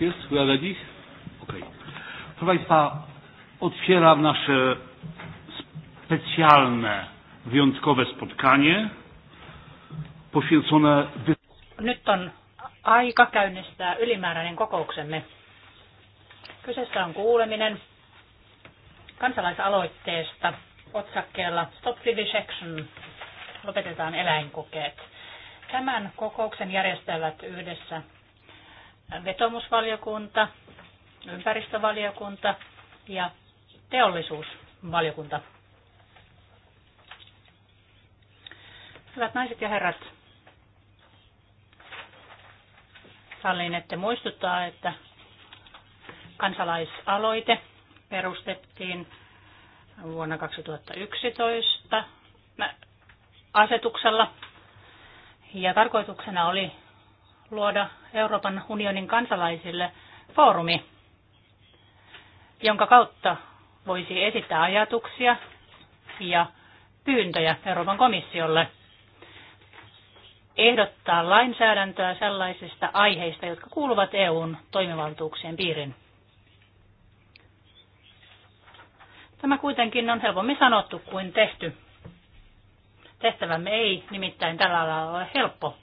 Jest? We are ready? Okej. Okay. Proszę Państwa, otwieram nasze specjalne, wyjątkowe spotkanie poświęcone... Nyt on aika käynnistää ylimääräinen kokouksemme. Kyseessä on kuuleminen kansalaisaloitteesta otsakkeella Stop Vivisection, lopetetaan eläinkokeet. Tämän kokouksen järjestävät yhdessä vetomusvaliokunta, ympäristövaliokunta ja teollisuusvaliokunta. Hyvät naiset ja herrat, sallin, että muistuttaa, että kansalaisaloite perustettiin vuonna 2011 asetuksella ja tarkoituksena oli luoda Euroopan unionin kansalaisille foorumi, jonka kautta voisi esittää ajatuksia ja pyyntöjä Euroopan komissiolle ehdottaa lainsäädäntöä sellaisista aiheista, jotka kuuluvat EUn toimivaltuuksien piirin. Tämä kuitenkin on helpommin sanottu kuin tehty. Tehtävämme ei nimittäin tällä alalla ole helppo.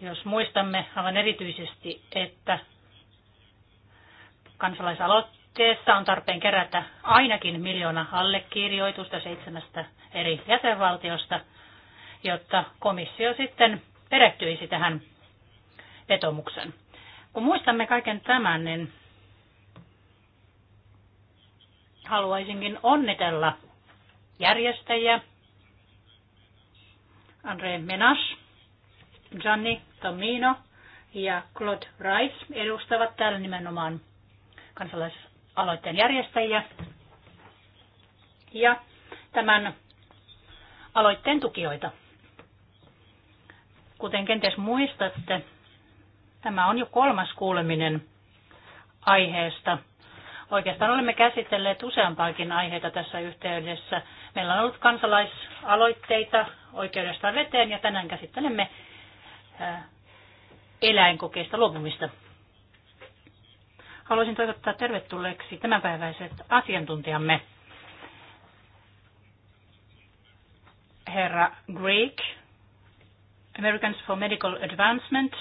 Jos muistamme aivan erityisesti, että kansalaisaloitteessa on tarpeen kerätä ainakin miljoona allekirjoitusta seitsemästä eri jäsenvaltiosta, jotta komissio sitten perehtyisi tähän vetomuksen. Kun muistamme kaiken tämän, niin haluaisinkin onnitella järjestäjiä, Andre Menas, Gianni Tomino ja Claude Rice edustavat täällä nimenomaan kansalaisaloitteen järjestäjiä. Ja tämän aloitteen tukijoita. Kuten kenties muistatte, tämä on jo kolmas kuuleminen aiheesta. Oikeastaan olemme käsitelleet useampaakin aiheita tässä yhteydessä. Meillä on ollut kansalaisaloitteita oikeudesta veteen ja tänään käsittelemme Äh, eläinkokeista luopumista. Haluaisin toivottaa tervetulleeksi tämänpäiväiset asiantuntijamme. Herra Greek, Americans for Medical Advancement,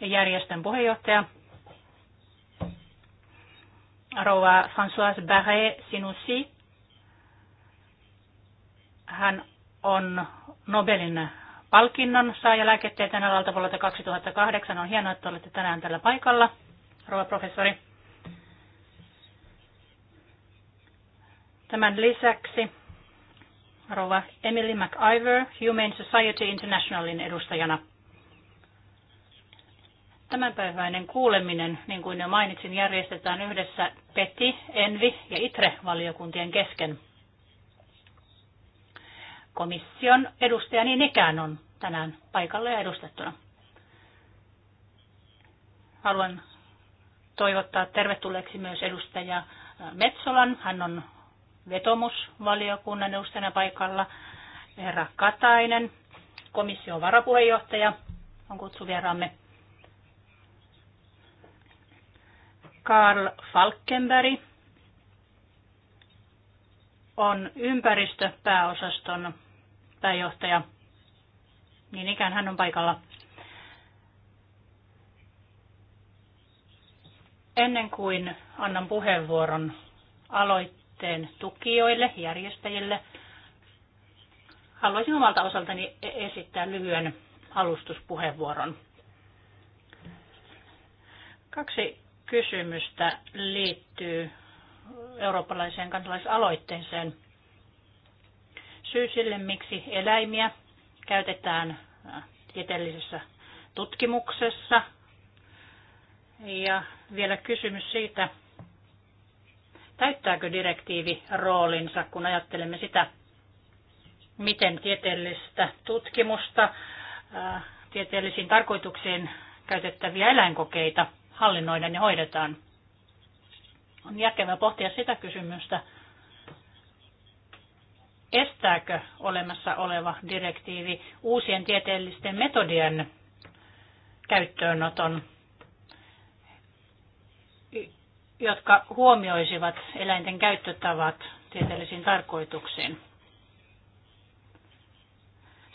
järjestön puheenjohtaja. Rouva Françoise Barret Sinussi. Hän on Nobelin palkinnon saaja lääketieteen alalta vuodelta 2008. On hienoa, että olette tänään tällä paikalla, rouva professori. Tämän lisäksi rouva Emily McIver, Humane Society Internationalin edustajana. Tämänpäiväinen kuuleminen, niin kuin jo mainitsin, järjestetään yhdessä PETI, ENVI ja ITRE-valiokuntien kesken komission edustaja niin nekään on tänään paikalla ja edustettuna. Haluan toivottaa tervetulleeksi myös edustaja Metsolan. Hän on vetomusvaliokunnan edustajana paikalla. Herra Katainen, komission varapuheenjohtaja, on kutsuvieraamme. Karl Falkenberg on ympäristöpääosaston pääjohtaja. Niin ikään hän on paikalla. Ennen kuin annan puheenvuoron aloitteen tukijoille, järjestäjille, haluaisin omalta osaltani e- esittää lyhyen alustuspuheenvuoron. Kaksi kysymystä liittyy eurooppalaiseen kansalaisaloitteeseen. Syy sille, miksi eläimiä käytetään äh, tieteellisessä tutkimuksessa. Ja vielä kysymys siitä, täyttääkö direktiivi roolinsa, kun ajattelemme sitä, miten tieteellistä tutkimusta, äh, tieteellisiin tarkoituksiin käytettäviä eläinkokeita hallinnoidaan ja hoidetaan. On järkevää pohtia sitä kysymystä, estääkö olemassa oleva direktiivi uusien tieteellisten metodien käyttöönoton, jotka huomioisivat eläinten käyttötavat tieteellisiin tarkoituksiin.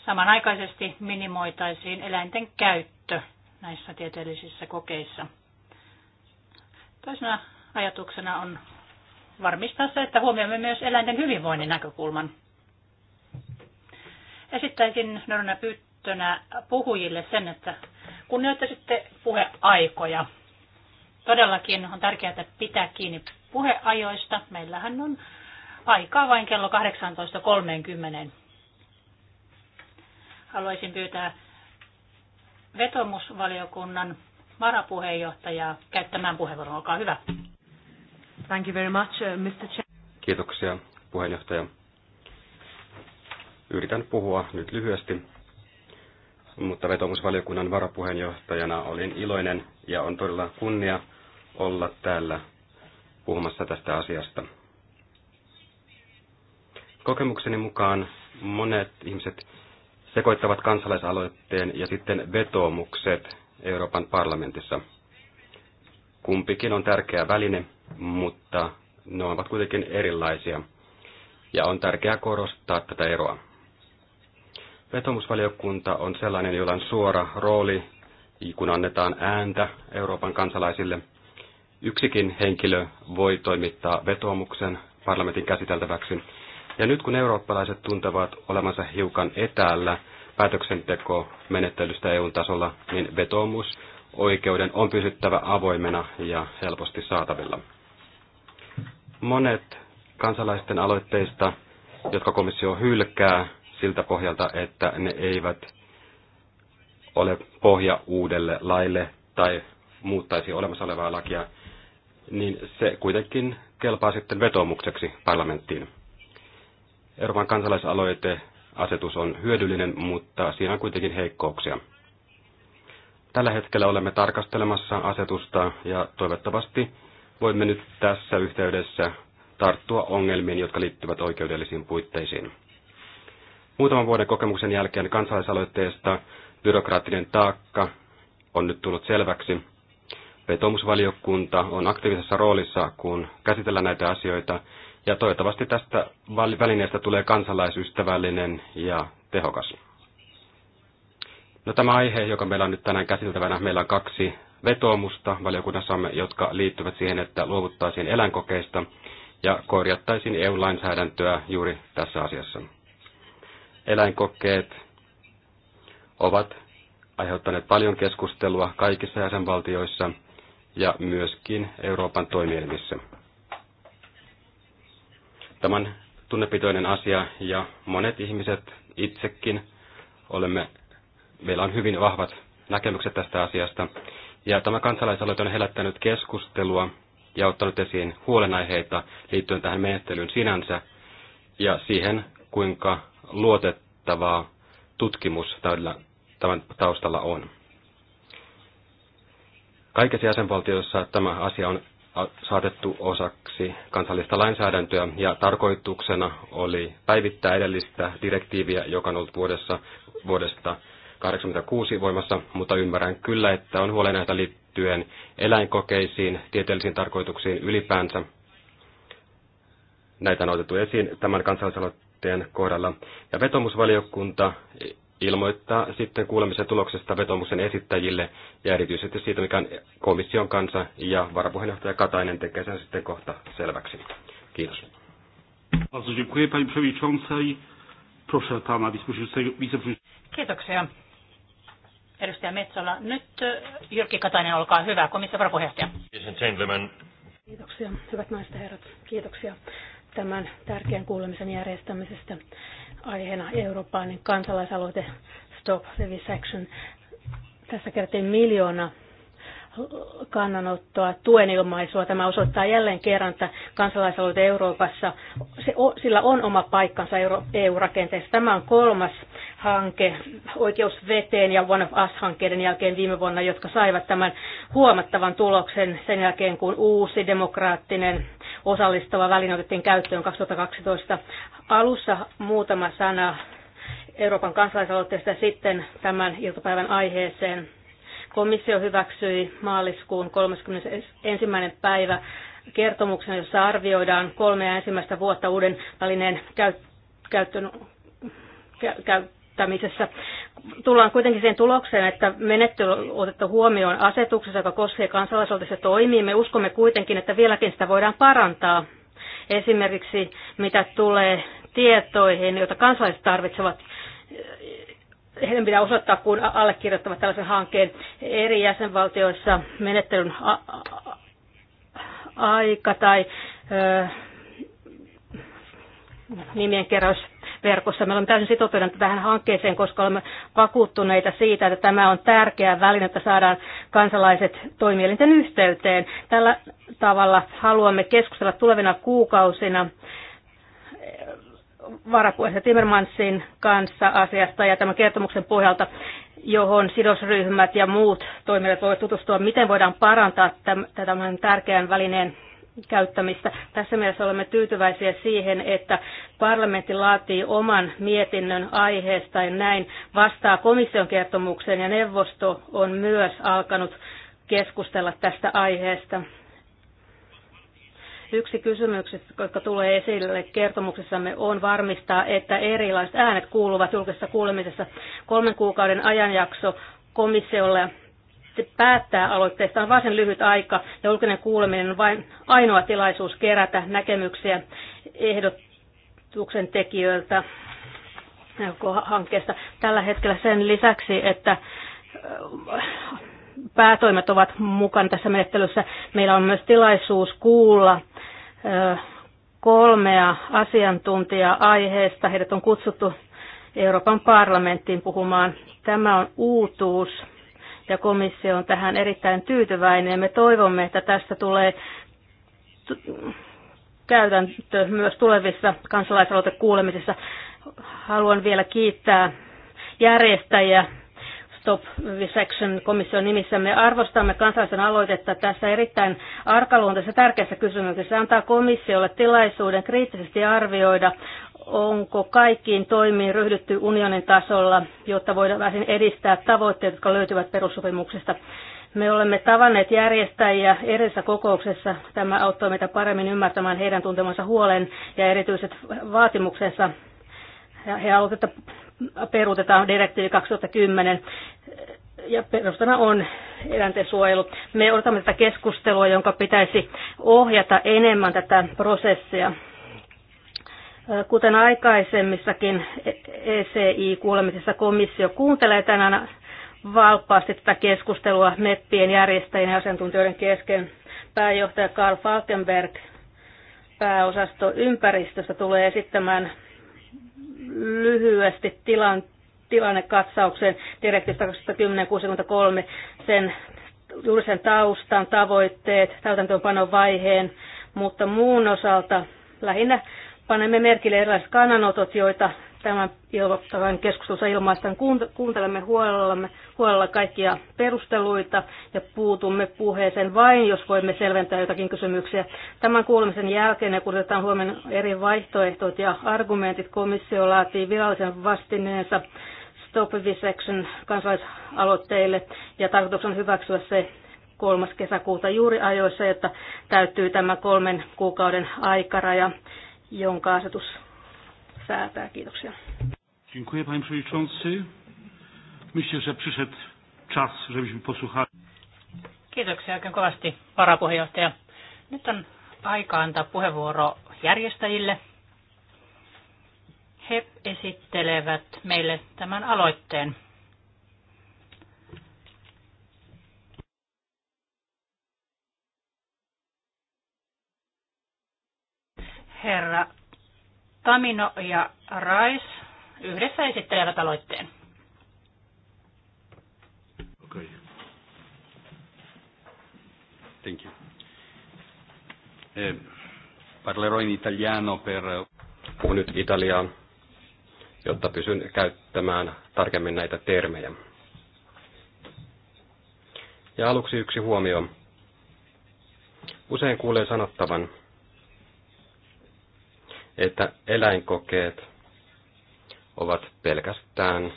Samanaikaisesti minimoitaisiin eläinten käyttö näissä tieteellisissä kokeissa. Toisena ajatuksena on varmistaa se, että huomioimme myös eläinten hyvinvoinnin näkökulman. Esittäisin nörnä pyttönä puhujille sen, että kunnioittaisitte puheaikoja. Todellakin on tärkeää pitää kiinni puheajoista. Meillähän on aikaa vain kello 18.30. Haluaisin pyytää vetomusvaliokunnan varapuheenjohtajaa käyttämään puheenvuoron. Olkaa hyvä. Thank you very much, uh, Mr. Kiitoksia, puheenjohtaja. Yritän puhua nyt lyhyesti, mutta vetomusvaliokunnan varapuheenjohtajana olin iloinen ja on todella kunnia olla täällä puhumassa tästä asiasta. Kokemukseni mukaan monet ihmiset sekoittavat kansalaisaloitteen ja sitten vetoomukset Euroopan parlamentissa. Kumpikin on tärkeä väline, mutta ne ovat kuitenkin erilaisia. Ja on tärkeää korostaa tätä eroa. Vetomusvaliokunta on sellainen, jolla on suora rooli, kun annetaan ääntä Euroopan kansalaisille. Yksikin henkilö voi toimittaa vetoomuksen parlamentin käsiteltäväksi. Ja nyt kun eurooppalaiset tuntevat olemansa hiukan etäällä menettelystä EUn tasolla, niin vetoomus oikeuden on pysyttävä avoimena ja helposti saatavilla. Monet kansalaisten aloitteista, jotka komissio hylkää, siltä pohjalta, että ne eivät ole pohja uudelle laille tai muuttaisi olemassa olevaa lakia, niin se kuitenkin kelpaa sitten vetoomukseksi parlamenttiin. Euroopan kansalaisaloite asetus on hyödyllinen, mutta siinä on kuitenkin heikkouksia. Tällä hetkellä olemme tarkastelemassa asetusta ja toivottavasti voimme nyt tässä yhteydessä tarttua ongelmiin, jotka liittyvät oikeudellisiin puitteisiin. Muutaman vuoden kokemuksen jälkeen kansalaisaloitteesta byrokraattinen taakka on nyt tullut selväksi. Vetomusvaliokunta on aktiivisessa roolissa, kun käsitellään näitä asioita, ja toivottavasti tästä välineestä tulee kansalaisystävällinen ja tehokas. No tämä aihe, joka meillä on nyt tänään käsiteltävänä, meillä on kaksi vetoomusta valiokunnassamme, jotka liittyvät siihen, että luovuttaisiin eläinkokeista ja korjattaisiin EU-lainsäädäntöä juuri tässä asiassa eläinkokeet ovat aiheuttaneet paljon keskustelua kaikissa jäsenvaltioissa ja myöskin Euroopan toimielimissä. Tämän tunnepitoinen asia ja monet ihmiset itsekin olemme, meillä on hyvin vahvat näkemykset tästä asiasta. Ja tämä kansalaisaloite on herättänyt keskustelua ja ottanut esiin huolenaiheita liittyen tähän menettelyyn sinänsä ja siihen, kuinka luotettavaa tutkimus tämän taustalla on. Kaikissa jäsenvaltioissa tämä asia on saatettu osaksi kansallista lainsäädäntöä ja tarkoituksena oli päivittää edellistä direktiiviä, joka on ollut vuodessa, vuodesta 1986 voimassa, mutta ymmärrän kyllä, että on huolenaiheita liittyen eläinkokeisiin, tieteellisiin tarkoituksiin ylipäänsä. Näitä on otettu esiin tämän kansalaisaloitteen aloitteen kohdalla. Ja vetomusvaliokunta ilmoittaa sitten kuulemisen tuloksesta vetomuksen esittäjille ja erityisesti siitä, mikä on komission kanssa ja varapuheenjohtaja Katainen tekee sen sitten kohta selväksi. Kiitos. Kiitoksia. Edustaja Metsola. Nyt e, Jyrki Katainen, olkaa hyvä, komission varapuheenjohtaja. Kiitoksia, hyvät naiset ja herrat. Kiitoksia tämän tärkeän kuulemisen järjestämisestä aiheena Euroopan kansalaisaloite Stop Vivisection. Tässä kerättiin miljoona kannanottoa, tuen ilmaisua. Tämä osoittaa jälleen kerran, että kansalaisaloite Euroopassa, se, sillä on oma paikkansa EU-rakenteessa. Tämä on kolmas hanke, Oikeus veteen ja One of Us-hankkeiden jälkeen viime vuonna, jotka saivat tämän huomattavan tuloksen sen jälkeen, kun uusi demokraattinen osallistava väline otettiin käyttöön 2012. Alussa muutama sana Euroopan kansalaisaloitteesta ja sitten tämän iltapäivän aiheeseen. Komissio hyväksyi maaliskuun 31. päivä kertomuksen, jossa arvioidaan kolmea ensimmäistä vuotta uuden välineen käyttöön, käyt- käyttämisessä. Tullaan kuitenkin siihen tulokseen, että menettely on otettu huomioon asetuksessa, joka koskee kansalaisuutta se toimii. Me uskomme kuitenkin, että vieläkin sitä voidaan parantaa. Esimerkiksi mitä tulee tietoihin, joita kansalaiset tarvitsevat, heidän pitää osoittaa, kun allekirjoittavat tällaisen hankkeen eri jäsenvaltioissa menettelyn aika tai ö, nimien keräys verkossa. Me olemme täysin sitoutuneita tähän hankkeeseen, koska olemme vakuuttuneita siitä, että tämä on tärkeä väline, että saadaan kansalaiset toimielinten yhteyteen. Tällä tavalla haluamme keskustella tulevina kuukausina eh, varapuheenjohtaja Timmermansin kanssa asiasta ja tämän kertomuksen pohjalta, johon sidosryhmät ja muut toimijat voivat tutustua, miten voidaan parantaa tämän tärkeän välineen käyttämistä. Tässä mielessä olemme tyytyväisiä siihen, että parlamentti laatii oman mietinnön aiheesta ja näin vastaa komission kertomukseen ja neuvosto on myös alkanut keskustella tästä aiheesta. Yksi kysymyksistä, jotka tulee esille kertomuksessamme, on varmistaa, että erilaiset äänet kuuluvat julkisessa kuulemisessa. Kolmen kuukauden ajanjakso komissiolle päättää aloitteesta on varsin lyhyt aika ja julkinen kuuleminen on vain ainoa tilaisuus kerätä näkemyksiä ehdotuksen tekijöiltä eh, hankkeesta. Tällä hetkellä sen lisäksi, että eh, päätoimet ovat mukana tässä menettelyssä, meillä on myös tilaisuus kuulla eh, kolmea asiantuntijaa aiheesta. Heidät on kutsuttu Euroopan parlamenttiin puhumaan. Tämä on uutuus ja komissio on tähän erittäin tyytyväinen. Me toivomme, että tästä tulee käytäntö myös tulevissa kansalaisaloitekuulemisissa. Haluan vielä kiittää järjestäjiä Stop Section komission nimissä. Me arvostamme kansallisen aloitetta tässä erittäin arkaluontoisessa tärkeässä kysymyksessä. Se antaa komissiolle tilaisuuden kriittisesti arvioida, onko kaikkiin toimiin ryhdytty unionin tasolla, jotta voidaan vähän edistää tavoitteet, jotka löytyvät perussopimuksesta. Me olemme tavanneet järjestäjiä erissä kokouksessa. Tämä auttoi meitä paremmin ymmärtämään heidän tuntemansa huolen ja erityiset vaatimuksensa. He haluavat, että peruutetaan direktiivi 2010 ja perustana on eläinten suojelu. Me odotamme tätä keskustelua, jonka pitäisi ohjata enemmän tätä prosessia Kuten aikaisemmissakin ECI-kuulemisissa komissio kuuntelee tänään valppaasti tätä keskustelua meppien järjestäjien ja asiantuntijoiden kesken. Pääjohtaja Karl Falkenberg pääosasto ympäristöstä tulee esittämään lyhyesti tilan, tilannekatsauksen direktiivistä 2063 sen juuri sen taustan, tavoitteet, täytäntöönpanon vaiheen, mutta muun osalta lähinnä Panemme merkille erilaiset kannanotot, joita tämän ilmoittavan keskustelussa ilmaistaan. Kuuntelemme huolellamme, huolella kaikkia perusteluita ja puutumme puheeseen vain, jos voimme selventää jotakin kysymyksiä. Tämän kuulemisen jälkeen, ja kun otetaan huomenna eri vaihtoehtoja ja argumentit, komissio laatii virallisen vastineensa Stop Visection kansalaisaloitteille ja tarkoitus on hyväksyä se kolmas kesäkuuta juuri ajoissa, että täyttyy tämä kolmen kuukauden aikaraja jonka asetus säätää. Kiitoksia. Dziękuję panie przewodniczący. Myślę, że przyszedł czas, żebyśmy posłuchali. Kiitoksia oikein kovasti, varapuheenjohtaja. Nyt on aika antaa puheenvuoro järjestäjille. He esittelevät meille tämän aloitteen. Herra Tamino ja Rais yhdessä esittelevät aloitteen. Okay. Thank you. Eh, parlerò in italiano per... Puhun nyt italiaan, jotta pysyn käyttämään tarkemmin näitä termejä. Ja aluksi yksi huomio. Usein kuulee sanottavan, että eläinkokeet ovat pelkästään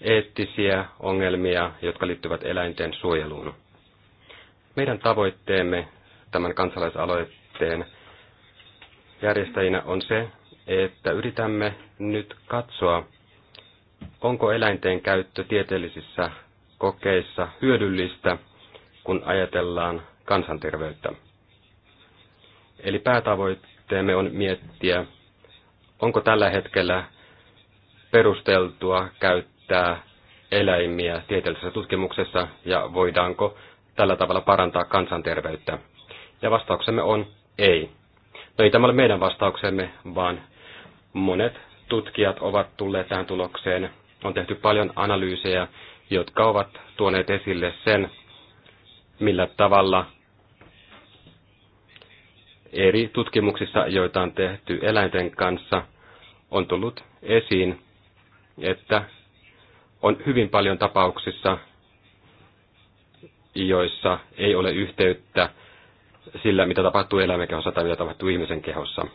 eettisiä ongelmia, jotka liittyvät eläinten suojeluun. Meidän tavoitteemme tämän kansalaisaloitteen järjestäjinä on se, että yritämme nyt katsoa, onko eläinten käyttö tieteellisissä kokeissa hyödyllistä, kun ajatellaan kansanterveyttä. Eli päätavoite tavoitteemme on miettiä, onko tällä hetkellä perusteltua käyttää eläimiä tieteellisessä tutkimuksessa ja voidaanko tällä tavalla parantaa kansanterveyttä. Ja vastauksemme on ei. No ei tämä ole meidän vastauksemme, vaan monet tutkijat ovat tulleet tähän tulokseen. On tehty paljon analyysejä, jotka ovat tuoneet esille sen, millä tavalla eri tutkimuksissa, joita on tehty eläinten kanssa, on tullut esiin, että on hyvin paljon tapauksissa, joissa ei ole yhteyttä sillä, mitä tapahtuu eläimen kehossa tai mitä tapahtuu ihmisen kehossa.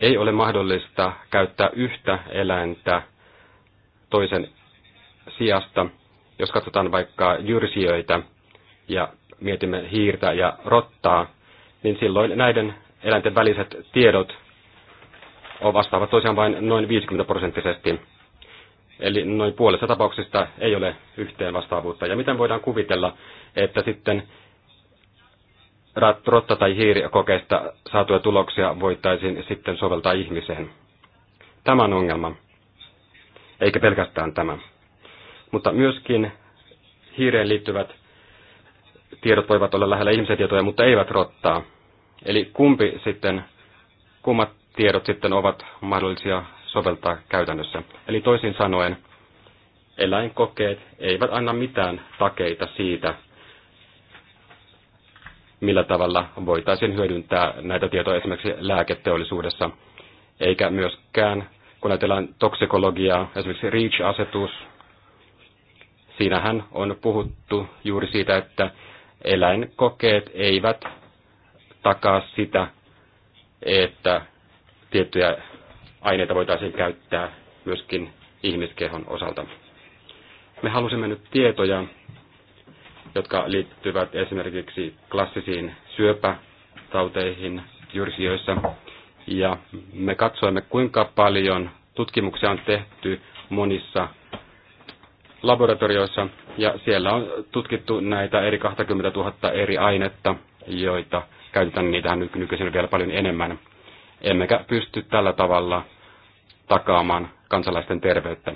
Ei ole mahdollista käyttää yhtä eläintä toisen sijasta. Jos katsotaan vaikka jyrsijöitä ja mietimme hiirtä ja rottaa, niin silloin näiden eläinten väliset tiedot vastaavat tosiaan vain noin 50 prosenttisesti. Eli noin puolessa tapauksista ei ole yhteen vastaavuutta. Ja miten voidaan kuvitella, että sitten rotta- tai hiirikokeista saatuja tuloksia voitaisiin sitten soveltaa ihmiseen? Tämä on ongelma, eikä pelkästään tämä. Mutta myöskin hiireen liittyvät tiedot voivat olla lähellä ihmisen tietoja, mutta eivät rottaa. Eli kumpi sitten, kummat tiedot sitten ovat mahdollisia soveltaa käytännössä. Eli toisin sanoen, eläinkokeet eivät anna mitään takeita siitä, millä tavalla voitaisiin hyödyntää näitä tietoja esimerkiksi lääketeollisuudessa, eikä myöskään, kun ajatellaan toksikologiaa, esimerkiksi REACH-asetus, siinähän on puhuttu juuri siitä, että eläinkokeet eivät takaa sitä, että tiettyjä aineita voitaisiin käyttää myöskin ihmiskehon osalta. Me halusimme nyt tietoja, jotka liittyvät esimerkiksi klassisiin syöpätauteihin jyrsijöissä. Ja me katsoimme, kuinka paljon tutkimuksia on tehty monissa laboratorioissa, ja siellä on tutkittu näitä eri 20 000 eri ainetta, joita käytetään niitähän nykyisin vielä paljon enemmän. Emmekä pysty tällä tavalla takaamaan kansalaisten terveyttä.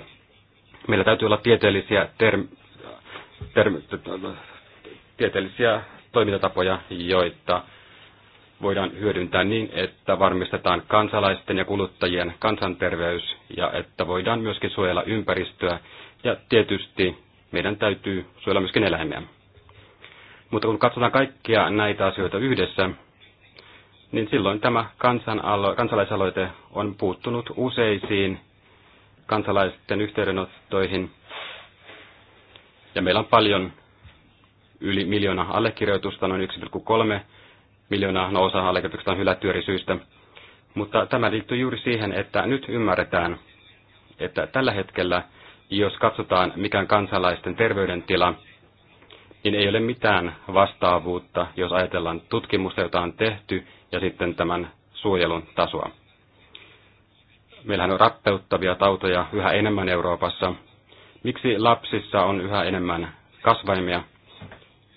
Meillä täytyy olla tieteellisiä, ter, ter, tieteellisiä toimintatapoja, joita voidaan hyödyntää niin, että varmistetaan kansalaisten ja kuluttajien kansanterveys ja että voidaan myöskin suojella ympäristöä ja tietysti meidän täytyy suojella myöskin eläimiä. Mutta kun katsotaan kaikkia näitä asioita yhdessä, niin silloin tämä kansalaisaloite on puuttunut useisiin kansalaisten yhteydenottoihin. Ja meillä on paljon yli miljoona allekirjoitusta, noin 1,3 miljoonaa, no osa allekirjoituksista on hylätty eri syistä. Mutta tämä liittyy juuri siihen, että nyt ymmärretään, että tällä hetkellä, jos katsotaan mikä on kansalaisten terveydentila, niin ei ole mitään vastaavuutta, jos ajatellaan tutkimusta, jota on tehty, ja sitten tämän suojelun tasoa. Meillähän on rappeuttavia tautoja yhä enemmän Euroopassa. Miksi lapsissa on yhä enemmän kasvaimia?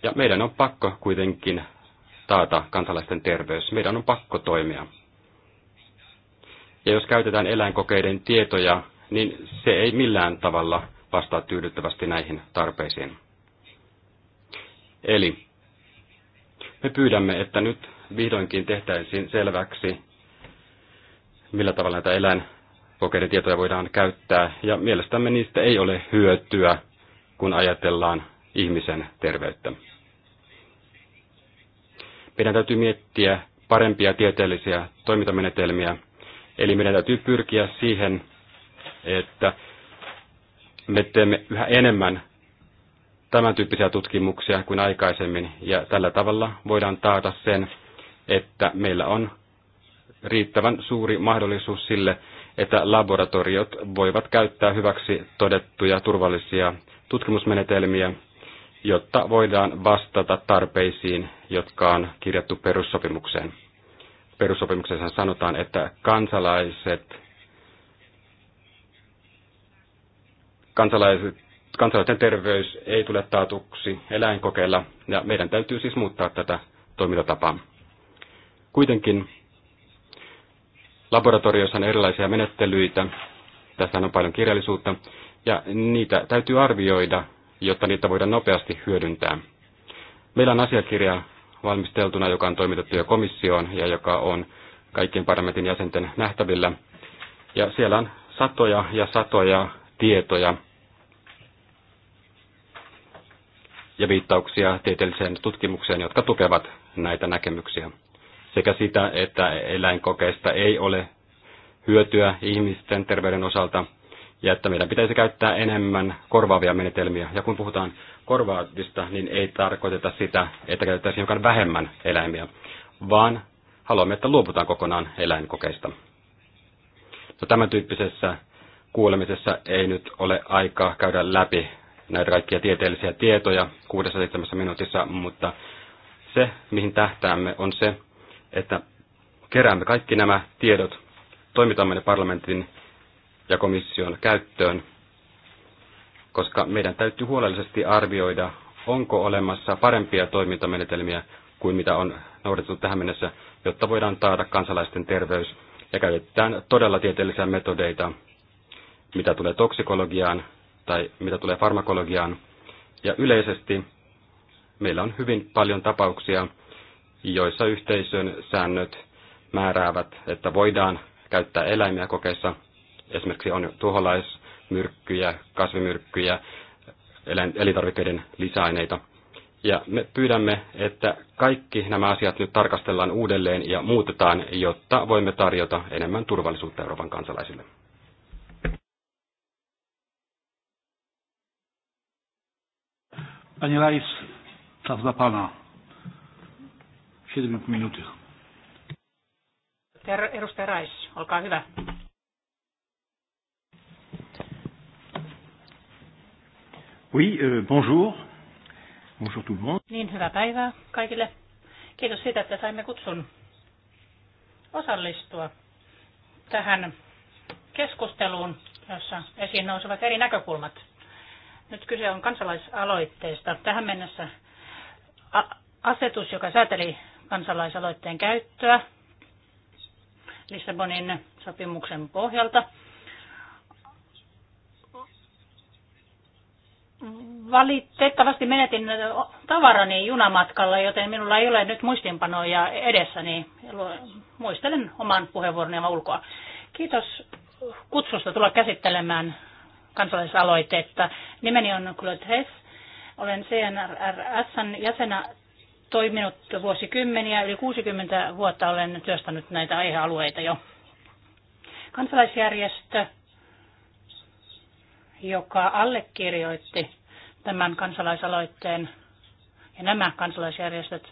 Ja meidän on pakko kuitenkin taata kansalaisten terveys. Meidän on pakko toimia. Ja jos käytetään eläinkokeiden tietoja, niin se ei millään tavalla vastaa tyydyttävästi näihin tarpeisiin. Eli me pyydämme, että nyt vihdoinkin tehtäisiin selväksi, millä tavalla näitä eläinkokeiden voidaan käyttää, ja mielestämme niistä ei ole hyötyä, kun ajatellaan ihmisen terveyttä. Meidän täytyy miettiä parempia tieteellisiä toimintamenetelmiä, eli meidän täytyy pyrkiä siihen, että me teemme yhä enemmän tämän tyyppisiä tutkimuksia kuin aikaisemmin, ja tällä tavalla voidaan taata sen, että meillä on riittävän suuri mahdollisuus sille, että laboratoriot voivat käyttää hyväksi todettuja turvallisia tutkimusmenetelmiä, jotta voidaan vastata tarpeisiin, jotka on kirjattu perussopimukseen. Perussopimuksessa sanotaan, että kansalaiset, kansalaiset kansalaisten terveys ei tule taatuksi eläinkokeilla, ja meidän täytyy siis muuttaa tätä toimintatapaa. Kuitenkin laboratorioissa on erilaisia menettelyitä, tässä on paljon kirjallisuutta, ja niitä täytyy arvioida, jotta niitä voidaan nopeasti hyödyntää. Meillä on asiakirja valmisteltuna, joka on toimitettu jo komissioon ja joka on kaikkien parlamentin jäsenten nähtävillä. Ja siellä on satoja ja satoja tietoja ja viittauksia tieteelliseen tutkimukseen, jotka tukevat näitä näkemyksiä. Sekä sitä, että eläinkokeista ei ole hyötyä ihmisten terveyden osalta ja että meidän pitäisi käyttää enemmän korvaavia menetelmiä. Ja kun puhutaan korvaavista, niin ei tarkoiteta sitä, että käytettäisiin jokin vähemmän eläimiä, vaan haluamme, että luovutaan kokonaan eläinkokeista. No, tämän tyyppisessä kuulemisessa ei nyt ole aikaa käydä läpi näitä kaikkia tieteellisiä tietoja kuudessa seitsemässä minuutissa, mutta se, mihin tähtäämme, on se, että keräämme kaikki nämä tiedot, toimitamme ne parlamentin ja komission käyttöön, koska meidän täytyy huolellisesti arvioida, onko olemassa parempia toimintamenetelmiä kuin mitä on noudatettu tähän mennessä, jotta voidaan taata kansalaisten terveys ja käytetään todella tieteellisiä metodeita, mitä tulee toksikologiaan, tai mitä tulee farmakologiaan. Ja yleisesti meillä on hyvin paljon tapauksia, joissa yhteisön säännöt määräävät, että voidaan käyttää eläimiä kokeissa. Esimerkiksi on tuholaismyrkkyjä, kasvimyrkkyjä, elintarvikkeiden lisäaineita. Ja me pyydämme, että kaikki nämä asiat nyt tarkastellaan uudelleen ja muutetaan, jotta voimme tarjota enemmän turvallisuutta Euroopan kansalaisille. Panie Lajs, czas dla Pana. Siedem minut. Edustaja Rais, olkaa hyvä. Oui, euh, bonjour. Bonjour tout le monde. Niin, hyvää päivää kaikille. Kiitos siitä, että saimme kutsun osallistua tähän keskusteluun, jossa esiin nousevat eri näkökulmat. Nyt kyse on kansalaisaloitteesta. Tähän mennessä asetus, joka sääteli kansalaisaloitteen käyttöä Lissabonin sopimuksen pohjalta, valitettavasti menetin tavarani junamatkalla, joten minulla ei ole nyt muistinpanoja edessäni. Muistelen oman puheenvuoroni ulkoa. Kiitos kutsusta tulla käsittelemään kansalaisaloitetta. Nimeni on Claude Hess. Olen CNRSn jäsenä toiminut vuosikymmeniä, yli 60 vuotta olen työstänyt näitä aihealueita jo. Kansalaisjärjestö, joka allekirjoitti tämän kansalaisaloitteen ja nämä kansalaisjärjestöt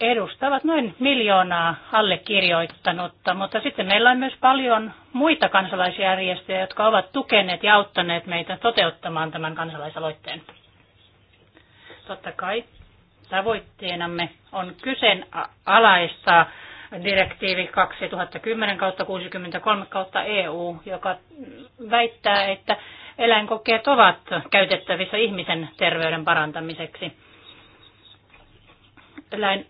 edustavat noin miljoonaa allekirjoittanutta, mutta sitten meillä on myös paljon muita kansalaisjärjestöjä, jotka ovat tukeneet ja auttaneet meitä toteuttamaan tämän kansalaisaloitteen. Totta kai tavoitteenamme on kyseenalaista direktiivi 2010-63-EU, e joka väittää, että eläinkokeet ovat käytettävissä ihmisen terveyden parantamiseksi eläin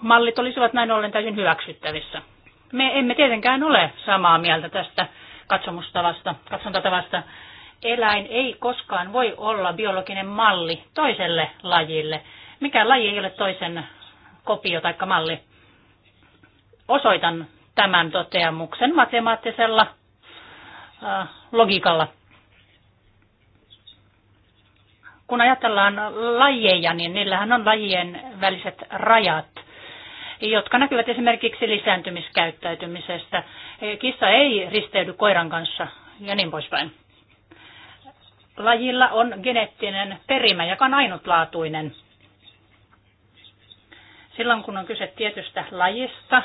mallit olisivat näin ollen täysin hyväksyttävissä. Me emme tietenkään ole samaa mieltä tästä katsomustavasta, katsontatavasta. Eläin ei koskaan voi olla biologinen malli toiselle lajille. Mikä laji ei ole toisen kopio tai malli? Osoitan tämän toteamuksen matemaattisella äh, logiikalla. Kun ajatellaan lajeja, niin niillähän on lajien väliset rajat – jotka näkyvät esimerkiksi lisääntymiskäyttäytymisestä. Eh, kissa ei risteydy koiran kanssa ja niin poispäin. Lajilla on geneettinen perimä, joka on ainutlaatuinen. Silloin kun on kyse tietystä lajista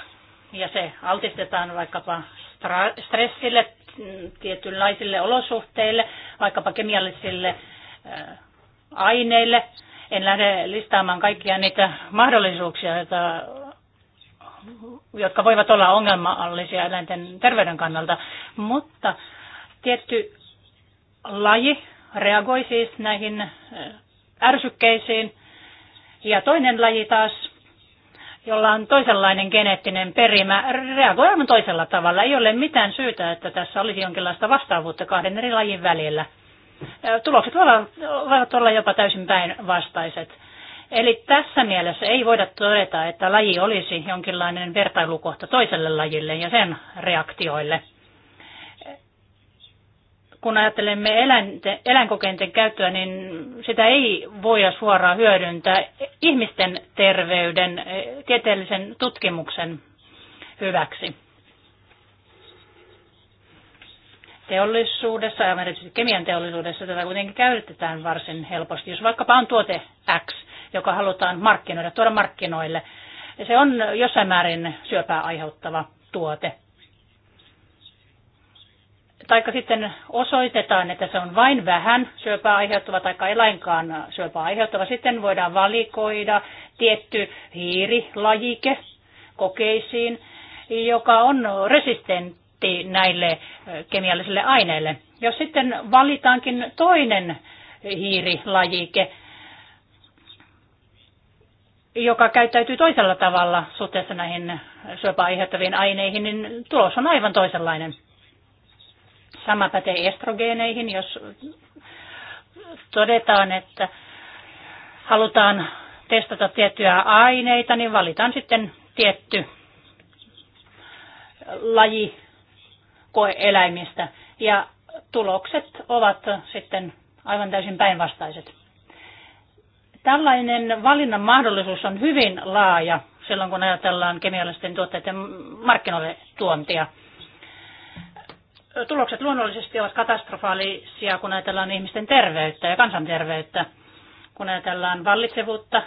ja se altistetaan vaikkapa stressille, mm, tietynlaisille olosuhteille, vaikkapa kemiallisille eh, aineille. En lähde listaamaan kaikkia niitä mahdollisuuksia, joita jotka voivat olla ongelmallisia eläinten terveyden kannalta. Mutta tietty laji reagoi siis näihin äh, ärsykkeisiin ja toinen laji taas jolla on toisenlainen geneettinen perimä, reagoi aivan toisella tavalla. Ei ole mitään syytä, että tässä olisi jonkinlaista vastaavuutta kahden eri lajin välillä. Äh, tulokset voivat olla jopa täysin päinvastaiset. Eli tässä mielessä ei voida todeta, että laji olisi jonkinlainen vertailukohta toiselle lajille ja sen reaktioille. Kun ajattelemme eläinkokeiden käyttöä, niin sitä ei voida suoraan hyödyntää ihmisten terveyden eh, tieteellisen tutkimuksen hyväksi. teollisuudessa, ja kemian teollisuudessa, tätä kuitenkin käytetään varsin helposti. Jos vaikkapa on tuote X, joka halutaan markkinoida, tuoda markkinoille. Se on jossain määrin syöpää aiheuttava tuote. Taikka sitten osoitetaan, että se on vain vähän syöpää aiheuttava tai ei lainkaan syöpää aiheuttava. Sitten voidaan valikoida tietty hiirilajike kokeisiin, joka on resistentti näille kemiallisille aineille. Jos sitten valitaankin toinen hiirilajike, joka käyttäytyy toisella tavalla suhteessa näihin syöpää aiheuttaviin aineihin, niin tulos on aivan toisenlainen. Sama pätee estrogeeneihin, jos todetaan, että halutaan testata tiettyjä aineita, niin valitaan sitten tietty laji koeeläimistä. Ja tulokset ovat sitten aivan täysin päinvastaiset. Tällainen valinnan mahdollisuus on hyvin laaja silloin, kun ajatellaan kemiallisten tuotteiden markkinoille tuontia. Tulokset luonnollisesti ovat katastrofaalisia, kun ajatellaan ihmisten terveyttä ja kansanterveyttä. Kun ajatellaan vallitsevuutta,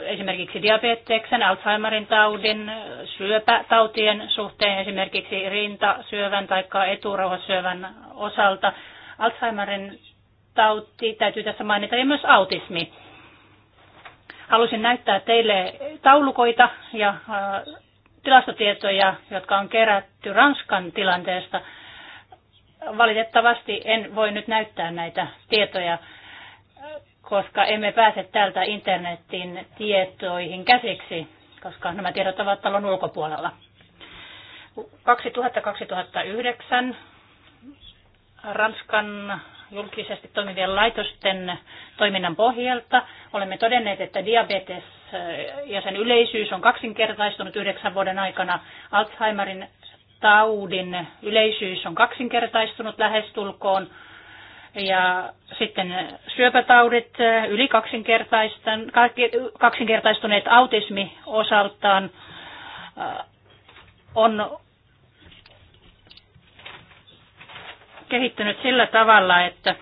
esimerkiksi diabeteksen, Alzheimerin taudin, syöpätautien suhteen, esimerkiksi rintasyövän tai eturauhasyövän osalta. Alzheimerin tauti täytyy tässä mainita ja myös autismi. Halusin näyttää teille taulukoita ja äh, tilastotietoja, jotka on kerätty Ranskan tilanteesta. Valitettavasti en voi nyt näyttää näitä tietoja, äh, koska emme pääse täältä internetin tietoihin käsiksi, koska nämä tiedot ovat talon ulkopuolella. 2000-2009 Ranskan julkisesti toimivien laitosten toiminnan pohjalta. Olemme todenneet, että diabetes ja sen yleisyys on kaksinkertaistunut yhdeksän vuoden aikana. Alzheimerin taudin yleisyys on kaksinkertaistunut lähestulkoon. Ja sitten syöpätaudit yli kaksinkertaistuneet autismi osaltaan äh, on kehittynyt sillä tavalla, että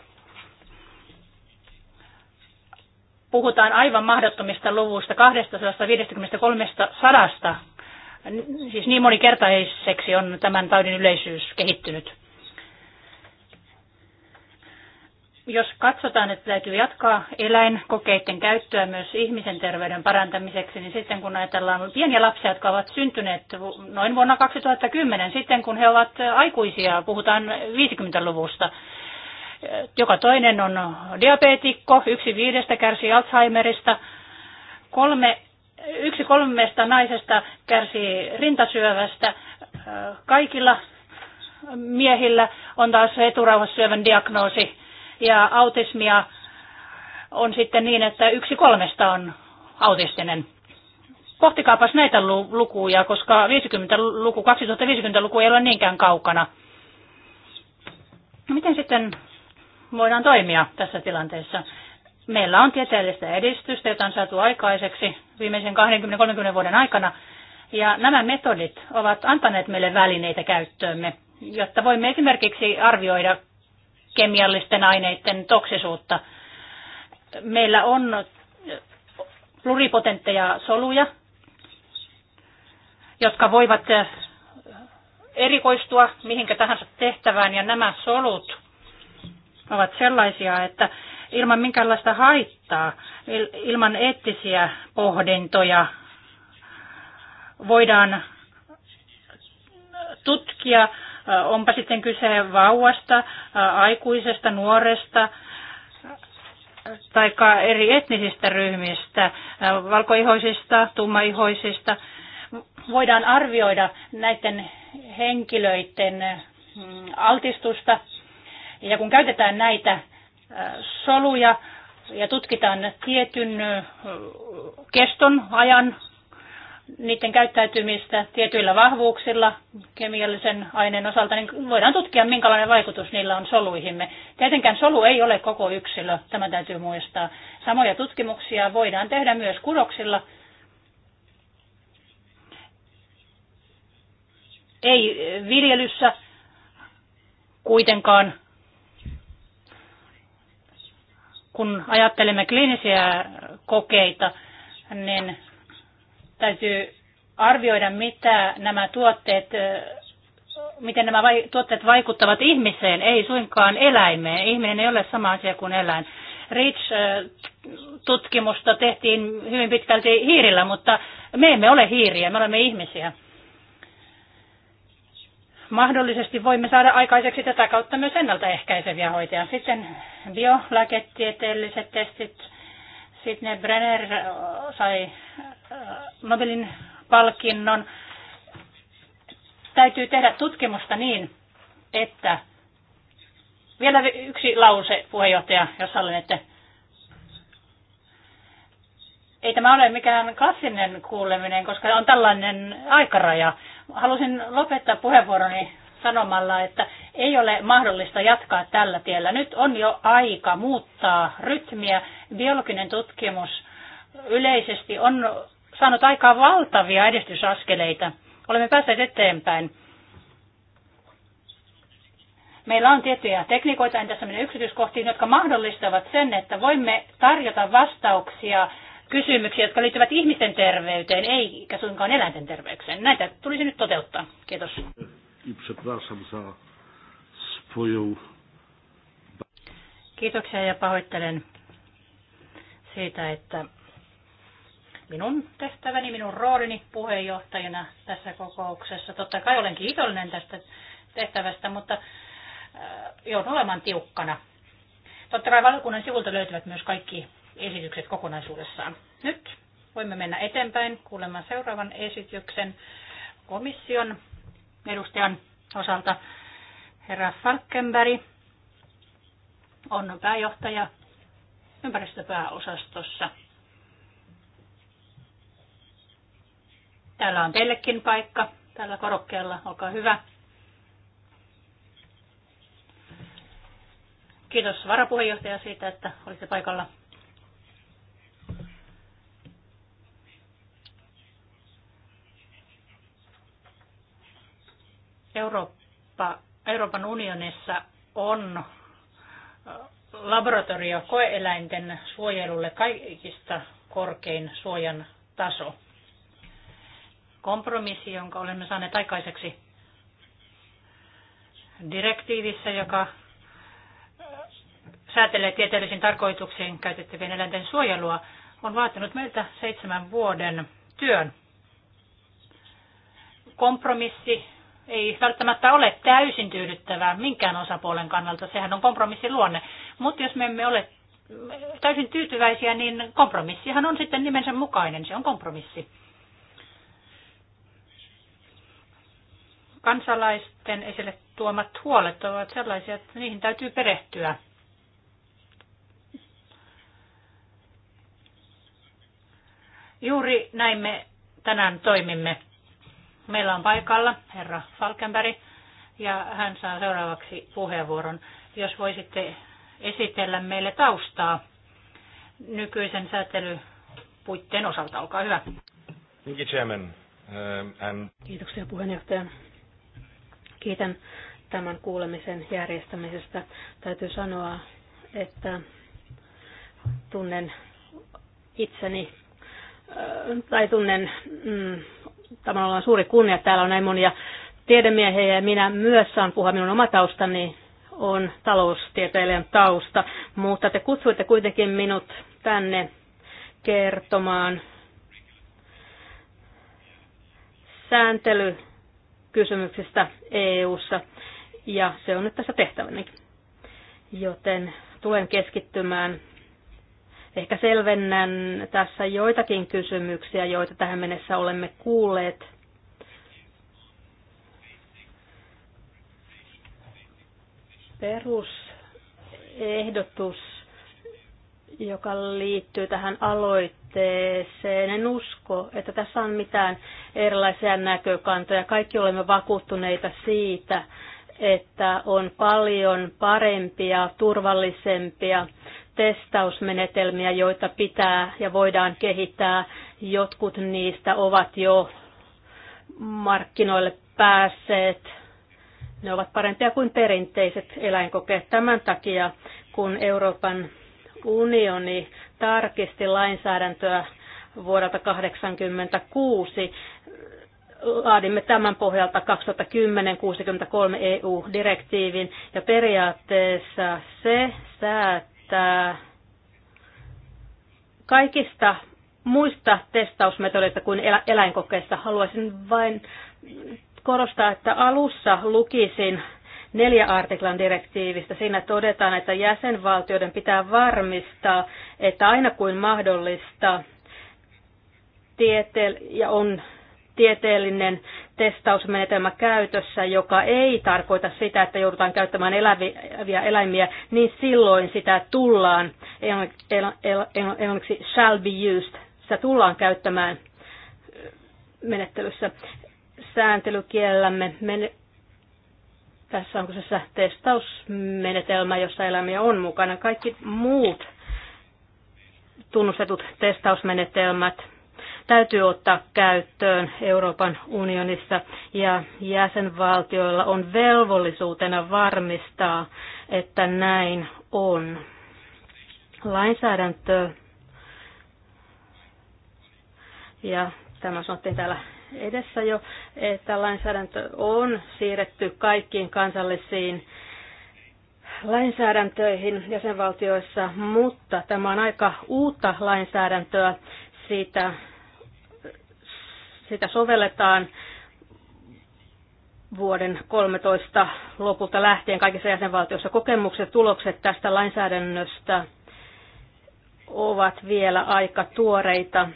puhutaan aivan mahdottomista luvuista 253 sadasta. Siis niin moni moninkertaiseksi on tämän taudin yleisyys kehittynyt. Jos katsotaan, että täytyy jatkaa eläinkokeiden käyttöä myös ihmisen terveyden parantamiseksi, niin sitten kun ajatellaan pieniä lapsia, jotka ovat syntyneet noin vuonna 2010, sitten kun he ovat aikuisia, puhutaan 50-luvusta, joka toinen on diabeetikko, yksi viidestä kärsii Alzheimerista, kolme, yksi kolmesta naisesta kärsii rintasyövästä, kaikilla miehillä on taas eturauhassyövän diagnoosi prosenttia autismia on sitten niin, että yksi kolmesta on autistinen. Pohtikaapas näitä lukuja, koska 50-luku, 2050-luku ei ole niinkään kaukana. Miten sitten voidaan toimia tässä tilanteessa? Meillä on tieteellistä edistystä, jota on saatu aikaiseksi viimeisen 20-30 vuoden aikana, ja nämä metodit ovat antaneet meille välineitä käyttöömme, jotta voimme esimerkiksi arvioida kemiallisten aineiden toksisuutta. Meillä on pluripotentteja soluja, jotka voivat erikoistua mihinkä tahansa tehtävään, ja nämä solut ovat sellaisia, että ilman minkäänlaista haittaa, ilman eettisiä pohdintoja voidaan tutkia Onpa sitten kyse vauvasta, aikuisesta, nuoresta tai eri etnisistä ryhmistä, valkoihoisista, tummaihoisista. Voidaan arvioida näiden henkilöiden altistusta. Ja kun käytetään näitä soluja ja tutkitaan tietyn keston ajan niiden käyttäytymistä tietyillä vahvuuksilla kemiallisen aineen osalta, niin voidaan tutkia, minkälainen vaikutus niillä on soluihimme. Tietenkään solu ei ole koko yksilö, tämä täytyy muistaa. Samoja tutkimuksia voidaan tehdä myös kudoksilla. Ei viljelyssä kuitenkaan. Kun ajattelemme kliinisiä kokeita, niin Täytyy arvioida, mitä nämä tuotteet, miten nämä vai, tuotteet vaikuttavat ihmiseen, ei suinkaan eläimeen. Ihminen ei ole sama asia kuin eläin. rich tutkimusta tehtiin hyvin pitkälti hiirillä, mutta me emme ole hiiriä, me olemme ihmisiä. Mahdollisesti voimme saada aikaiseksi tätä kautta myös ennaltaehkäiseviä hoitoja. Sitten biolääketieteelliset testit. Sitten Brenner sai Nobelin palkinnon, täytyy tehdä tutkimusta niin, että vielä yksi lause, puheenjohtaja, jos sallin, että ei tämä ole mikään klassinen kuuleminen, koska on tällainen aikaraja. Halusin lopettaa puheenvuoroni sanomalla, että ei ole mahdollista jatkaa tällä tiellä. Nyt on jo aika muuttaa rytmiä. Biologinen tutkimus yleisesti on saanut aikaa valtavia edistysaskeleita. Olemme päässeet eteenpäin. Meillä on tiettyjä tekniikoita, en tässä mene yksityiskohtiin, jotka mahdollistavat sen, että voimme tarjota vastauksia kysymyksiä, jotka liittyvät ihmisten terveyteen, eikä suinkaan eläinten terveykseen. Näitä tulisi nyt toteuttaa. Kiitos. Kiitoksia ja pahoittelen siitä, että minun tehtäväni, minun roolini puheenjohtajana tässä kokouksessa. Totta kai olen kiitollinen tästä tehtävästä, mutta äh, joudun olemaan tiukkana. Totta kai valokunnan sivulta löytyvät myös kaikki esitykset kokonaisuudessaan. Nyt voimme mennä eteenpäin kuulemaan seuraavan esityksen komission edustajan osalta. Herra Falkenberg on pääjohtaja ympäristöpääosastossa. Täällä on teillekin paikka tällä korokkeella. Olkaa hyvä. Kiitos varapuheenjohtaja siitä, että olitte paikalla. Eurooppa, Euroopan unionissa on äh, laboratorio koeeläinten suojelulle kaikista korkein suojan taso kompromissi, jonka olemme saaneet aikaiseksi direktiivissä, joka äh, säätelee tieteellisiin tarkoituksiin käytettävien eläinten suojelua, on vaatinut meiltä seitsemän vuoden työn. Kompromissi ei välttämättä ole täysin tyydyttävää minkään osapuolen kannalta, sehän on kompromissin luonne. Mutta jos me emme ole täysin tyytyväisiä, niin kompromissihan on sitten nimensä mukainen, se on kompromissi. Kansalaisten esille tuomat huolet ovat sellaisia, että niihin täytyy perehtyä. Juuri näin me tänään toimimme. Meillä on paikalla herra Falkenberg ja hän saa seuraavaksi puheenvuoron. Jos voisitte esitellä meille taustaa nykyisen säätelypuitteen osalta, olkaa hyvä. Thank you, Chairman. Um, and... Kiitoksia puheenjohtaja. Kiitän tämän kuulemisen järjestämisestä. Täytyy sanoa, että tunnen itseni äh, tai tunnen mm, on suuri kunnia. Täällä on näin monia tiedemiehiä ja minä myös saan puhua. Minun oma taustani on taloustieteilijän tausta, mutta te kutsuitte kuitenkin minut tänne kertomaan sääntely kysymyksistä EU:ssa ja se on nyt tässä tehtäväni. Joten tulen keskittymään Ehkä selvennän tässä joitakin kysymyksiä, joita tähän mennessä olemme kuulleet. Perusehdotus joka liittyy tähän aloitteeseen. En usko, että tässä on mitään erilaisia näkökantoja. Kaikki olemme vakuuttuneita siitä, että on paljon parempia, turvallisempia testausmenetelmiä, joita pitää ja voidaan kehittää. Jotkut niistä ovat jo markkinoille päässeet. Ne ovat parempia kuin perinteiset eläinkokeet. Tämän takia, kun Euroopan unioni tarkisti lainsäädäntöä vuodelta 1986. Laadimme tämän pohjalta 2010-63 EU-direktiivin ja periaatteessa se säätää kaikista muista testausmetodeista kuin eläinkokeista. Haluaisin vain korostaa, että alussa lukisin neljä artiklan direktiivistä. Siinä todetaan, että jäsenvaltioiden pitää varmistaa, että aina kuin mahdollista tiete- ja on tieteellinen testausmenetelmä käytössä, joka ei tarkoita sitä, että joudutaan käyttämään eläviä eläimiä, niin silloin sitä tullaan, englanniksi shall be used, sitä tullaan käyttämään menettelyssä. Sääntelykiellämme tässä on kyseessä testausmenetelmä, jossa eläimiä on mukana. Kaikki muut tunnustetut testausmenetelmät täytyy ottaa käyttöön Euroopan unionissa ja jäsenvaltioilla on velvollisuutena varmistaa, että näin on. Lainsäädäntö ja tämä sanottiin täällä edessä jo, että lainsäädäntö on siirretty kaikkiin kansallisiin lainsäädäntöihin jäsenvaltioissa, mutta tämä on aika uutta lainsäädäntöä. Siitä, sitä sovelletaan vuoden 13 lopulta lähtien kaikissa jäsenvaltioissa. Kokemukset, tulokset tästä lainsäädännöstä ovat vielä aika tuoreita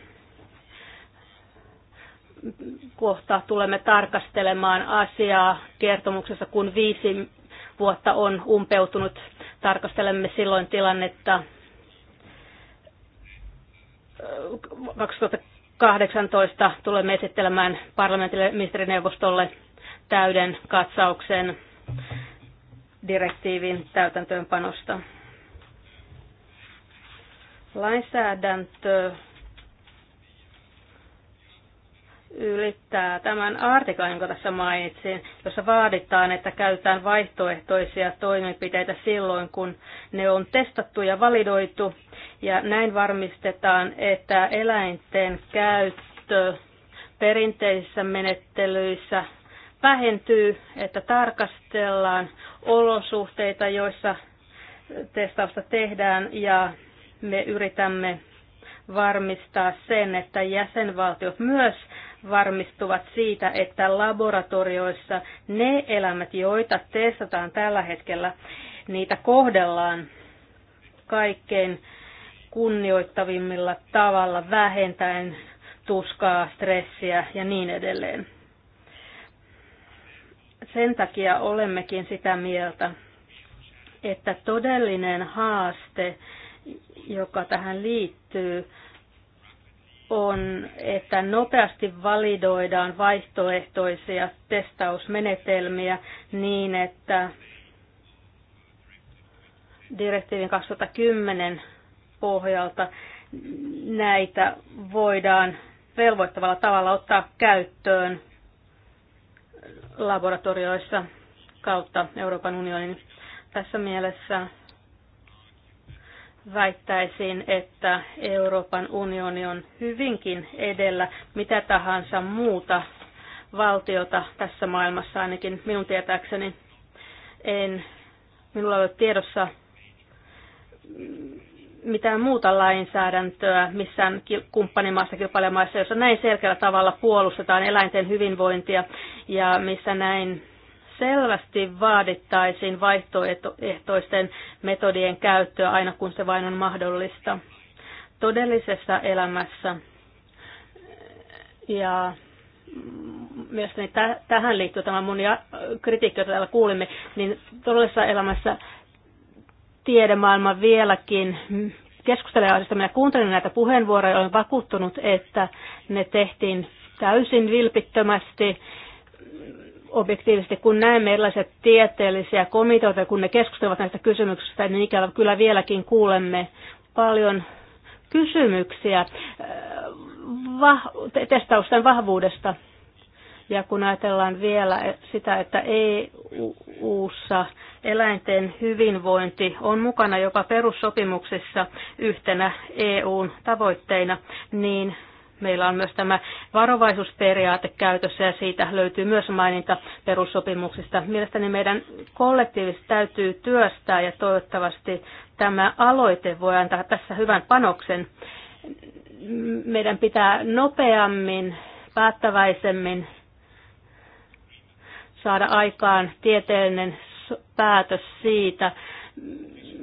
kohta tulemme tarkastelemaan asiaa kertomuksessa, kun viisi vuotta on umpeutunut. Tarkastelemme silloin tilannetta 2018 tulemme esittelemään parlamentille ministerineuvostolle täyden katsauksen direktiivin täytäntöönpanosta. Lainsäädäntö ylittää tämän artikan, jonka tässä mainitsin, jossa vaaditaan, että käytetään vaihtoehtoisia toimenpiteitä silloin, kun ne on testattu ja validoitu. Ja näin varmistetaan, että eläinten käyttö perinteisissä menettelyissä vähentyy, että tarkastellaan olosuhteita, joissa testausta tehdään ja me yritämme varmistaa sen, että jäsenvaltiot myös varmistuvat siitä, että laboratorioissa ne elämät, joita testataan tällä hetkellä, niitä kohdellaan kaikkein kunnioittavimmilla tavalla vähentäen tuskaa, stressiä ja niin edelleen. Sen takia olemmekin sitä mieltä, että todellinen haaste, joka tähän liittyy, on, että nopeasti validoidaan vaihtoehtoisia testausmenetelmiä niin, että direktiivin 2010 pohjalta näitä voidaan velvoittavalla tavalla ottaa käyttöön laboratorioissa kautta Euroopan unionin. Tässä mielessä väittäisin, että Euroopan unioni on hyvinkin edellä mitä tahansa muuta valtiota tässä maailmassa, ainakin minun tietääkseni. En, minulla ei ole tiedossa mitään muuta lainsäädäntöä missään kumppanimaassa, kilpailemaissa, jossa näin selkeällä tavalla puolustetaan eläinten hyvinvointia ja missä näin selvästi vaadittaisiin vaihtoehtoisten metodien käyttöä aina kun se vain on mahdollista todellisessa elämässä. Ja niin täh- tähän liittyy tämä mun ja- kritiikki, jota täällä kuulimme, niin todellisessa elämässä tiedemaailma vieläkin keskustelee asiasta. Minä kuuntelin näitä puheenvuoroja ja olen vakuuttunut, että ne tehtiin täysin vilpittömästi objektiivisesti, kun näemme erilaisia tieteellisiä komiteoita, kun ne keskustelevat näistä kysymyksistä, niin ikävä kyllä vieläkin kuulemme paljon kysymyksiä äh, vah- testausten vahvuudesta. Ja kun ajatellaan vielä sitä, että EU-ssa eläinten hyvinvointi on mukana jopa perussopimuksissa yhtenä EUn tavoitteina, niin Meillä on myös tämä varovaisuusperiaate käytössä ja siitä löytyy myös maininta perussopimuksista. Mielestäni meidän kollektiivisesti täytyy työstää ja toivottavasti tämä aloite voi antaa tässä hyvän panoksen. Meidän pitää nopeammin, päättäväisemmin saada aikaan tieteellinen päätös siitä,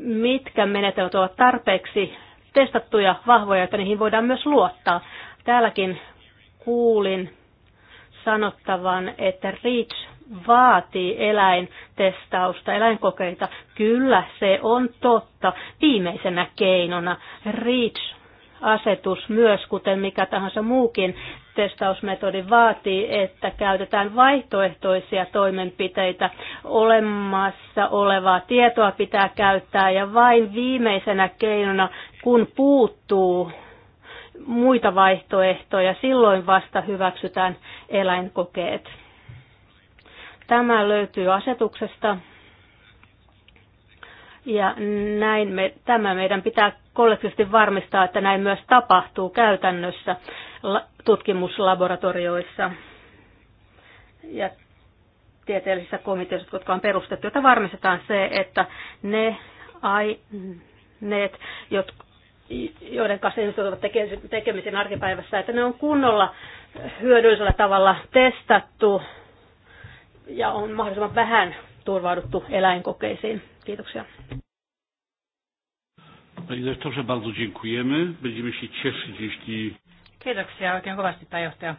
mitkä menetelmät ovat tarpeeksi testattuja, vahvoja, että niihin voidaan myös luottaa. Täälläkin kuulin sanottavan, että REACH vaatii eläintestausta, eläinkokeita. Kyllä, se on totta. Viimeisenä keinona REACH asetus myös, kuten mikä tahansa muukin testausmetodi vaatii, että käytetään vaihtoehtoisia toimenpiteitä. Olemassa olevaa tietoa pitää käyttää ja vain viimeisenä keinona, kun puuttuu muita vaihtoehtoja. Silloin vasta hyväksytään eläinkokeet. Tämä löytyy asetuksesta. Ja näin me, tämä meidän pitää kollektiivisesti varmistaa, että näin myös tapahtuu käytännössä tutkimuslaboratorioissa ja tieteellisissä komiteissa, jotka on perustettu, jota varmistetaan se, että ne aineet, jotka joiden kanssa ihmiset ovat tekemisen arkipäivässä, että ne on kunnolla hyödyllisellä tavalla testattu ja on mahdollisimman vähän turvauduttu eläinkokeisiin. Kiitoksia. Kiitoksia oikein kovasti, pääjohtaja.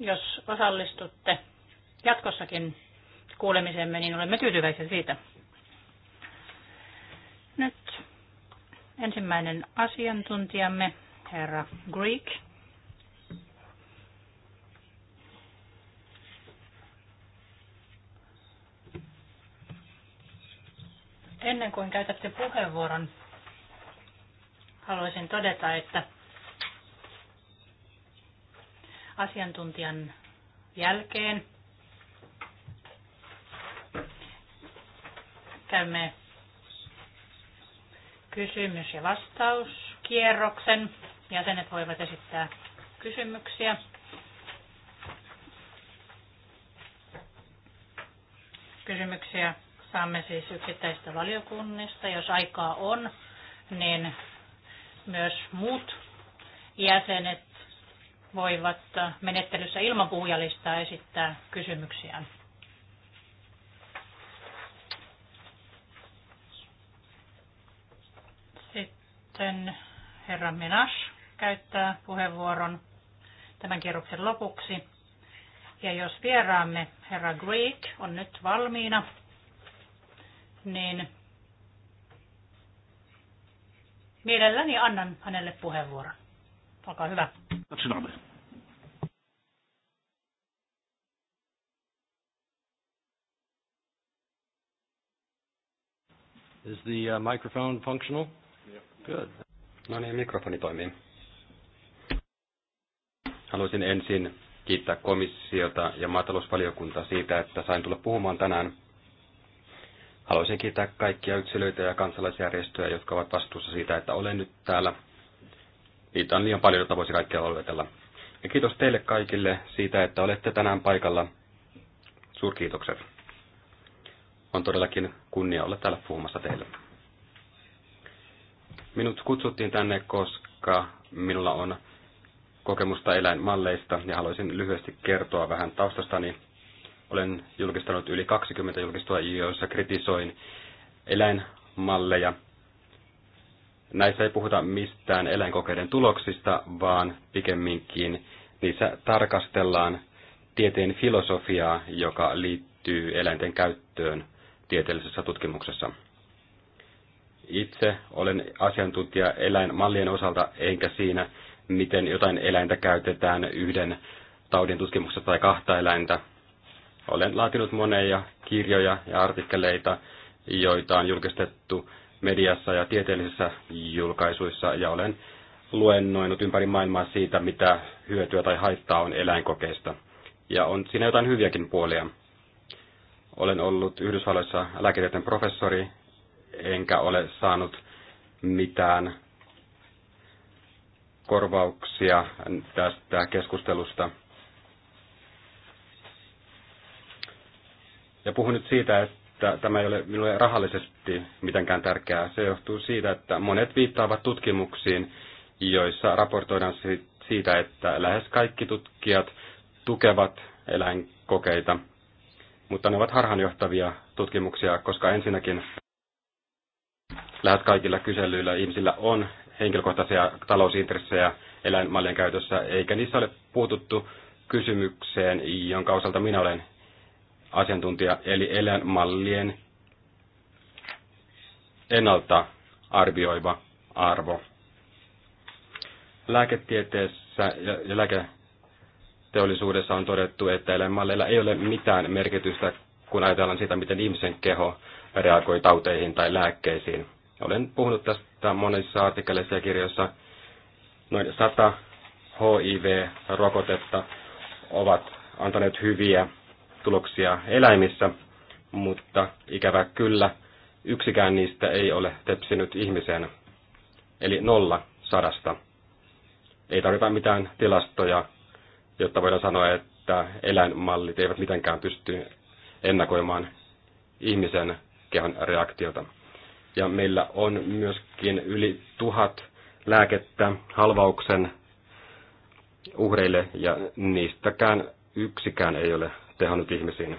Jos osallistutte jatkossakin kuulemisemme, niin olemme tyytyväisiä siitä. Ensimmäinen asiantuntijamme, herra Greek, ennen kuin käytätte puheenvuoron, haluaisin todeta, että asiantuntijan jälkeen käymme kysymys- ja vastauskierroksen. Jäsenet voivat esittää kysymyksiä. Kysymyksiä saamme siis yksittäistä valiokunnista. Jos aikaa on, niin myös muut jäsenet voivat menettelyssä ilman puhujalistaa esittää kysymyksiään. Sitten herra Minash käyttää puheenvuoron tämän kierroksen lopuksi. Ja jos vieraamme herra Greek on nyt valmiina, niin mielelläni annan hänelle puheenvuoron. Olkaa hyvä. Is the uh, microphone functional? Good. No niin, mikrofoni toimii. Haluaisin ensin kiittää komissiota ja maatalousvaliokuntaa siitä, että sain tulla puhumaan tänään. Haluaisin kiittää kaikkia yksilöitä ja kansalaisjärjestöjä, jotka ovat vastuussa siitä, että olen nyt täällä. Niitä on liian paljon, jota voisi kaikkea olvetella. Ja kiitos teille kaikille siitä, että olette tänään paikalla. Suurkiitokset. On todellakin kunnia olla täällä puhumassa teille. Minut kutsuttiin tänne, koska minulla on kokemusta eläinmalleista ja haluaisin lyhyesti kertoa vähän taustastani. Olen julkistanut yli 20 julkistua, joissa kritisoin eläinmalleja. Näissä ei puhuta mistään eläinkokeiden tuloksista, vaan pikemminkin niissä tarkastellaan tieteen filosofiaa, joka liittyy eläinten käyttöön tieteellisessä tutkimuksessa. Itse olen asiantuntija eläinmallien osalta, enkä siinä, miten jotain eläintä käytetään yhden taudin tutkimuksessa tai kahta eläintä. Olen laatinut moneja kirjoja ja artikkeleita, joita on julkistettu mediassa ja tieteellisissä julkaisuissa, ja olen luennoinut ympäri maailmaa siitä, mitä hyötyä tai haittaa on eläinkokeista. Ja on siinä jotain hyviäkin puolia. Olen ollut Yhdysvalloissa lääketieteen professori enkä ole saanut mitään korvauksia tästä keskustelusta. Ja puhun nyt siitä, että tämä ei ole minulle rahallisesti mitenkään tärkeää. Se johtuu siitä, että monet viittaavat tutkimuksiin, joissa raportoidaan siitä, että lähes kaikki tutkijat tukevat eläinkokeita, mutta ne ovat harhanjohtavia tutkimuksia, koska ensinnäkin lähes kaikilla kyselyillä ihmisillä on henkilökohtaisia talousintressejä eläinmallien käytössä, eikä niissä ole puututtu kysymykseen, jonka osalta minä olen asiantuntija, eli eläinmallien ennalta arvioiva arvo. Lääketieteessä ja lääketeollisuudessa on todettu, että eläinmalleilla ei ole mitään merkitystä, kun ajatellaan sitä, miten ihmisen keho reagoi tauteihin tai lääkkeisiin. Olen puhunut tästä monissa artikkeleissa ja kirjoissa. Noin 100 HIV-rokotetta ovat antaneet hyviä tuloksia eläimissä, mutta ikävä kyllä yksikään niistä ei ole tepsinyt ihmiseen. Eli nolla sadasta. Ei tarvita mitään tilastoja, jotta voidaan sanoa, että eläinmallit eivät mitenkään pysty ennakoimaan ihmisen kehon reaktiota. Ja meillä on myöskin yli tuhat lääkettä halvauksen uhreille ja niistäkään yksikään ei ole tehonnut ihmisiin.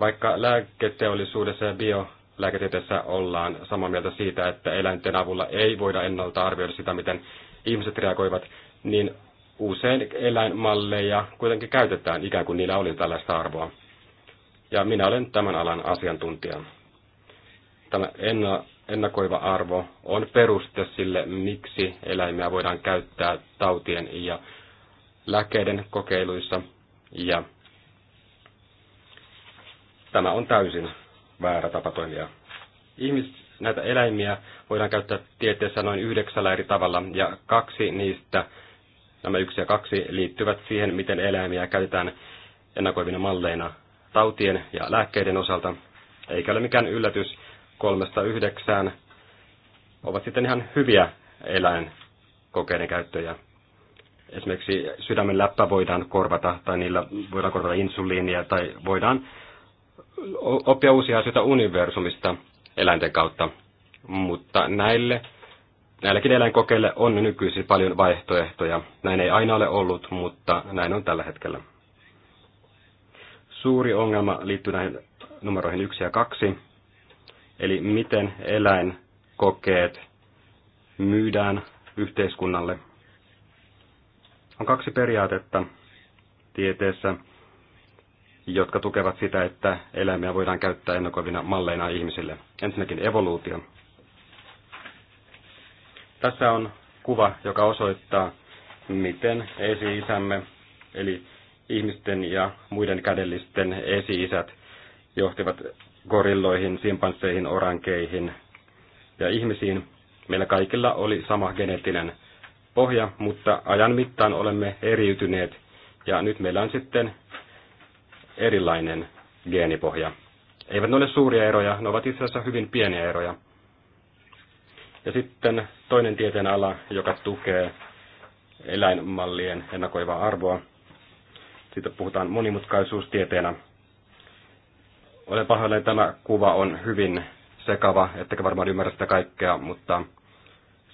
Vaikka lääketeollisuudessa ja biolääketieteessä ollaan samaa mieltä siitä, että eläinten avulla ei voida ennalta arvioida sitä, miten ihmiset reagoivat, niin usein eläinmalleja kuitenkin käytetään ikään kuin niillä oli tällaista arvoa. Ja minä olen tämän alan asiantuntija. Tämä ennakoiva arvo on peruste sille, miksi eläimiä voidaan käyttää tautien ja lääkkeiden kokeiluissa. Ja tämä on täysin väärä tapa toimia. Ihmis, näitä eläimiä voidaan käyttää tieteessä noin yhdeksällä eri tavalla, ja kaksi niistä, nämä yksi ja kaksi, liittyvät siihen, miten eläimiä käytetään ennakoivina malleina tautien ja lääkkeiden osalta. Eikä ole mikään yllätys, kolmesta yhdeksään ovat sitten ihan hyviä eläinkokeiden käyttöjä. Esimerkiksi sydämen läppä voidaan korvata, tai niillä voidaan korvata insuliinia, tai voidaan oppia uusia asioita universumista eläinten kautta. Mutta näille, näilläkin eläinkokeille on nykyisin paljon vaihtoehtoja. Näin ei aina ole ollut, mutta näin on tällä hetkellä. Suuri ongelma liittyy näihin numeroihin 1 ja 2. Eli miten eläinkokeet myydään yhteiskunnalle. On kaksi periaatetta tieteessä, jotka tukevat sitä, että eläimiä voidaan käyttää ennakoivina malleina ihmisille. Ensinnäkin evoluutio. Tässä on kuva, joka osoittaa, miten esi-isämme, eli ihmisten ja muiden kädellisten esi-isät, johtivat gorilloihin, simpansseihin, orankeihin ja ihmisiin. Meillä kaikilla oli sama geneettinen pohja, mutta ajan mittaan olemme eriytyneet ja nyt meillä on sitten erilainen geenipohja. Eivät ne ole suuria eroja, ne ovat itse asiassa hyvin pieniä eroja. Ja sitten toinen tieteen ala, joka tukee eläinmallien ennakoivaa arvoa. Siitä puhutaan monimutkaisuustieteenä. Olen pahoillani, tämä kuva on hyvin sekava, ettekä varmaan ymmärrä sitä kaikkea, mutta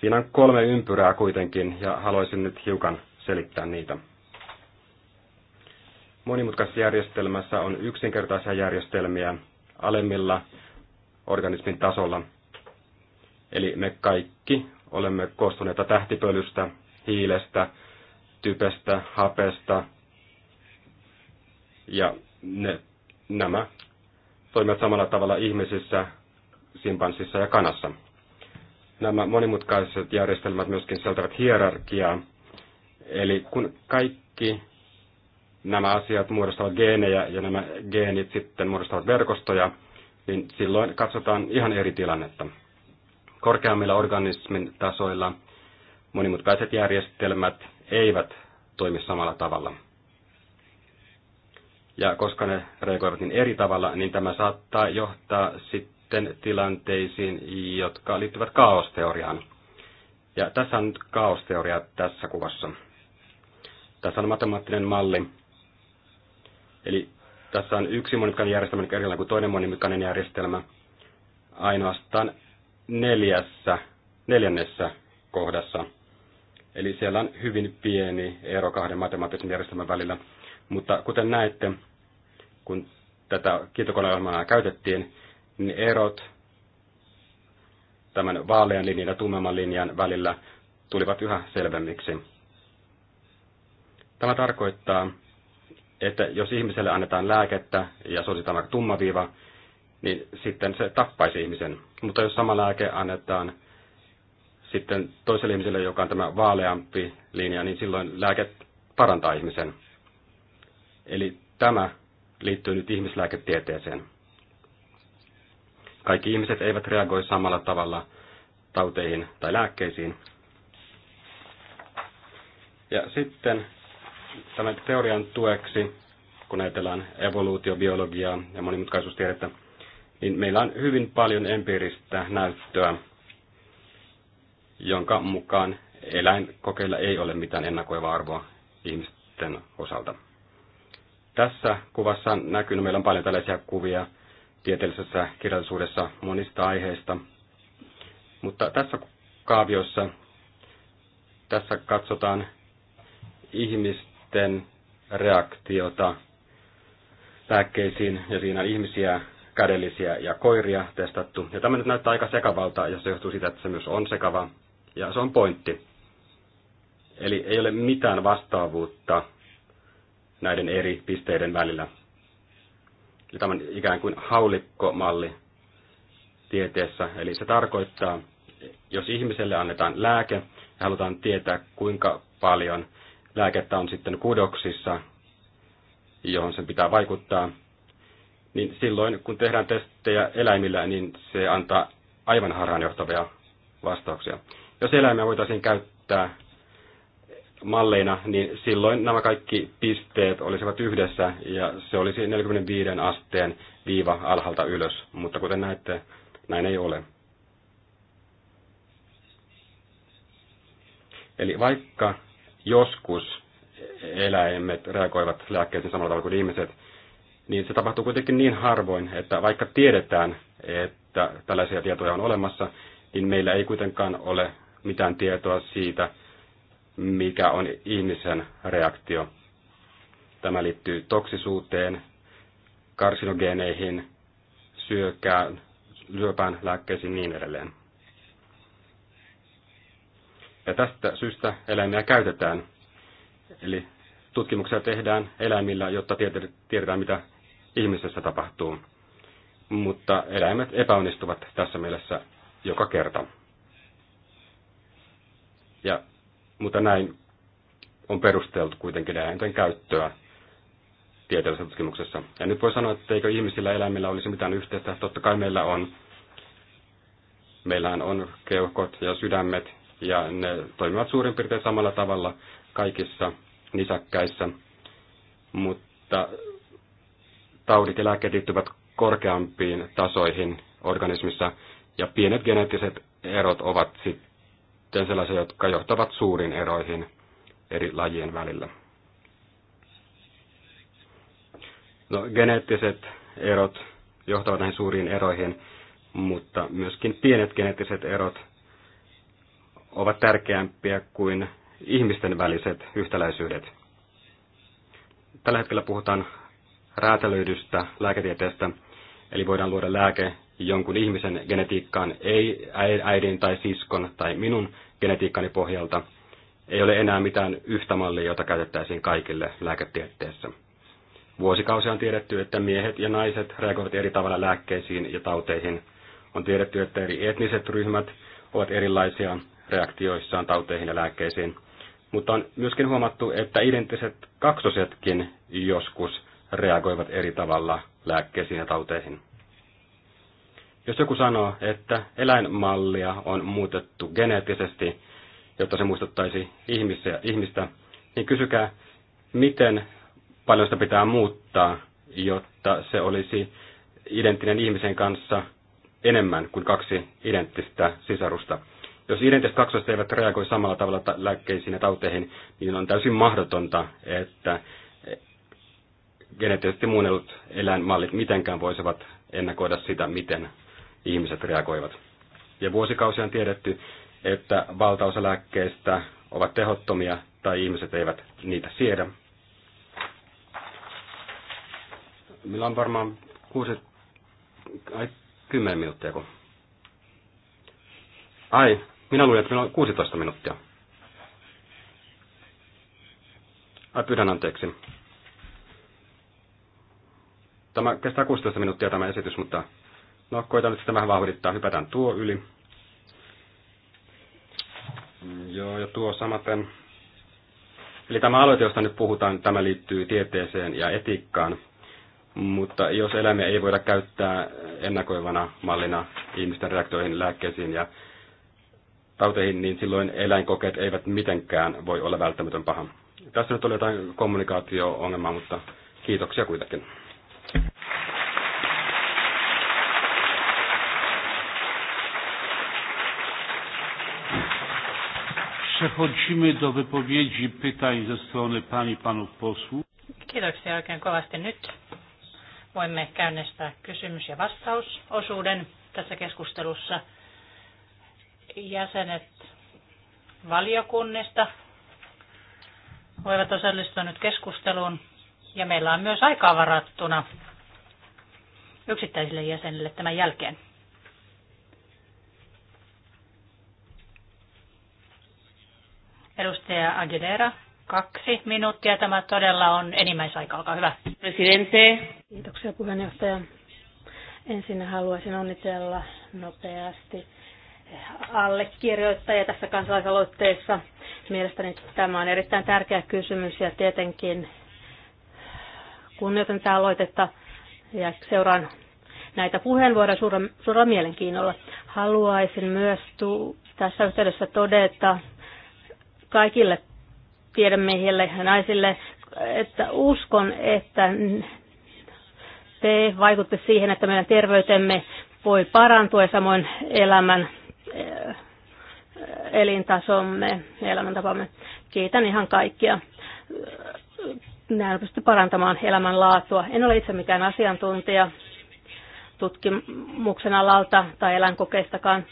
siinä on kolme ympyrää kuitenkin, ja haluaisin nyt hiukan selittää niitä. Monimutkaisessa järjestelmässä on yksinkertaisia järjestelmiä alemmilla organismin tasolla. Eli me kaikki olemme koostuneita tähtipölystä, hiilestä, typestä, hapesta. Ja ne, nämä toimivat samalla tavalla ihmisissä, simpanssissa ja kanassa. Nämä monimutkaiset järjestelmät myöskin sisältävät hierarkiaa. Eli kun kaikki nämä asiat muodostavat geenejä ja nämä geenit sitten muodostavat verkostoja, niin silloin katsotaan ihan eri tilannetta. Korkeammilla organismin tasoilla monimutkaiset järjestelmät eivät toimi samalla tavalla. Ja koska ne reagoivat niin eri tavalla, niin tämä saattaa johtaa sitten tilanteisiin, jotka liittyvät kaosteoriaan. Ja tässä on nyt kaosteoria tässä kuvassa. Tässä on matemaattinen malli. Eli tässä on yksi monimutkainen järjestelmä, joka erilainen kuin toinen monimutkainen järjestelmä. Ainoastaan neljässä, neljännessä kohdassa. Eli siellä on hyvin pieni ero kahden matemaattisen järjestelmän välillä. Mutta kuten näette, kun tätä kiitokoneohjelmaa käytettiin, niin erot tämän vaalean linjan ja tummemman linjan välillä tulivat yhä selvemmiksi. Tämä tarkoittaa, että jos ihmiselle annetaan lääkettä ja se olisi tämä tumma viiva, niin sitten se tappaisi ihmisen. Mutta jos sama lääke annetaan sitten toiselle ihmiselle, joka on tämä vaaleampi linja, niin silloin lääke parantaa ihmisen. Eli tämä liittyy nyt ihmislääketieteeseen. Kaikki ihmiset eivät reagoi samalla tavalla tauteihin tai lääkkeisiin. Ja sitten tämän teorian tueksi, kun ajatellaan evoluutiobiologiaa ja monimutkaisuustiedettä, niin meillä on hyvin paljon empiiristä näyttöä, jonka mukaan eläinkokeilla ei ole mitään ennakoivaa arvoa ihmisten osalta. Tässä kuvassa näkyy, meillä on paljon tällaisia kuvia tieteellisessä kirjallisuudessa monista aiheista. Mutta tässä kaaviossa, tässä katsotaan ihmisten reaktiota lääkkeisiin ja siinä on ihmisiä, kädellisiä ja koiria testattu. Ja tämä nyt näyttää aika sekavalta ja se johtuu siitä, että se myös on sekava ja se on pointti. Eli ei ole mitään vastaavuutta näiden eri pisteiden välillä. Eli tämä on ikään kuin haulikkomalli tieteessä. Eli se tarkoittaa, jos ihmiselle annetaan lääke ja halutaan tietää, kuinka paljon lääkettä on sitten kudoksissa, johon sen pitää vaikuttaa, niin silloin kun tehdään testejä eläimillä, niin se antaa aivan harhaanjohtavia vastauksia. Jos eläimiä voitaisiin käyttää malleina, niin silloin nämä kaikki pisteet olisivat yhdessä ja se olisi 45 asteen viiva alhaalta ylös, mutta kuten näette, näin ei ole. Eli vaikka joskus eläimet reagoivat lääkkeisiin samalla tavalla kuin ihmiset, niin se tapahtuu kuitenkin niin harvoin, että vaikka tiedetään, että tällaisia tietoja on olemassa, niin meillä ei kuitenkaan ole mitään tietoa siitä, mikä on ihmisen reaktio. Tämä liittyy toksisuuteen, karsinogeneihin, syökään, syöpään lääkkeisiin niin edelleen. Ja tästä syystä eläimiä käytetään. Eli tutkimuksia tehdään eläimillä, jotta tiedetään, mitä ihmisessä tapahtuu. Mutta eläimet epäonnistuvat tässä mielessä joka kerta. Ja mutta näin on perusteltu kuitenkin eläinten käyttöä tieteellisessä tutkimuksessa. Ja nyt voi sanoa, että eikö ihmisillä eläimillä olisi mitään yhteistä. Totta kai meillä on. meillä on keuhkot ja sydämet, ja ne toimivat suurin piirtein samalla tavalla kaikissa nisäkkäissä. Mutta taudit ja lääkkeet liittyvät korkeampiin tasoihin organismissa, ja pienet geneettiset erot ovat sitten sitten sellaisia, jotka johtavat suuriin eroihin eri lajien välillä. No, geneettiset erot johtavat näihin suuriin eroihin, mutta myöskin pienet geneettiset erot ovat tärkeämpiä kuin ihmisten väliset yhtäläisyydet. Tällä hetkellä puhutaan räätälöidystä lääketieteestä, eli voidaan luoda lääke, jonkun ihmisen genetiikkaan, ei äidin tai siskon tai minun genetiikkani pohjalta, ei ole enää mitään yhtä mallia, jota käytettäisiin kaikille lääketieteessä. Vuosikausia on tiedetty, että miehet ja naiset reagoivat eri tavalla lääkkeisiin ja tauteihin. On tiedetty, että eri etniset ryhmät ovat erilaisia reaktioissaan tauteihin ja lääkkeisiin. Mutta on myöskin huomattu, että identtiset kaksosetkin joskus reagoivat eri tavalla lääkkeisiin ja tauteihin. Jos joku sanoo, että eläinmallia on muutettu geneettisesti, jotta se muistuttaisi ihmisiä, ihmistä, niin kysykää, miten paljon sitä pitää muuttaa, jotta se olisi identtinen ihmisen kanssa enemmän kuin kaksi identtistä sisarusta. Jos identtiset kaksoset eivät reagoi samalla tavalla lääkkeisiin ja tauteihin, niin on täysin mahdotonta, että geneettisesti muunnellut eläinmallit mitenkään voisivat ennakoida sitä, miten ihmiset reagoivat. Ja vuosikausia on tiedetty, että valtaosa lääkkeistä ovat tehottomia tai ihmiset eivät niitä siedä. Meillä on varmaan kuusi, ai kymmenen minuuttia. Kun... Ai, minä luin, että meillä on 16 minuuttia. Ai, pyydän anteeksi. Tämä kestää 16 minuuttia tämä esitys, mutta No, koitan nyt sitä vähän vauhdittaa. Hypätään tuo yli. Mm, joo, ja tuo samaten. Eli tämä aloite, josta nyt puhutaan, tämä liittyy tieteeseen ja etiikkaan. Mutta jos eläimiä ei voida käyttää ennakoivana mallina ihmisten reaktioihin, lääkkeisiin ja tauteihin, niin silloin eläinkokeet eivät mitenkään voi olla välttämätön paha. Tässä nyt oli jotain kommunikaatio-ongelmaa, mutta kiitoksia kuitenkin. Przechodzimy do wypowiedzi pytań ze strony pani panów posłów. Kiitoksia oikein kovasti nyt. Voimme käynnistää kysymys- ja vastausosuuden tässä keskustelussa. Jäsenet valiokunnista voivat osallistua nyt keskusteluun ja meillä on myös aikaa varattuna yksittäisille jäsenille tämän jälkeen. Edustaja Aguilera, kaksi minuuttia. Tämä todella on enimmäisaika. Olkaa hyvä. Presidente. Kiitoksia puheenjohtaja. Ensin haluaisin onnitella nopeasti allekirjoittajia tässä kansalaisaloitteessa. Mielestäni tämä on erittäin tärkeä kysymys ja tietenkin kunnioitan tätä aloitetta ja seuraan näitä puheenvuoroja suurella mielenkiinnolla. Haluaisin myös tu- tässä yhteydessä todeta, kaikille tiedemiehille ja naisille, että uskon, että te vaikutte siihen, että meidän terveytemme voi parantua ja samoin elämän eh, elintasomme elämäntapamme. Kiitän ihan kaikkia. Näin pysty parantamaan elämänlaatua. En ole itse mikään asiantuntija tutkimuksen alalta tai eläinkokeistakaan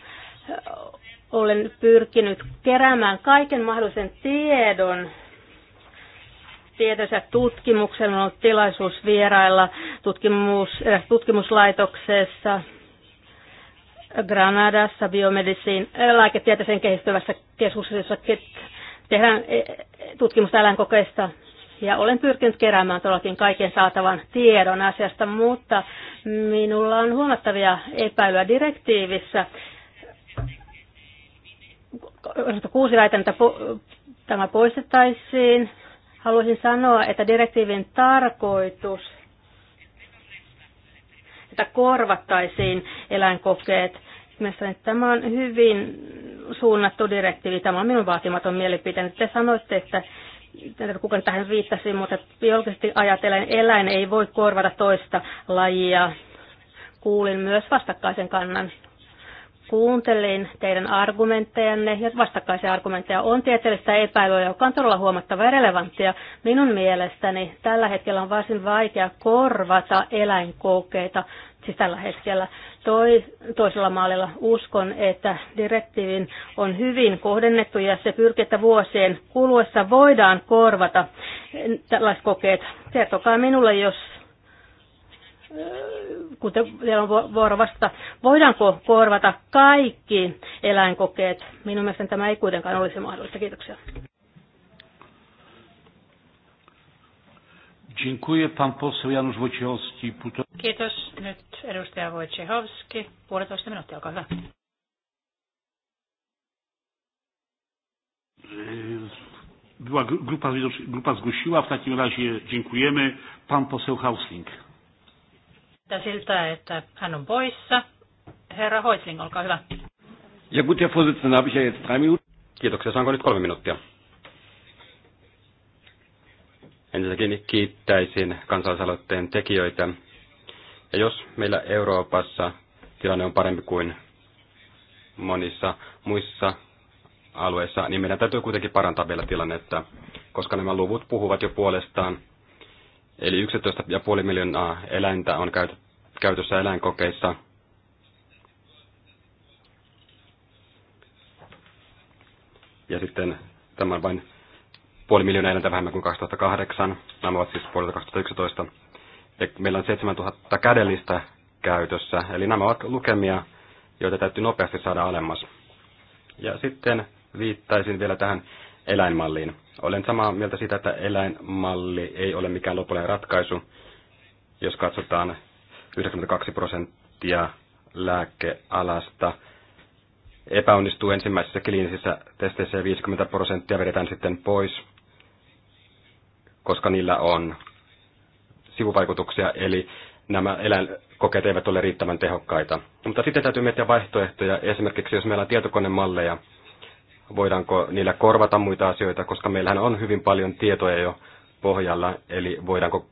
olen pyrkinyt keräämään kaiken mahdollisen tiedon Tietoisen tutkimuksen. On ollut tilaisuus vierailla tutkimus, äh, tutkimuslaitoksessa Granadassa biomedisiin äh, lääketieteeseen kehittyvässä keskuksessa tehdään e, e, tutkimusta eläinkokeista ja olen pyrkinyt keräämään todellakin kaiken saatavan tiedon asiasta, mutta minulla on huomattavia epäilyä direktiivissä kuusi väitän, että tämä poistettaisiin. Haluaisin sanoa, että direktiivin tarkoitus, että korvattaisiin eläinkokeet, Mielestäni tämä on hyvin suunnattu direktiivi. Tämä on minun vaatimaton mielipiteeni. Te sanoitte, että kuka tähän viittasi, mutta biologisesti ajatellen eläin ei voi korvata toista lajia. Kuulin myös vastakkaisen kannan kuuntelin teidän argumenttejanne, ja vastakkaisia argumentteja on tieteellistä epäilyä, joka on todella huomattava ja relevanttia. Minun mielestäni tällä hetkellä on varsin vaikea korvata eläinkokeita, siis tällä hetkellä. Toi, toisella maalilla uskon, että direktiivin on hyvin kohdennettu ja se pyrkii, että vuosien kuluessa voidaan korvata tällaiset kokeet. Kertokaa minulle, jos kuten vielä on vuoro vastata, voidaanko korvata kaikki eläinkokeet? Minun mielestäni tämä ei kuitenkaan olisi mahdollista. Kiitoksia. Dziękuję. Pan poseł Janusz Wojciechowski. Kiitos. Nyt edustaja Wojciechowski. Puolitoista minuuttia, olkaa hyvä. Była grupa, grupa zgłosiła, w takim razie dziękujemy. Pan poseł Hausling näyttää siltä, että hän on poissa. Herra Hoisling, olkaa hyvä. Ja gut, Herr Vorsitzender, habe ich ja jetzt drei Minuten. Kiitoksia, saanko nyt kolme minuuttia? Ensinnäkin kiittäisin kansalaisaloitteen tekijöitä. Ja jos meillä Euroopassa tilanne on parempi kuin monissa muissa alueissa, niin meidän täytyy kuitenkin parantaa vielä tilannetta, koska nämä luvut puhuvat jo puolestaan – Eli 11,5 miljoonaa eläintä on käytössä eläinkokeissa. Ja sitten tämä on vain puoli miljoonaa eläintä vähemmän kuin 2008. Nämä ovat siis puolelta 2011. Ja meillä on 7000 kädellistä käytössä. Eli nämä ovat lukemia, joita täytyy nopeasti saada alemmas. Ja sitten viittaisin vielä tähän eläinmalliin. Olen samaa mieltä siitä, että eläinmalli ei ole mikään lopullinen ratkaisu. Jos katsotaan 92 prosenttia lääkealasta epäonnistuu ensimmäisissä kliinisissä testeissä ja 50 prosenttia vedetään sitten pois, koska niillä on sivuvaikutuksia, eli nämä eläinkokeet eivät ole riittävän tehokkaita. Mutta sitten täytyy miettiä vaihtoehtoja. Esimerkiksi jos meillä on tietokonemalleja, voidaanko niillä korvata muita asioita, koska meillähän on hyvin paljon tietoja jo pohjalla, eli voidaanko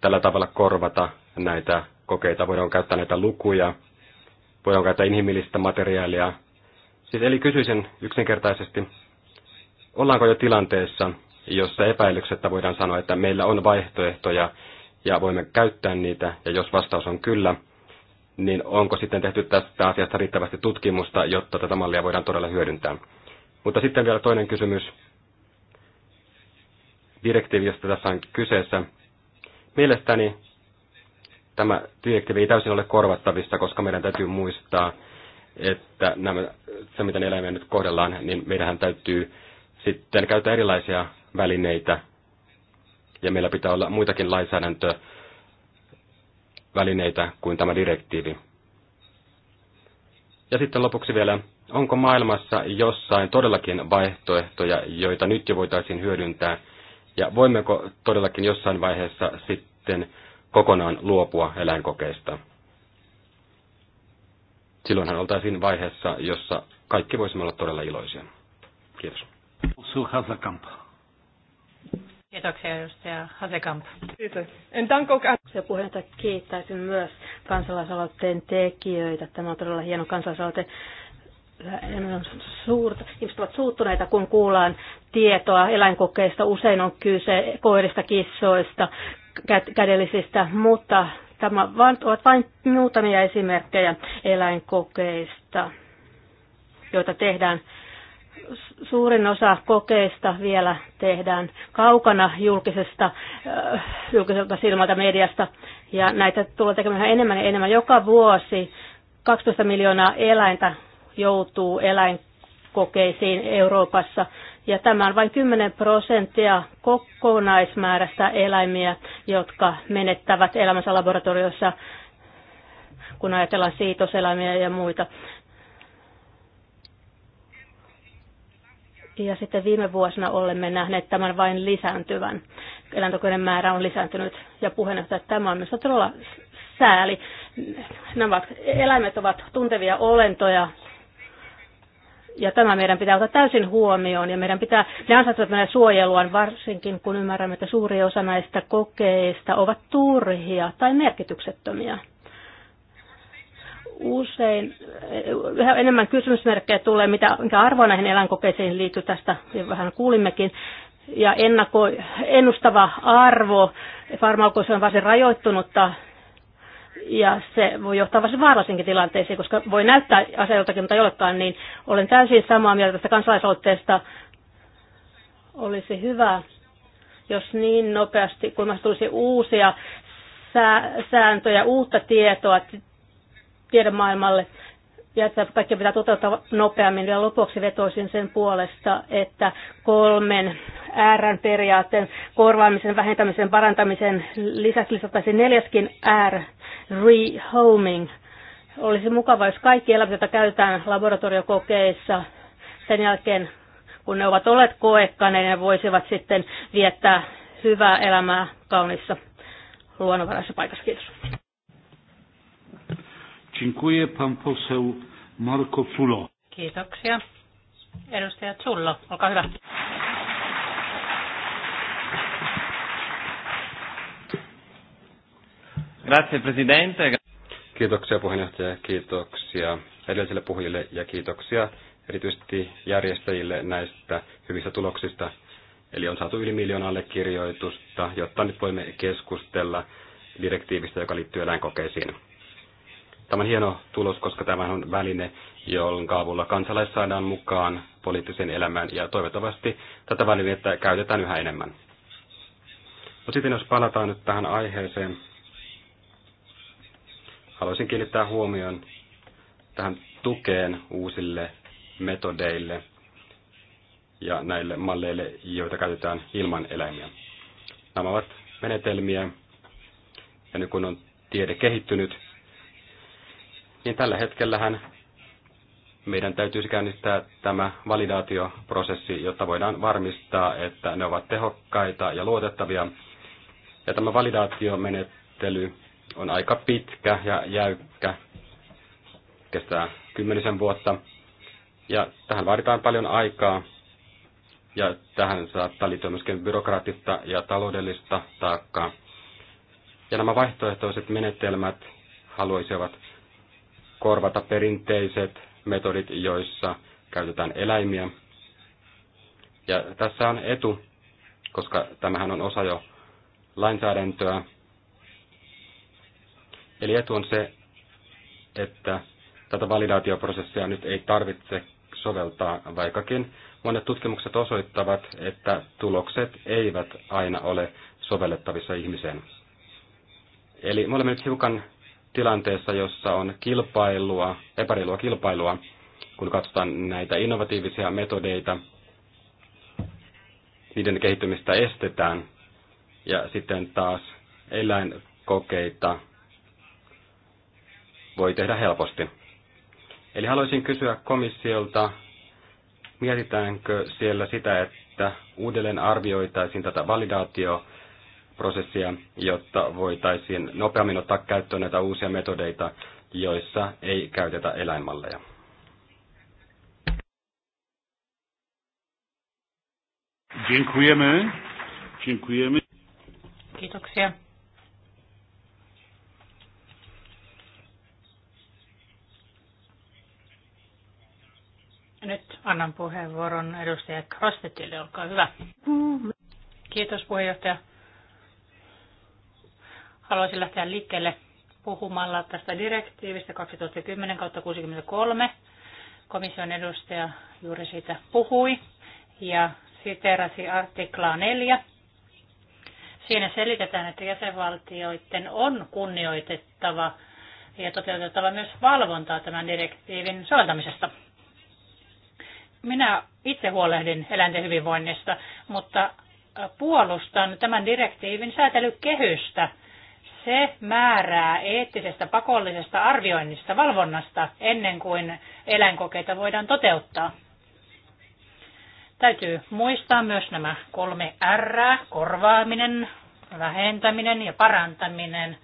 tällä tavalla korvata näitä kokeita, voidaanko käyttää näitä lukuja, voidaanko käyttää inhimillistä materiaalia. Siis eli kysyisin yksinkertaisesti, ollaanko jo tilanteessa, jossa epäilyksettä voidaan sanoa, että meillä on vaihtoehtoja ja voimme käyttää niitä, ja jos vastaus on kyllä, niin onko sitten tehty tästä asiasta riittävästi tutkimusta, jotta tätä mallia voidaan todella hyödyntää? Mutta sitten vielä toinen kysymys. Direktiivi, josta tässä on kyseessä. Mielestäni tämä direktiivi ei täysin ole korvattavissa, koska meidän täytyy muistaa, että nämä, se, miten eläimiä nyt kohdellaan, niin meidän täytyy sitten käyttää erilaisia välineitä. Ja meillä pitää olla muitakin lainsäädäntöä välineitä kuin tämä direktiivi. Ja sitten lopuksi vielä, onko maailmassa jossain todellakin vaihtoehtoja, joita nyt jo voitaisiin hyödyntää, ja voimmeko todellakin jossain vaiheessa sitten kokonaan luopua eläinkokeista? Silloinhan oltaisiin vaiheessa, jossa kaikki voisimme olla todella iloisia. Kiitos. Suhasakampa. Kiitoksia edustaja Hasekamp. Kiitos. En tanko ja puheenjohtaja kiittäisin myös kansalaisaloitteen tekijöitä. Tämä on todella hieno kansalaisaloite. Suurta, ihmiset ovat suuttuneita, kun kuullaan tietoa eläinkokeista. Usein on kyse koirista, kissoista, kädellisistä, mutta tämä ovat vain muutamia esimerkkejä eläinkokeista, joita tehdään suurin osa kokeista vielä tehdään kaukana julkisesta, äh, julkiselta silmältä mediasta, ja näitä tulee tekemään enemmän ja enemmän. Joka vuosi 12 miljoonaa eläintä joutuu eläinkokeisiin Euroopassa, ja tämä on vain 10 prosenttia kokonaismäärästä eläimiä, jotka menettävät elämänsä laboratoriossa, kun ajatellaan siitoseläimiä ja muita Ja sitten viime vuosina olemme nähneet tämän vain lisääntyvän. Eläintokoiden määrä on lisääntynyt ja puheenjohtaja, että tämä on myös todella sääli. Nämä ovat, eläimet ovat tuntevia olentoja, ja tämä meidän pitää ottaa täysin huomioon ja meidän pitää, ne ansaitsevat meidän suojeluaan varsinkin kun ymmärrämme, että suuri osa näistä kokeista ovat turhia tai merkityksettömiä usein yhä enemmän kysymysmerkkejä tulee, mitä, mikä arvo näihin eläinkokeisiin liittyy tästä, ja vähän kuulimmekin. Ja ennako, ennustava arvo farmaukoissa on varsin rajoittunutta, ja se voi johtaa varsin vaarallisinkin tilanteisiin, koska voi näyttää aseiltakin, mutta ei olekaan, niin olen täysin samaa mieltä tästä kansalaisaloitteesta. Olisi hyvä, jos niin nopeasti, kun tulisi uusia sääntöjä, uutta tietoa, tiedemaailmalle ja että kaikki pitää toteuttaa nopeammin. Ja lopuksi vetoisin sen puolesta, että kolmen äärän periaatteen korvaamisen, vähentämisen, parantamisen lisäksi lisättäisiin neljäskin R, rehoming. Olisi mukava, jos kaikki elämät, joita käytetään laboratoriokokeissa, sen jälkeen kun ne ovat olleet koekkaneet, ne voisivat sitten viettää hyvää elämää kaunissa luonnonvaraisessa paikassa. Kiitos. Dziękuję. Pan poseł Marko Zulo. Kiitoksia. Edustaja Zullo, olkaa hyvä. Grazie Presidente. Kiitoksia puheenjohtaja, kiitoksia edellisille puhujille ja kiitoksia erityisesti järjestäjille näistä hyvistä tuloksista. Eli on saatu yli miljoonalle kirjoitusta, jotta nyt voimme keskustella direktiivistä, joka liittyy eläinkokeisiin. Tämä on hieno tulos, koska tämä on väline, jonka avulla kansalais saadaan mukaan poliittiseen elämään ja toivottavasti tätä välinettä käytetään yhä enemmän. No sitten jos palataan nyt tähän aiheeseen, haluaisin kiinnittää huomioon tähän tukeen uusille metodeille ja näille malleille, joita käytetään ilman eläimiä. Nämä ovat menetelmiä, ja nyt kun on tiede kehittynyt, niin tällä hetkellähän meidän täytyisi käynnistää tämä validaatioprosessi, jotta voidaan varmistaa, että ne ovat tehokkaita ja luotettavia. Ja tämä validaatiomenettely on aika pitkä ja jäykkä, kestää kymmenisen vuotta. Ja tähän vaaditaan paljon aikaa, ja tähän saattaa liittyä myöskin byrokraattista ja taloudellista taakkaa. Ja nämä vaihtoehtoiset menetelmät haluaisivat korvata perinteiset metodit, joissa käytetään eläimiä. Ja tässä on etu, koska tämähän on osa jo lainsäädäntöä. Eli etu on se, että tätä validaatioprosessia nyt ei tarvitse soveltaa, vaikkakin monet tutkimukset osoittavat, että tulokset eivät aina ole sovellettavissa ihmiseen. Eli me olemme nyt hiukan tilanteessa, jossa on kilpailua, epäreilua kilpailua, kun katsotaan näitä innovatiivisia metodeita, niiden kehittymistä estetään ja sitten taas eläinkokeita voi tehdä helposti. Eli haluaisin kysyä komissiolta, mietitäänkö siellä sitä, että uudelleen arvioitaisiin tätä validaatio- prosessia, jotta voitaisiin nopeammin ottaa käyttöön näitä uusia metodeita, joissa ei käytetä eläinmalleja. Dziękujemy. Dziękujemy. Kiitoksia. Nyt annan puheenvuoron edustaja Krostetille, olkaa hyvä. Kiitos puheenjohtaja. Haluaisin lähteä liikkeelle puhumalla tästä direktiivistä 2010-63. Komission edustaja juuri siitä puhui ja siteerasi artiklaa 4. Siinä selitetään, että jäsenvaltioiden on kunnioitettava ja toteutettava myös valvontaa tämän direktiivin soveltamisesta. Minä itse huolehdin eläinten hyvinvoinnista, mutta puolustan tämän direktiivin säätelykehystä – se määrää eettisestä pakollisesta arvioinnista, valvonnasta, ennen kuin eläinkokeita voidaan toteuttaa. Täytyy muistaa myös nämä kolme R, korvaaminen, vähentäminen ja parantaminen.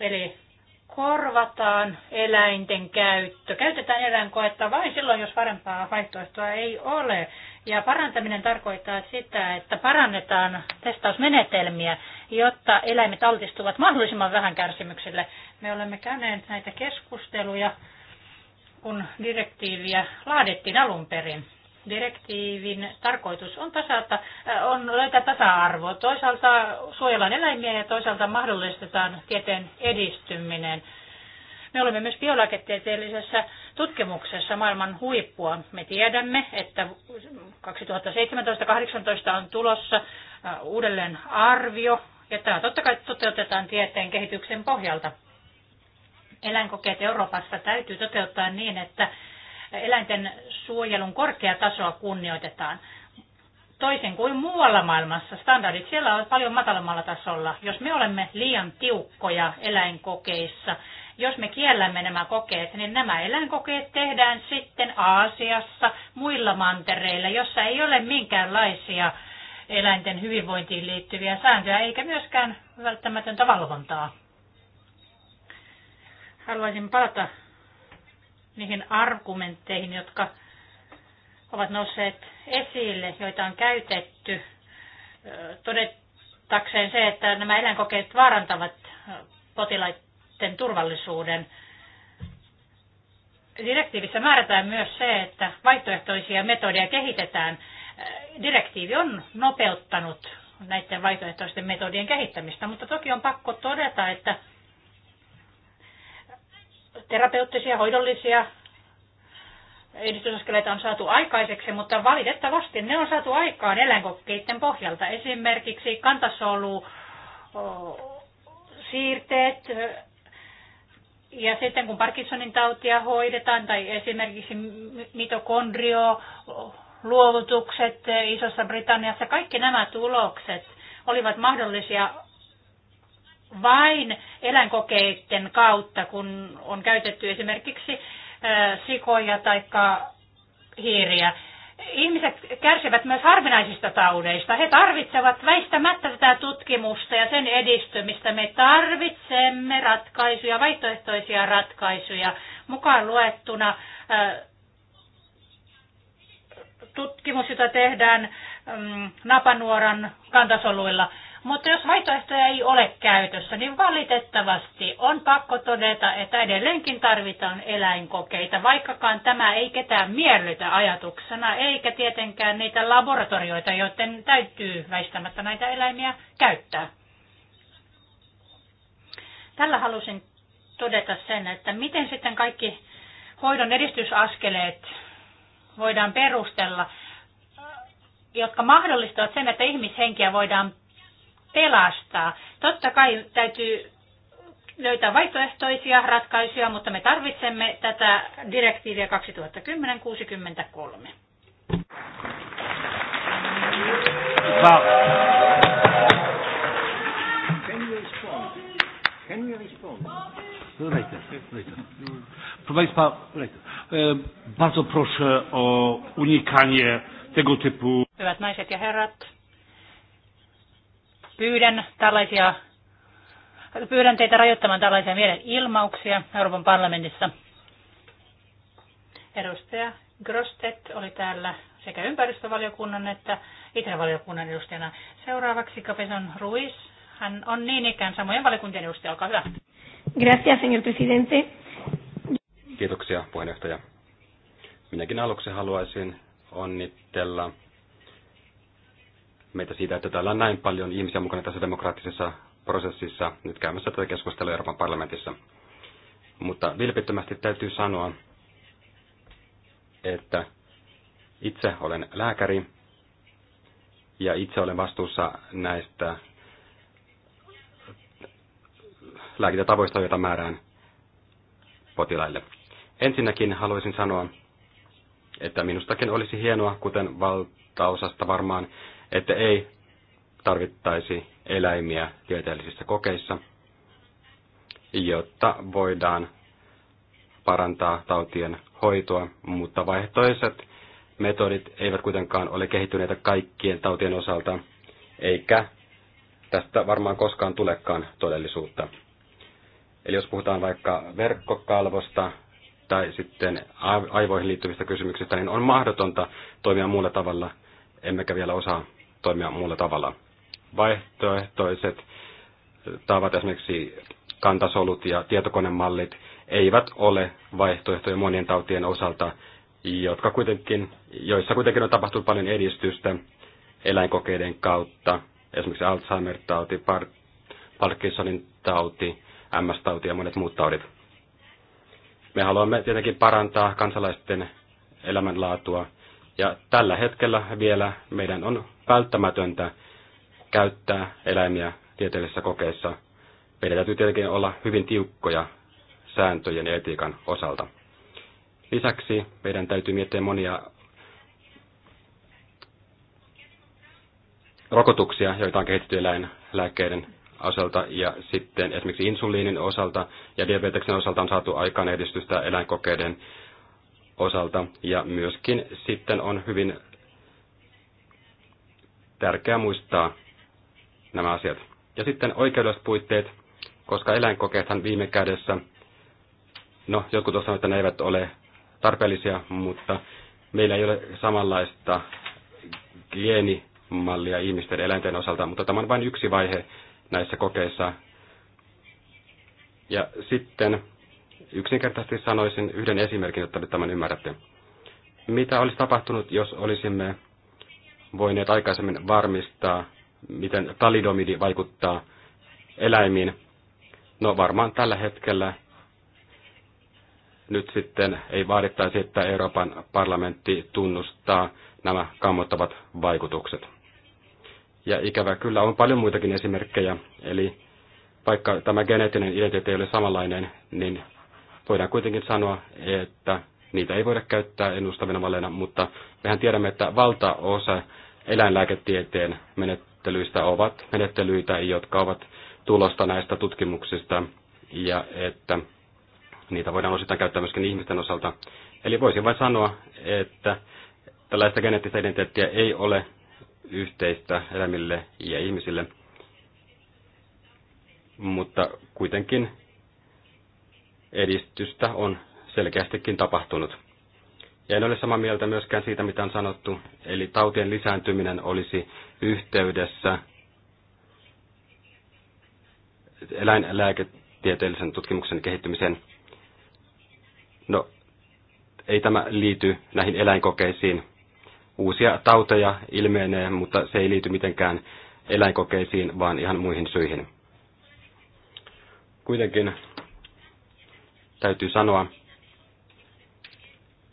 Eli korvataan eläinten käyttö. Käytetään eläinkoetta vain silloin, jos parempaa vaihtoehtoa ei ole. Ja parantaminen tarkoittaa sitä, että parannetaan testausmenetelmiä jotta eläimet altistuvat mahdollisimman vähän kärsimykselle. Me olemme käyneet näitä keskusteluja, kun direktiiviä laadittiin alun perin. Direktiivin tarkoitus on, tasata, äh, on löytää tasa-arvo. Toisaalta suojellaan eläimiä ja toisaalta mahdollistetaan tieteen edistyminen. Me olemme myös biolääketieteellisessä tutkimuksessa maailman huippua. Me tiedämme, että 2017-2018 on tulossa äh, uudelleen arvio ja tämä totta kai toteutetaan tieteen kehityksen pohjalta. Eläinkokeet Euroopassa täytyy toteuttaa niin, että eläinten suojelun korkea tasoa kunnioitetaan. Toisin kuin muualla maailmassa, standardit siellä on paljon matalammalla tasolla. Jos me olemme liian tiukkoja eläinkokeissa, jos me kiellämme nämä kokeet, niin nämä eläinkokeet tehdään sitten Aasiassa, muilla mantereilla, jossa ei ole minkäänlaisia eläinten hyvinvointiin liittyviä sääntöjä eikä myöskään välttämätöntä valvontaa. Haluaisin palata niihin argumentteihin, jotka ovat nousseet esille, joita on käytetty todettakseen se, että nämä eläinkokeet vaarantavat potilaiden turvallisuuden. Direktiivissä määrätään myös se, että vaihtoehtoisia metodeja kehitetään – direktiivi on nopeuttanut näiden vaihtoehtoisten metodien kehittämistä, mutta toki on pakko todeta, että terapeuttisia, hoidollisia edistysaskeleita on saatu aikaiseksi, mutta valitettavasti ne on saatu aikaan eläinkokkeiden pohjalta. Esimerkiksi kantasolu, siirteet, ja sitten kun Parkinsonin tautia hoidetaan tai esimerkiksi mitokondrio luovutukset Isossa Britanniassa, kaikki nämä tulokset olivat mahdollisia vain eläinkokeiden kautta, kun on käytetty esimerkiksi sikoja tai hiiriä. Ihmiset kärsivät myös harvinaisista taudeista. He tarvitsevat väistämättä tätä tutkimusta ja sen edistymistä. Me tarvitsemme ratkaisuja, vaihtoehtoisia ratkaisuja, mukaan luettuna tutkimus, jota tehdään mm, napanuoran kantasoluilla. Mutta jos vaihtoehtoja ei ole käytössä, niin valitettavasti on pakko todeta, että edelleenkin tarvitaan eläinkokeita, vaikkakaan tämä ei ketään miellytä ajatuksena, eikä tietenkään niitä laboratorioita, joiden täytyy väistämättä näitä eläimiä käyttää. Tällä halusin todeta sen, että miten sitten kaikki hoidon edistysaskeleet voidaan perustella, jotka mahdollistavat sen, että ihmishenkiä voidaan pelastaa. Totta kai täytyy löytää vaihtoehtoisia ratkaisuja, mutta me tarvitsemme tätä direktiiviä 2010-63. Can you respond? Can you respond? Reiter, Reiter. Proszę Państwa, bardzo proszę o unikanie tego typu... Hyvät naiset ja herrat, pyydän tällaisia pyydän teitä rajoittamaan tällaisia mielenilmauksia Euroopan parlamentissa. Edustaja Grostet oli täällä sekä ympäristövaliokunnan että itävaliokunnan edustajana. Seuraavaksi Kapeson Ruiz. Hän on niin ikään samojen valiokuntien edustaja. Olkaa hyvä. Gracias, señor presidente. Kiitoksia, puheenjohtaja. Minäkin aluksi haluaisin onnitella meitä siitä, että täällä on näin paljon ihmisiä mukana tässä demokraattisessa prosessissa nyt käymässä tätä keskustelua Euroopan parlamentissa. Mutta vilpittömästi täytyy sanoa, että itse olen lääkäri ja itse olen vastuussa näistä lääkintätavoista, joita määrään potilaille. Ensinnäkin haluaisin sanoa, että minustakin olisi hienoa, kuten valtaosasta varmaan, että ei tarvittaisi eläimiä tieteellisissä kokeissa, jotta voidaan parantaa tautien hoitoa, mutta vaihtoiset metodit eivät kuitenkaan ole kehittyneitä kaikkien tautien osalta, eikä tästä varmaan koskaan tulekaan todellisuutta. Eli jos puhutaan vaikka verkkokalvosta tai sitten aivoihin liittyvistä kysymyksistä, niin on mahdotonta toimia muulla tavalla, emmekä vielä osaa toimia muulla tavalla. Vaihtoehtoiset tavat, esimerkiksi kantasolut ja tietokonemallit, eivät ole vaihtoehtoja monien tautien osalta, jotka kuitenkin, joissa kuitenkin on tapahtunut paljon edistystä eläinkokeiden kautta, esimerkiksi Alzheimer-tauti, Parkinsonin tauti MS-tauti ja monet muut taudit. Me haluamme tietenkin parantaa kansalaisten elämänlaatua, ja tällä hetkellä vielä meidän on välttämätöntä käyttää eläimiä tieteellisissä kokeissa. Meidän täytyy tietenkin olla hyvin tiukkoja sääntöjen ja etiikan osalta. Lisäksi meidän täytyy miettiä monia rokotuksia, joita on kehitetty eläinlääkkeiden osalta ja sitten esimerkiksi insuliinin osalta ja diabeteksen osalta on saatu aikaan edistystä eläinkokeiden osalta. Ja myöskin sitten on hyvin tärkeää muistaa nämä asiat. Ja sitten oikeudelliset puitteet, koska eläinkokeethan viime kädessä, no jotkut ovat että ne eivät ole tarpeellisia, mutta meillä ei ole samanlaista geenimallia ihmisten eläinten osalta, mutta tämä on vain yksi vaihe näissä kokeissa. Ja sitten yksinkertaisesti sanoisin yhden esimerkin, jotta nyt tämän ymmärrätte. Mitä olisi tapahtunut, jos olisimme voineet aikaisemmin varmistaa, miten talidomidi vaikuttaa eläimiin? No varmaan tällä hetkellä nyt sitten ei vaadittaisi, että Euroopan parlamentti tunnustaa nämä kammottavat vaikutukset. Ja ikävä kyllä on paljon muitakin esimerkkejä. Eli vaikka tämä geneettinen identiteetti ei ole samanlainen, niin voidaan kuitenkin sanoa, että niitä ei voida käyttää ennustavina valeina, mutta mehän tiedämme, että valtaosa eläinlääketieteen menettelyistä ovat menettelyitä, jotka ovat tulosta näistä tutkimuksista ja että niitä voidaan osittain käyttää myöskin ihmisten osalta. Eli voisin vain sanoa, että tällaista geneettistä identiteettiä ei ole yhteistä elämille ja ihmisille. Mutta kuitenkin edistystä on selkeästikin tapahtunut. Ja en ole samaa mieltä myöskään siitä, mitä on sanottu, eli tautien lisääntyminen olisi yhteydessä eläinlääketieteellisen tutkimuksen kehittymiseen. No, ei tämä liity näihin eläinkokeisiin, uusia tauteja ilmenee, mutta se ei liity mitenkään eläinkokeisiin, vaan ihan muihin syihin. Kuitenkin täytyy sanoa,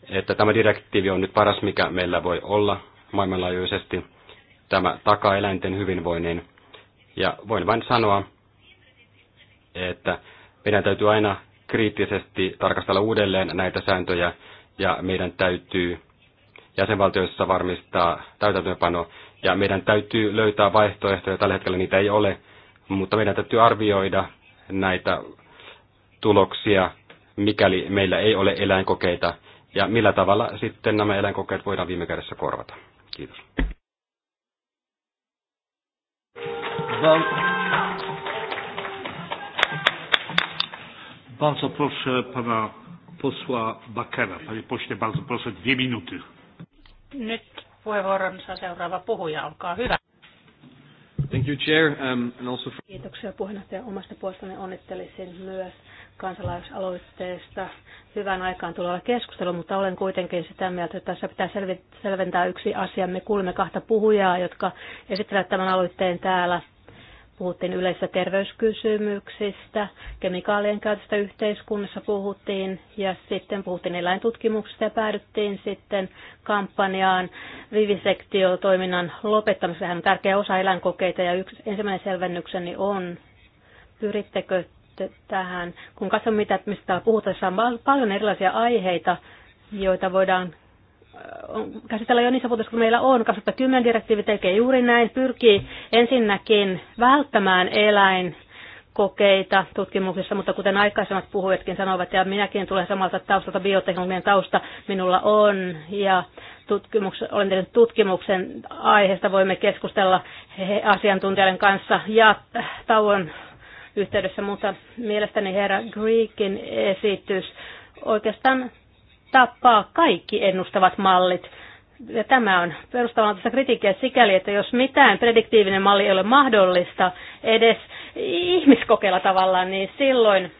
että tämä direktiivi on nyt paras, mikä meillä voi olla maailmanlaajuisesti. Tämä takaa eläinten hyvinvoinnin. Ja voin vain sanoa, että meidän täytyy aina kriittisesti tarkastella uudelleen näitä sääntöjä ja meidän täytyy jäsenvaltioissa varmistaa täytäntöönpano. Ja meidän täytyy löytää vaihtoehtoja, tällä hetkellä niitä ei ole, mutta meidän täytyy arvioida näitä tuloksia, mikäli meillä ei ole eläinkokeita, ja millä tavalla sitten nämä eläinkokeet voidaan viime kädessä korvata. Kiitos. Bardzo proszę pana posła Bakera. Panie pośle, bardzo proszę, dwie minuty. Nyt puheenvuoron saa seuraava puhuja, olkaa hyvä. Thank you, Chair. Um, and also for... Kiitoksia puheenjohtaja omasta puolestani. Onnittelisin myös kansalaisaloitteesta hyvän aikaan tuleva keskustelu, mutta olen kuitenkin sitä mieltä, että tässä pitää selventää yksi asia. Me kuulemme kahta puhujaa, jotka esittelevät tämän aloitteen täällä Puhuttiin yleisistä terveyskysymyksistä, kemikaalien käytöstä yhteiskunnassa puhuttiin ja sitten puhuttiin eläintutkimuksesta ja päädyttiin sitten kampanjaan vivisektiotoiminnan lopettamiseen Hän on tärkeä osa eläinkokeita ja yksi, ensimmäinen selvennykseni on, pyrittekö tähän, kun katson mitä, mistä täällä puhutaan, on paljon erilaisia aiheita, joita voidaan käsitellä jo niissä puutteissa, kun meillä on. 2010 direktiivi tekee juuri näin, pyrkii ensinnäkin välttämään eläin kokeita tutkimuksissa, mutta kuten aikaisemmat puhujatkin sanoivat, ja minäkin tulen samalta taustalta, bioteknologian tausta minulla on, ja tutkimuks- olen tehnyt tutkimuksen aiheesta, voimme keskustella asiantuntijoiden kanssa ja tauon yhteydessä, mutta mielestäni herra Greekin esitys oikeastaan tappaa kaikki ennustavat mallit. Ja tämä on perustavanlaatuista kritiikkiä sikäli, että jos mitään prediktiivinen malli ei ole mahdollista edes ihmiskokeilla tavallaan, niin silloin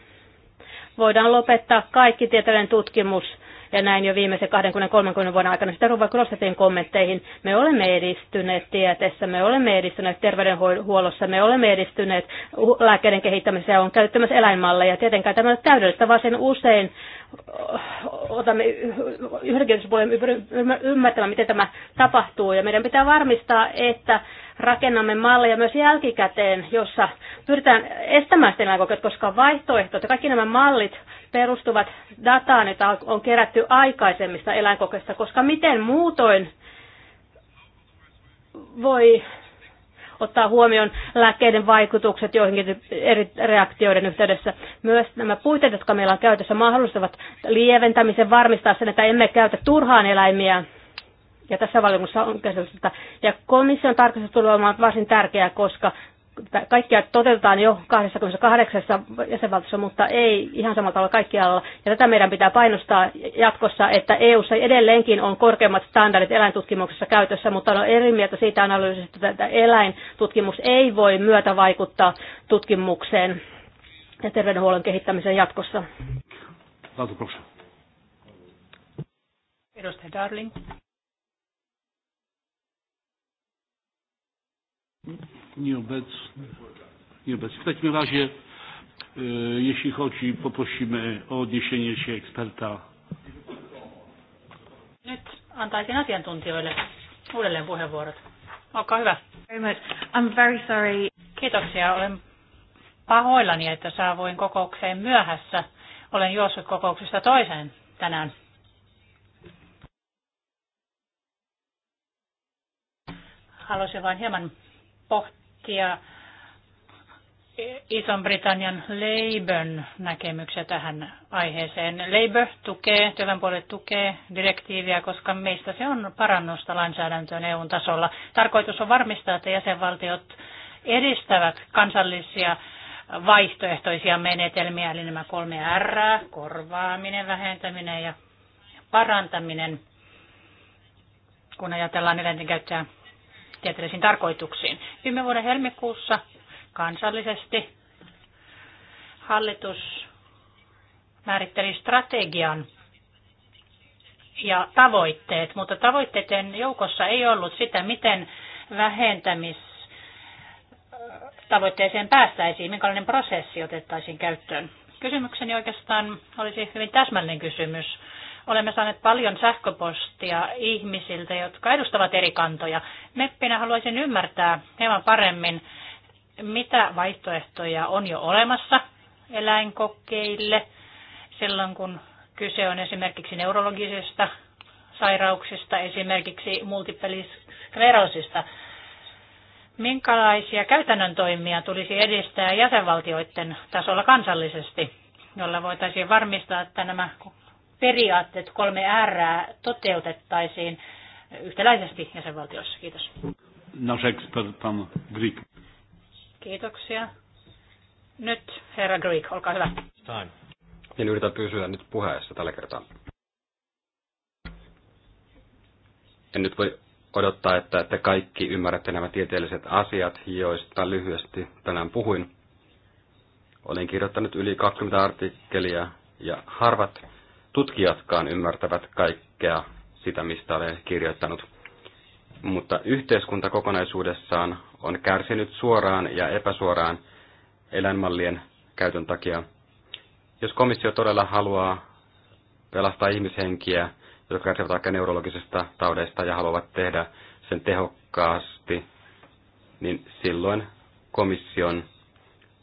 voidaan lopettaa kaikki tieteellinen tutkimus – ja näin jo viimeisen 20-30 vuoden aikana. sitä Ruva Grossetin kommentteihin. Me olemme edistyneet tieteessä, me olemme edistyneet terveydenhuollossa, me olemme edistyneet lääkkeiden kehittämisessä ja on käyttämässä eläinmalleja. Tietenkään tämä on täydellistä, vaan sen usein otamme yhdenkin ymmärtämään, miten tämä tapahtuu. Ja meidän pitää varmistaa, että rakennamme malleja myös jälkikäteen, jossa pyritään estämään sitä koska vaihtoehto, että kaikki nämä mallit perustuvat dataan, jota on kerätty aikaisemmista eläinkokeista, koska miten muutoin voi ottaa huomioon lääkkeiden vaikutukset joihinkin eri reaktioiden yhteydessä. Myös nämä puitteet, jotka meillä on käytössä, mahdollistavat lieventämisen varmistaa sen, että emme käytä turhaan eläimiä. Ja tässä valiokunnassa on käsitystä. Ja komission tarkastus tulee olemaan varsin tärkeää, koska kaikkia toteutetaan jo 28 jäsenvaltiossa, mutta ei ihan samalla tavalla kaikkialla. Ja tätä meidän pitää painostaa jatkossa, että EU:ssa edelleenkin on korkeammat standardit eläintutkimuksessa käytössä, mutta on eri mieltä siitä analyysistä, että eläintutkimus ei voi myötä vaikuttaa tutkimukseen ja terveydenhuollon kehittämiseen jatkossa. Edustaja Darling. Nieobecny. Nieobecny. W takim razie, e, jeśli chodzi, poprosimy o odniesienie się eksperta. I'm very sorry. Kiitoksia. Olen pahoillani, että saavuin kokoukseen myöhässä. Olen juossut kokouksesta toiseen tänään. Haluaisin vain hieman pohtia iso britannian Labourn näkemyksiä tähän aiheeseen. Labour tukee, puolet tukee direktiiviä, koska meistä se on parannusta lainsäädäntöön eu tasolla. Tarkoitus on varmistaa, että jäsenvaltiot edistävät kansallisia vaihtoehtoisia menetelmiä, eli nämä kolme R, korvaaminen, vähentäminen ja parantaminen, kun ajatellaan eläinten käyttöä tieteellisiin tarkoituksiin. Viime vuoden helmikuussa kansallisesti hallitus määritteli strategian ja tavoitteet, mutta tavoitteiden joukossa ei ollut sitä, miten vähentämis tavoitteeseen päästäisiin, minkälainen prosessi otettaisiin käyttöön. Kysymykseni oikeastaan olisi hyvin täsmällinen kysymys. Olemme saaneet paljon sähköpostia ihmisiltä, jotka edustavat eri kantoja. Meppinä haluaisin ymmärtää hieman paremmin, mitä vaihtoehtoja on jo olemassa eläinkokeille silloin, kun kyse on esimerkiksi neurologisista sairauksista, esimerkiksi multiplisklerosista. Minkälaisia käytännön toimia tulisi edistää jäsenvaltioiden tasolla kansallisesti, jolla voitaisiin varmistaa, että nämä periaatteet kolme R toteutettaisiin yhtäläisesti jäsenvaltioissa. Kiitos. Greek. Kiitoksia. Nyt herra Greek, olkaa hyvä. Time. Niin yritän pysyä nyt puheessa tällä kertaa. En nyt voi odottaa, että te kaikki ymmärrätte nämä tieteelliset asiat, joista lyhyesti tänään puhuin. Olen kirjoittanut yli 20 artikkelia ja harvat tutkijatkaan ymmärtävät kaikkea sitä, mistä olen kirjoittanut. Mutta yhteiskunta kokonaisuudessaan on kärsinyt suoraan ja epäsuoraan eläinmallien käytön takia. Jos komissio todella haluaa pelastaa ihmishenkiä, jotka kärsivät aika neurologisesta taudeista ja haluavat tehdä sen tehokkaasti, niin silloin komission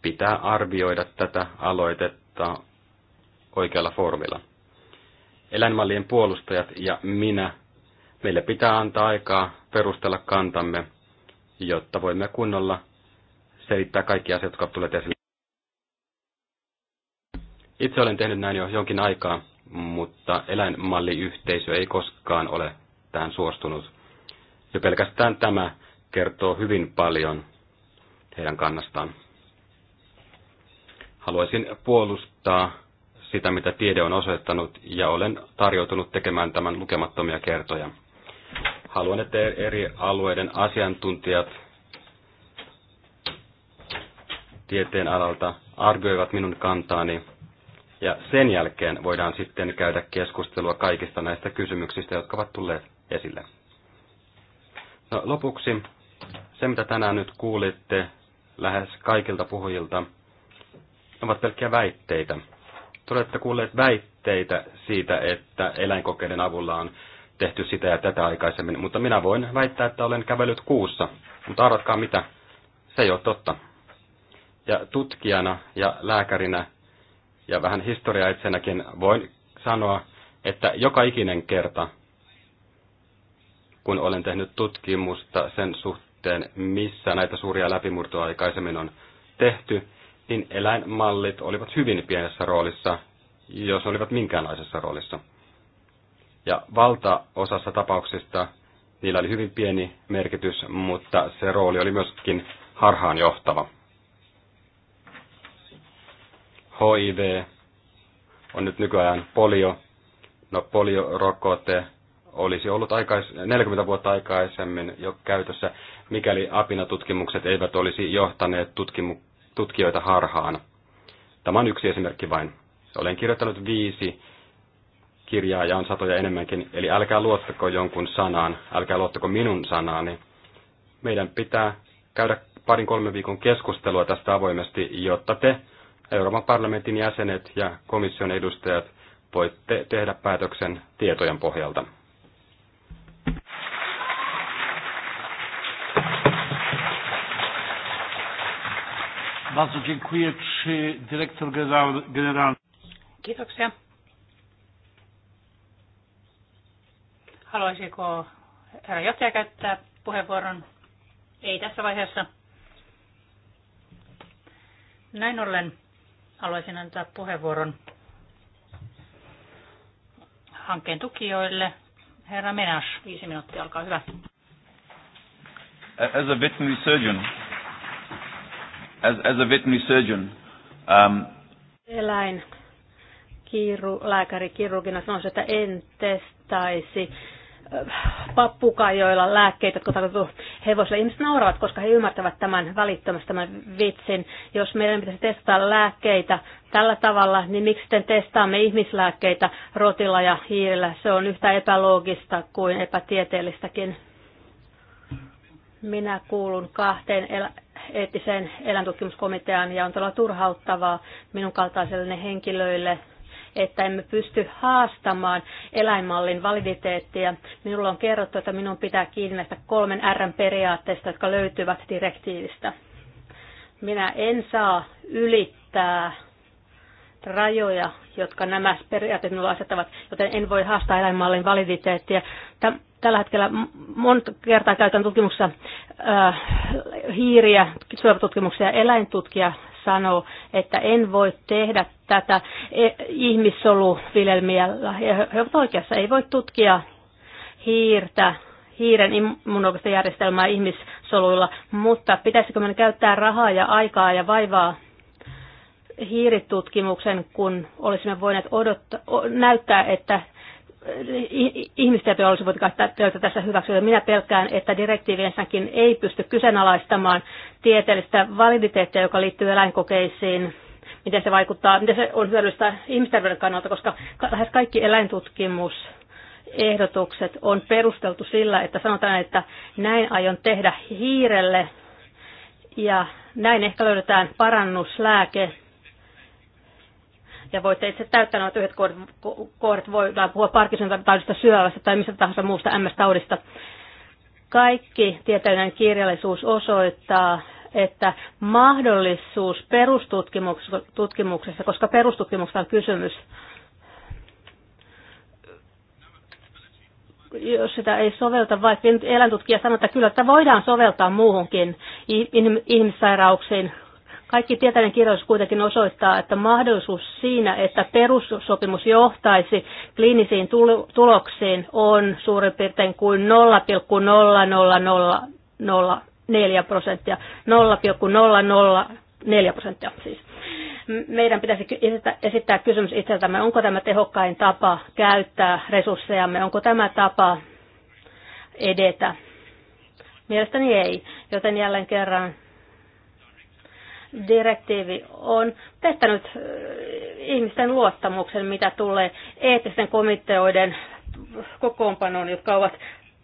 pitää arvioida tätä aloitetta oikealla foorumilla eläinmallien puolustajat ja minä, meille pitää antaa aikaa perustella kantamme, jotta voimme kunnolla selittää kaikki asiat, jotka tulevat esille. Itse olen tehnyt näin jo jonkin aikaa, mutta eläinmalliyhteisö ei koskaan ole tähän suostunut. Jo pelkästään tämä kertoo hyvin paljon heidän kannastaan. Haluaisin puolustaa sitä, mitä tiede on osoittanut, ja olen tarjoutunut tekemään tämän lukemattomia kertoja. Haluan, että eri alueiden asiantuntijat tieteen alalta arvioivat minun kantaani, ja sen jälkeen voidaan sitten käydä keskustelua kaikista näistä kysymyksistä, jotka ovat tulleet esille. No, lopuksi se, mitä tänään nyt kuulitte lähes kaikilta puhujilta, ovat pelkkiä väitteitä te olette kuulleet väitteitä siitä, että eläinkokeiden avulla on tehty sitä ja tätä aikaisemmin, mutta minä voin väittää, että olen kävellyt kuussa. Mutta arvatkaa mitä, se ei ole totta. Ja tutkijana ja lääkärinä ja vähän historiaitsenäkin voin sanoa, että joka ikinen kerta, kun olen tehnyt tutkimusta sen suhteen, missä näitä suuria läpimurtoa aikaisemmin on tehty, niin eläinmallit olivat hyvin pienessä roolissa, jos olivat minkäänlaisessa roolissa. Ja valtaosassa tapauksista niillä oli hyvin pieni merkitys, mutta se rooli oli myöskin harhaan johtava. HIV on nyt nykyään polio. No poliorokote olisi ollut aikais- 40 vuotta aikaisemmin jo käytössä, mikäli apinatutkimukset eivät olisi johtaneet tutkimukseen tutkijoita harhaan. Tämä on yksi esimerkki vain. Olen kirjoittanut viisi kirjaa ja on satoja enemmänkin, eli älkää luottako jonkun sanaan, älkää luottako minun sanaani. Meidän pitää käydä parin kolmen viikon keskustelua tästä avoimesti, jotta te, Euroopan parlamentin jäsenet ja komission edustajat, voitte tehdä päätöksen tietojen pohjalta. Bardzo dziękuję. Czy dyrektor generalny... Kiitoksia. Haluaisiko herra johtaja käyttää puheenvuoron? Ei tässä vaiheessa. Näin ollen haluaisin antaa puheenvuoron hankkeen tukijoille. Herra Menas, viisi minuuttia, olkaa hyvä. As a veterinary surgeon, as, as a veterinary surgeon, um, eläin kiiru, lääkäri kirurgina sanoisi, että en testaisi äh, pappukajoilla lääkkeitä, jotka tarkoitettu hevosille. Ihmiset nauravat, koska he ymmärtävät tämän välittömästi tämän vitsin. Jos meidän pitäisi testata lääkkeitä tällä tavalla, niin miksi sitten testaamme ihmislääkkeitä rotilla ja hiirillä? Se on yhtä epäloogista kuin epätieteellistäkin. Minä kuulun kahteen elä- eettiseen eläintutkimuskomiteaan ja on todella turhauttavaa minun kaltaiselle henkilöille, että emme pysty haastamaan eläinmallin validiteettia. Minulla on kerrottu, että minun pitää kiinni näistä kolmen R-periaatteista, jotka löytyvät direktiivistä. Minä en saa ylittää rajoja, jotka nämä periaatteet minulle asettavat, joten en voi haastaa eläinmallin validiteettiä. Tällä hetkellä monta kertaa käytän tutkimuksessa äh, hiiriä, ja eläintutkija sanoo, että en voi tehdä tätä e, ihmissoluviljelmiellä. He ovat oikeassa, ei voi tutkia hiirtä, hiiren immunologista järjestelmää ihmissoluilla, mutta pitäisikö meidän käyttää rahaa ja aikaa ja vaivaa hiiritutkimuksen, kun olisimme voineet odottaa, näyttää, että ihmisten olisivat käyttää tässä hyväksyä. Minä pelkään, että direktiivi ensinnäkin ei pysty kyseenalaistamaan tieteellistä validiteettia, joka liittyy eläinkokeisiin, miten se vaikuttaa, miten se on hyödyllistä ihmisterveyden kannalta, koska lähes kaikki eläintutkimus ehdotukset on perusteltu sillä, että sanotaan, että näin aion tehdä hiirelle ja näin ehkä löydetään parannuslääke ja voitte itse täyttää nuo yhdet kohdat, kohdat voidaan puhua Parkinson taudista syövästä tai mistä tahansa muusta MS-taudista. Kaikki tieteellinen kirjallisuus osoittaa, että mahdollisuus perustutkimuksessa, koska perustutkimuksessa on kysymys, jos sitä ei sovelta, vaikka eläintutkija sanoo, että kyllä että voidaan soveltaa muuhunkin ihmissairauksiin, kaikki tietäinen kirjallisuus kuitenkin osoittaa, että mahdollisuus siinä, että perussopimus johtaisi kliinisiin tuloksiin, on suurin piirtein kuin 0,0004 prosenttia. 0,004 prosenttia siis meidän pitäisi esittää kysymys itseltämme, onko tämä tehokkain tapa käyttää resurssejamme, onko tämä tapa edetä. Mielestäni ei, joten jälleen kerran direktiivi on pettänyt ihmisten luottamuksen, mitä tulee eettisten komiteoiden kokoonpanoon, jotka ovat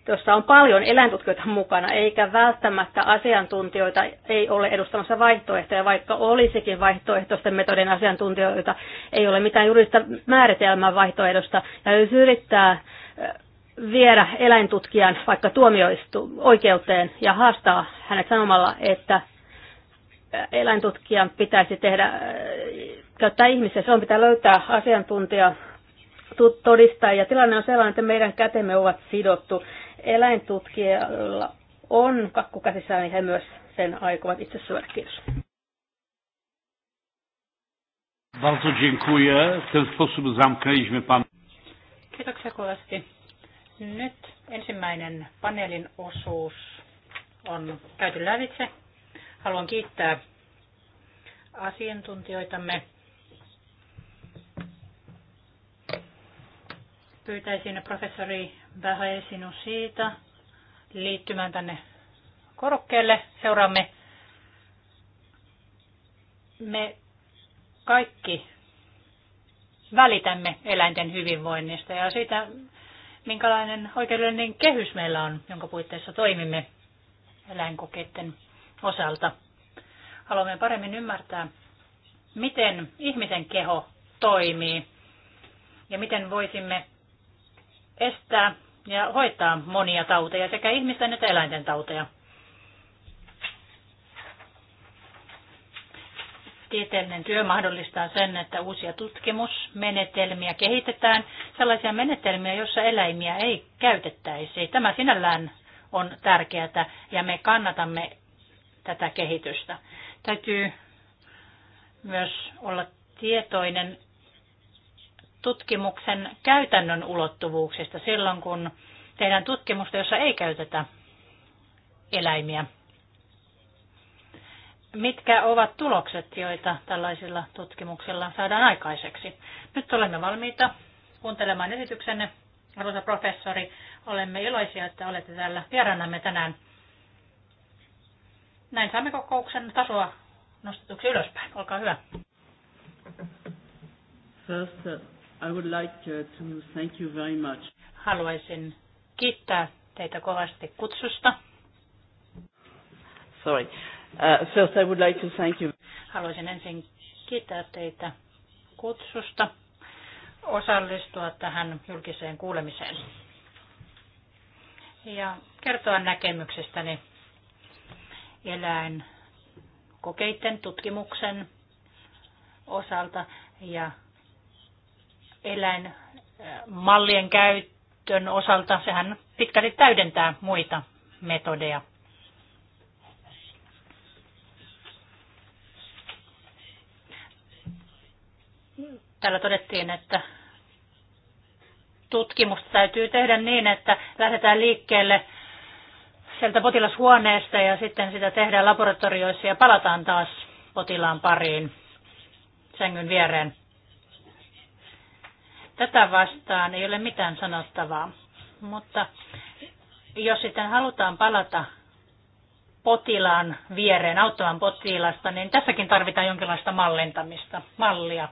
tuossa on paljon eläintutkijoita mukana, eikä välttämättä asiantuntijoita ei ole edustamassa vaihtoehtoja, vaikka olisikin vaihtoehtoisten metodin asiantuntijoita, ei ole mitään juridista määritelmää vaihtoehdosta, ja jos yrittää viedä eläintutkijan vaikka tuomioistu oikeuteen ja haastaa hänet sanomalla, että eläintutkijan pitäisi tehdä, käyttää ihmisiä. Se on pitää löytää asiantuntija ja Tilanne on sellainen, että meidän kätemme ovat sidottu. Eläintutkijalla on kakku käsissään, niin he myös sen aikovat itse syödä. Kiitos. Bardzo dziękuję. W ten sposób zamknęliśmy pan. Kiitoksia kovasti. Nyt ensimmäinen paneelin osuus on käyty lävitse. Haluan kiittää asiantuntijoitamme. Pyytäisin professori Vähäe siitä liittymään tänne korokkeelle. Seuraamme me kaikki välitämme eläinten hyvinvoinnista ja siitä, minkälainen oikeudellinen kehys meillä on, jonka puitteissa toimimme eläinkokeiden osalta. Haluamme paremmin ymmärtää, miten ihmisen keho toimii ja miten voisimme estää ja hoitaa monia tauteja, sekä ihmisten että eläinten tauteja. Tieteellinen työ mahdollistaa sen, että uusia tutkimusmenetelmiä kehitetään, sellaisia menetelmiä, joissa eläimiä ei käytettäisi. Tämä sinällään on tärkeää ja me kannatamme tätä kehitystä. Täytyy myös olla tietoinen tutkimuksen käytännön ulottuvuuksista silloin, kun tehdään tutkimusta, jossa ei käytetä eläimiä. Mitkä ovat tulokset, joita tällaisilla tutkimuksilla saadaan aikaiseksi? Nyt olemme valmiita kuuntelemaan esityksenne. Arvoisa professori, olemme iloisia, että olette täällä vierannamme tänään. Näin saamme kokouksen tasoa nostetuksi ylöspäin. Olkaa hyvä. First, uh, I would like uh, to thank you very much. Haluaisin kiittää teitä kovasti kutsusta. Sorry. Uh, first, I would like to thank you. Haluaisin ensin kiittää teitä kutsusta osallistua tähän julkiseen kuulemiseen ja kertoa näkemyksestäni eläinkokeiden tutkimuksen osalta ja eläinmallien käytön osalta. Sehän pitkälti täydentää muita metodeja. Täällä todettiin, että tutkimusta täytyy tehdä niin, että lähdetään liikkeelle sieltä potilashuoneesta ja sitten sitä tehdään laboratorioissa ja palataan taas potilaan pariin sängyn viereen. Tätä vastaan ei ole mitään sanottavaa, mutta jos sitten halutaan palata potilaan viereen auttamaan potilasta, niin tässäkin tarvitaan jonkinlaista mallentamista, mallia.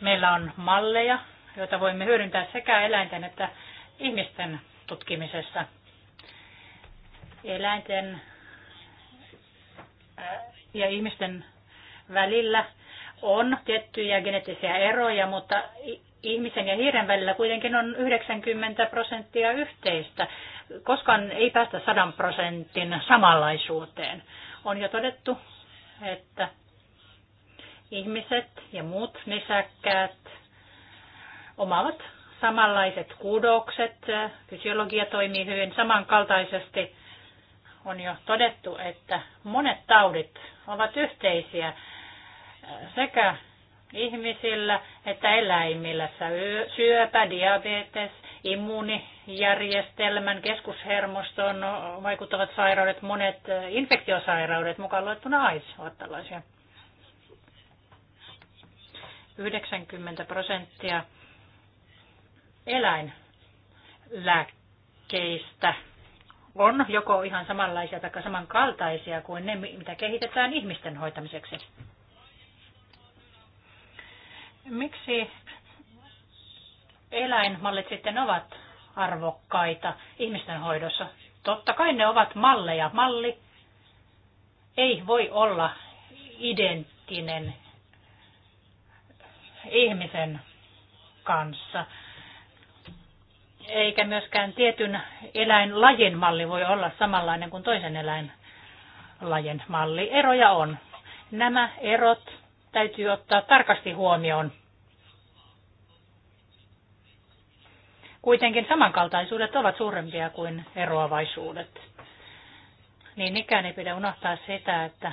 Meillä on malleja, joita voimme hyödyntää sekä eläinten että ihmisten tutkimisessa eläinten ja ihmisten välillä on tiettyjä geneettisiä eroja, mutta ihmisen ja hiiren välillä kuitenkin on 90 prosenttia yhteistä. Koskaan ei päästä 100 prosentin samanlaisuuteen. On jo todettu, että ihmiset ja muut nisäkkäät omaavat samanlaiset kudokset. Fysiologia toimii hyvin samankaltaisesti on jo todettu, että monet taudit ovat yhteisiä äh, sekä ihmisillä että eläimillä. Syöpä, diabetes, immuunijärjestelmän, keskushermoston vaikuttavat sairaudet, monet äh, infektiosairaudet, mukaan luettuna AIDS, ovat tällaisia. 90 prosenttia eläinlääkkeistä on joko ihan samanlaisia tai samankaltaisia kuin ne, mitä kehitetään ihmisten hoitamiseksi. Miksi eläinmallit sitten ovat arvokkaita ihmisten hoidossa? Totta kai ne ovat malleja. Malli ei voi olla identtinen ihmisen kanssa eikä myöskään tietyn eläinlajin malli voi olla samanlainen kuin toisen eläinlajin malli. Eroja on. Nämä erot täytyy ottaa tarkasti huomioon. Kuitenkin samankaltaisuudet ovat suurempia kuin eroavaisuudet. Niin ikään ei pidä unohtaa sitä, että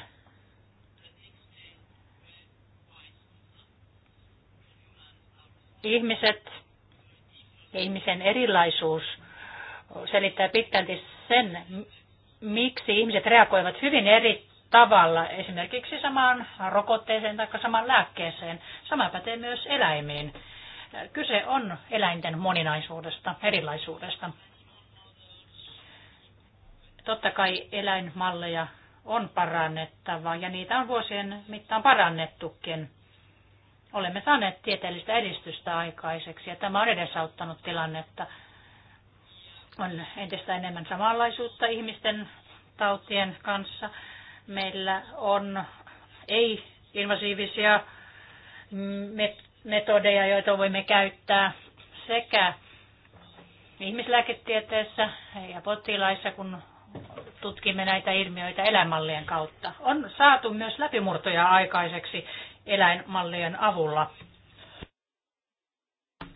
ihmiset ja ihmisen erilaisuus selittää pitkälti sen, miksi ihmiset reagoivat hyvin eri tavalla esimerkiksi samaan rokotteeseen tai samaan lääkkeeseen. Sama pätee myös eläimiin. Kyse on eläinten moninaisuudesta, erilaisuudesta. Totta kai eläinmalleja on parannettava ja niitä on vuosien mittaan parannettukin. Olemme saaneet tieteellistä edistystä aikaiseksi ja tämä on edesauttanut tilannetta. On entistä enemmän samanlaisuutta ihmisten tautien kanssa. Meillä on ei-invasiivisia metodeja, joita voimme käyttää sekä ihmislääketieteessä ja potilaissa, kun tutkimme näitä ilmiöitä elämallien kautta. On saatu myös läpimurtoja aikaiseksi eläinmallien avulla.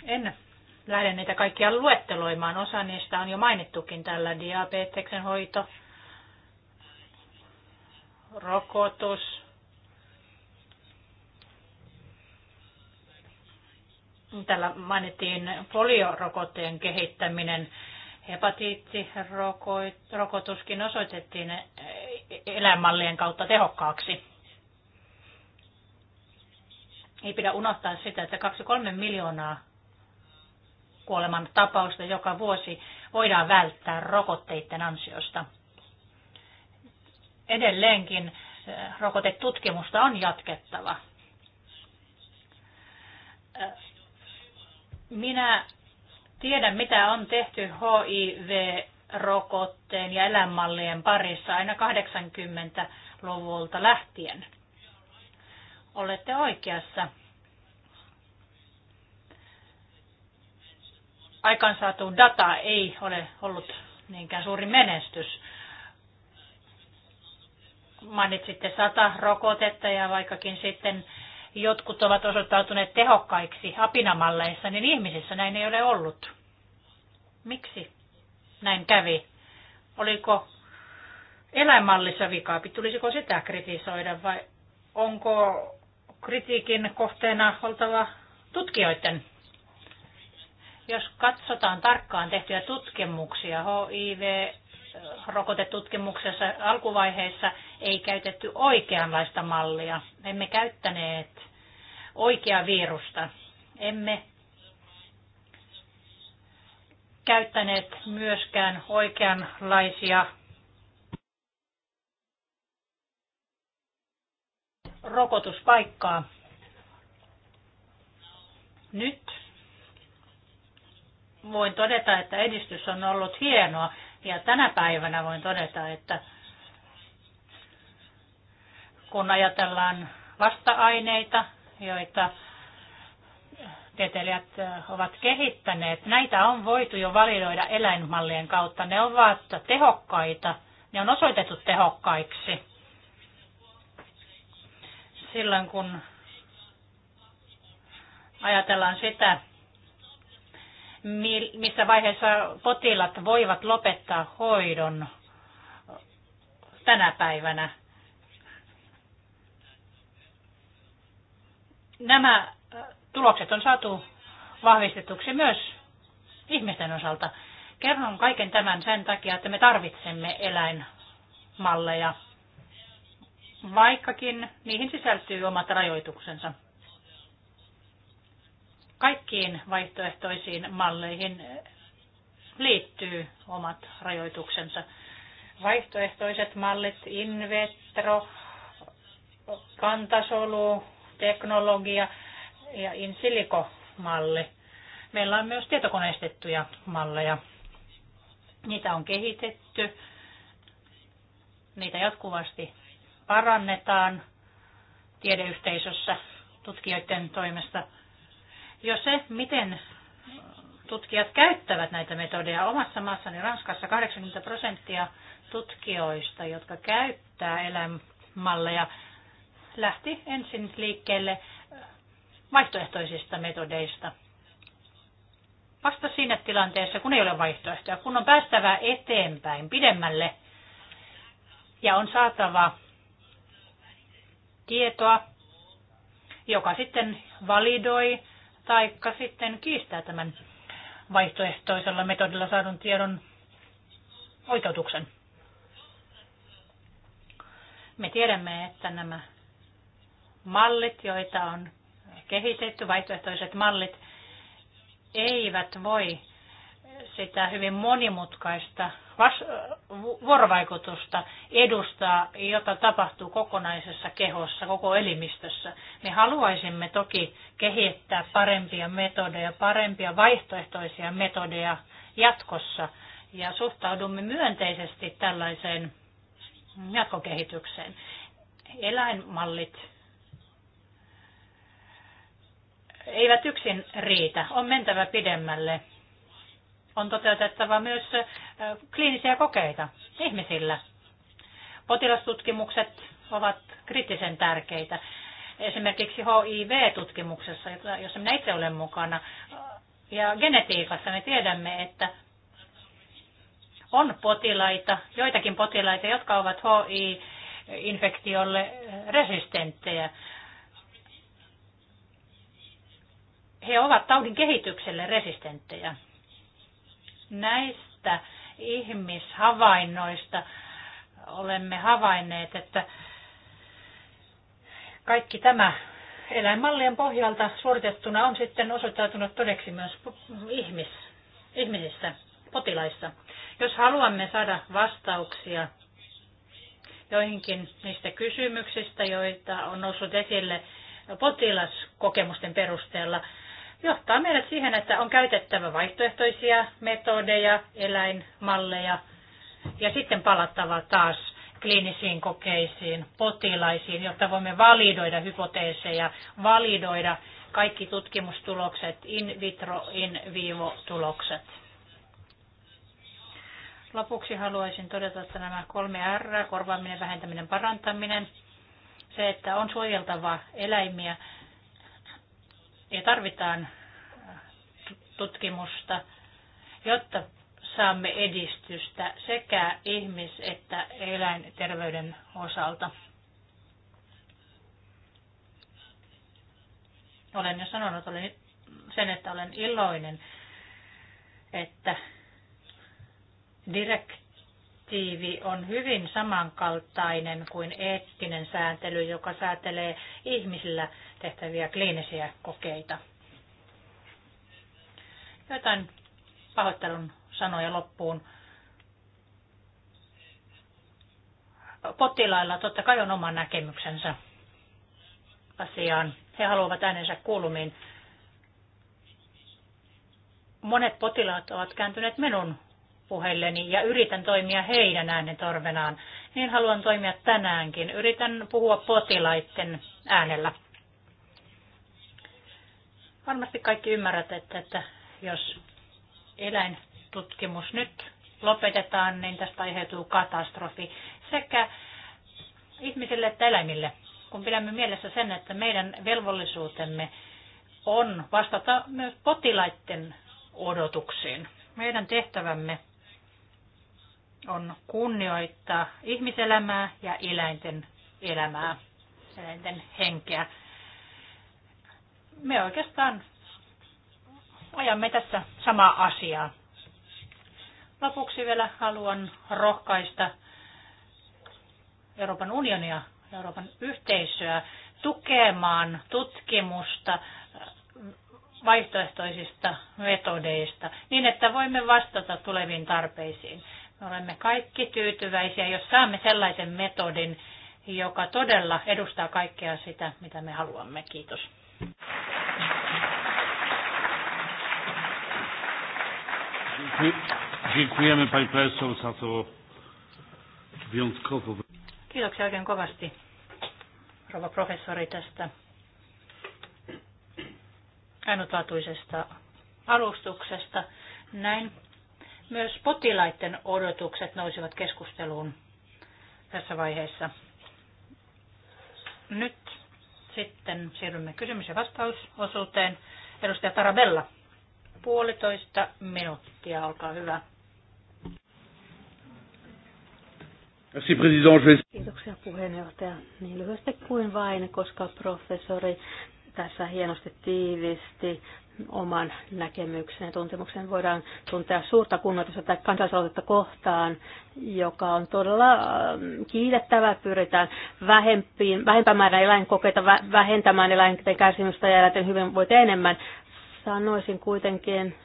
En lähde niitä kaikkia luetteloimaan. Osa niistä on jo mainittukin tällä diabeteksen hoito, rokotus, Tällä mainittiin poliorokotteen kehittäminen. Hepatiittirokotuskin osoitettiin eläinmallien kautta tehokkaaksi. Ei pidä unohtaa sitä, että 2-3 miljoonaa kuoleman tapausta joka vuosi voidaan välttää rokotteiden ansiosta. Edelleenkin eh, rokotetutkimusta on jatkettava. Eh, minä tiedän, mitä on tehty HIV-rokotteen ja elämänmallien parissa aina 80-luvulta lähtien olette oikeassa. Aikansaatu data ei ole ollut niinkään suuri menestys. Mainitsitte sata rokotetta ja vaikkakin sitten jotkut ovat osoittautuneet tehokkaiksi apinamalleissa, niin ihmisissä näin ei ole ollut. Miksi näin kävi? Oliko eläinmallissa vikaa? Tulisiko sitä kritisoida vai onko kritiikin kohteena oltava tutkijoiden. Jos katsotaan tarkkaan tehtyjä tutkimuksia, HIV rokotetutkimuksessa alkuvaiheessa ei käytetty oikeanlaista mallia. Emme käyttäneet oikeaa virusta. Emme käyttäneet myöskään oikeanlaisia rokotuspaikkaa. Nyt voin todeta, että edistys on ollut hienoa ja tänä päivänä voin todeta, että kun ajatellaan vasta-aineita, joita tieteilijät ovat kehittäneet, näitä on voitu jo validoida eläinmallien kautta. Ne ovat tehokkaita, ne on osoitettu tehokkaiksi silloin, kun ajatellaan sitä, missä vaiheessa potilat voivat lopettaa hoidon tänä päivänä. Nämä äh, tulokset on saatu vahvistetuksi myös ihmisten osalta. Kerron kaiken tämän sen takia, että me tarvitsemme eläinmalleja vaikkakin niihin sisältyy omat rajoituksensa. Kaikkiin vaihtoehtoisiin malleihin liittyy omat rajoituksensa. Vaihtoehtoiset mallit, in kantasolu, teknologia ja in silico malli. Meillä on myös tietokoneistettuja malleja. Niitä on kehitetty, niitä jatkuvasti parannetaan tiedeyhteisössä tutkijoiden toimesta. Jo se, miten tutkijat käyttävät näitä metodeja omassa maassani Ranskassa 80 prosenttia tutkijoista, jotka käyttää eläinmalleja, lähti ensin liikkeelle vaihtoehtoisista metodeista. Vasta siinä tilanteessa, kun ei ole vaihtoehtoja, kun on päästävä eteenpäin pidemmälle ja on saatava tietoa, joka sitten validoi tai sitten kiistää tämän vaihtoehtoisella metodilla saadun tiedon oikeutuksen. Me tiedämme, että nämä mallit, joita on kehitetty, vaihtoehtoiset mallit, eivät voi sitä hyvin monimutkaista vuorovaikutusta edustaa, jota tapahtuu kokonaisessa kehossa, koko elimistössä. Me haluaisimme toki kehittää parempia metodeja, parempia vaihtoehtoisia metodeja jatkossa ja suhtaudumme myönteisesti tällaiseen jatkokehitykseen. Eläinmallit eivät yksin riitä, on mentävä pidemmälle on toteutettava myös kliinisiä kokeita ihmisillä. Potilastutkimukset ovat kriittisen tärkeitä. Esimerkiksi HIV-tutkimuksessa, jossa minä itse olen mukana, ja genetiikassa me tiedämme, että on potilaita, joitakin potilaita, jotka ovat HI-infektiolle resistenttejä. He ovat taudin kehitykselle resistenttejä. Näistä ihmishavainnoista olemme havainneet, että kaikki tämä eläinmallien pohjalta suoritettuna on sitten osoittautunut todeksi myös ihmis, ihmisissä, potilaissa. Jos haluamme saada vastauksia joihinkin niistä kysymyksistä, joita on noussut esille potilaskokemusten perusteella, johtaa meidät siihen, että on käytettävä vaihtoehtoisia metodeja, eläinmalleja ja sitten palattava taas kliinisiin kokeisiin, potilaisiin, jotta voimme validoida hypoteeseja, validoida kaikki tutkimustulokset, in vitro, in vivo tulokset. Lopuksi haluaisin todeta, että nämä kolme R, korvaaminen, vähentäminen, parantaminen, se, että on suojeltava eläimiä, ja tarvitaan äh, tutkimusta, jotta saamme edistystä sekä ihmis- että eläinterveyden osalta. Olen jo sanonut olen sen, että olen iloinen, että direktiivi on hyvin samankaltainen kuin eettinen sääntely, joka säätelee ihmisillä – tehtäviä kliinisiä kokeita. Jotain pahoittelun sanoja loppuun. Potilailla totta kai on oma näkemyksensä asiaan. He haluavat äänensä kuulumiin. Monet potilaat ovat kääntyneet minun puheilleni ja yritän toimia heidän torvenaan. Niin haluan toimia tänäänkin. Yritän puhua potilaiden äänellä. Varmasti kaikki ymmärrätte, että jos eläintutkimus nyt lopetetaan, niin tästä aiheutuu katastrofi sekä ihmisille että eläimille. Kun pidämme mielessä sen, että meidän velvollisuutemme on vastata myös potilaiden odotuksiin. Meidän tehtävämme on kunnioittaa ihmiselämää ja eläinten elämää, eläinten henkeä me oikeastaan ajamme tässä samaa asiaa. Lopuksi vielä haluan rohkaista Euroopan unionia, Euroopan yhteisöä tukemaan tutkimusta vaihtoehtoisista metodeista niin, että voimme vastata tuleviin tarpeisiin. Me olemme kaikki tyytyväisiä, jos saamme sellaisen metodin, joka todella edustaa kaikkea sitä, mitä me haluamme. Kiitos. Dziękujemy pani profesor za to wyjątkowo. Kiitoksia oikein kovasti, rouva professori, tästä ainutlaatuisesta alustuksesta. Näin myös potilaiden odotukset nousivat keskusteluun tässä vaiheessa. Nyt sitten siirrymme kysymys- ja vastausosuuteen. Edustaja Tarabella, puolitoista minuuttia, olkaa hyvä. Kiitoksia puheenjohtaja. Niin lyhyesti kuin vain, koska professori tässä hienosti tiivisti oman näkemyksen ja tuntemuksen. Voidaan tuntea suurta kunnioitusta tai kansalaisaloitetta kohtaan, joka on todella mm, kiitettävä. Pyritään vähempiin, vähempämään eläinkokeita, vähentämään eläinten kärsimystä ja eläinten hyvinvointia enemmän. Sanoisin kuitenkin,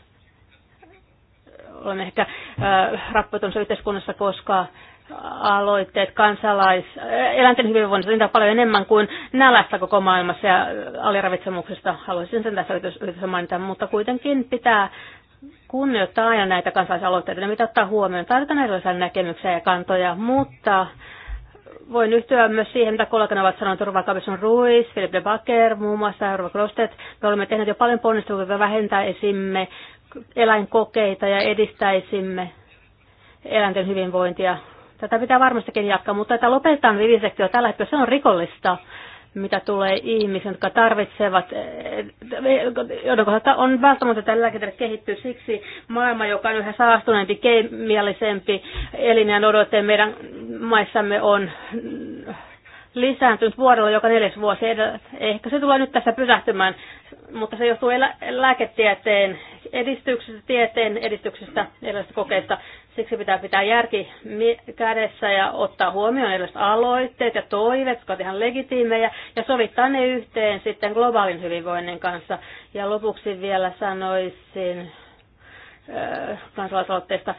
olen ehkä äh, rappeutumassa yhteiskunnassa, koska aloitteet kansalais, eläinten hyvinvoinnista, niitä on paljon enemmän kuin nälästä koko maailmassa ja aliravitsemuksesta. Haluaisin sen tässä yritys, mainita, mutta kuitenkin pitää kunnioittaa aina näitä kansalaisaloitteita, ne pitää ottaa huomioon. Tarvitaan erilaisia näkemyksiä ja kantoja, mutta voin yhtyä myös siihen, mitä kollegana ovat sanoneet, Turva Cabezon Ruiz, Philip de Backer, muun muassa Euroopan Grostet. Me olemme tehneet jo paljon ponnisteluja, vähentäisimme eläinkokeita ja edistäisimme eläinten hyvinvointia Tätä pitää varmastikin jatkaa, mutta että lopetetaan vivisektio tällä hetkellä, se on rikollista mitä tulee ihmisiin, jotka tarvitsevat, joiden kohdalla on välttämätöntä lääketiede kehittyy siksi maailma, joka on yhä saastuneempi, kemiallisempi, elinjään odotteen meidän maissamme on lisääntynyt vuodella joka neljäs vuosi. Ehkä se tulee nyt tässä pysähtymään, mutta se johtuu lääketieteen edistyksestä, tieteen edistyksestä, erilaisista kokeista. Siksi pitää pitää järki kädessä ja ottaa huomioon erilaiset aloitteet ja toiveet, jotka ovat ihan legitiimejä, ja sovittaa ne yhteen sitten globaalin hyvinvoinnin kanssa. Ja lopuksi vielä sanoisin äh, kansalaisaloitteesta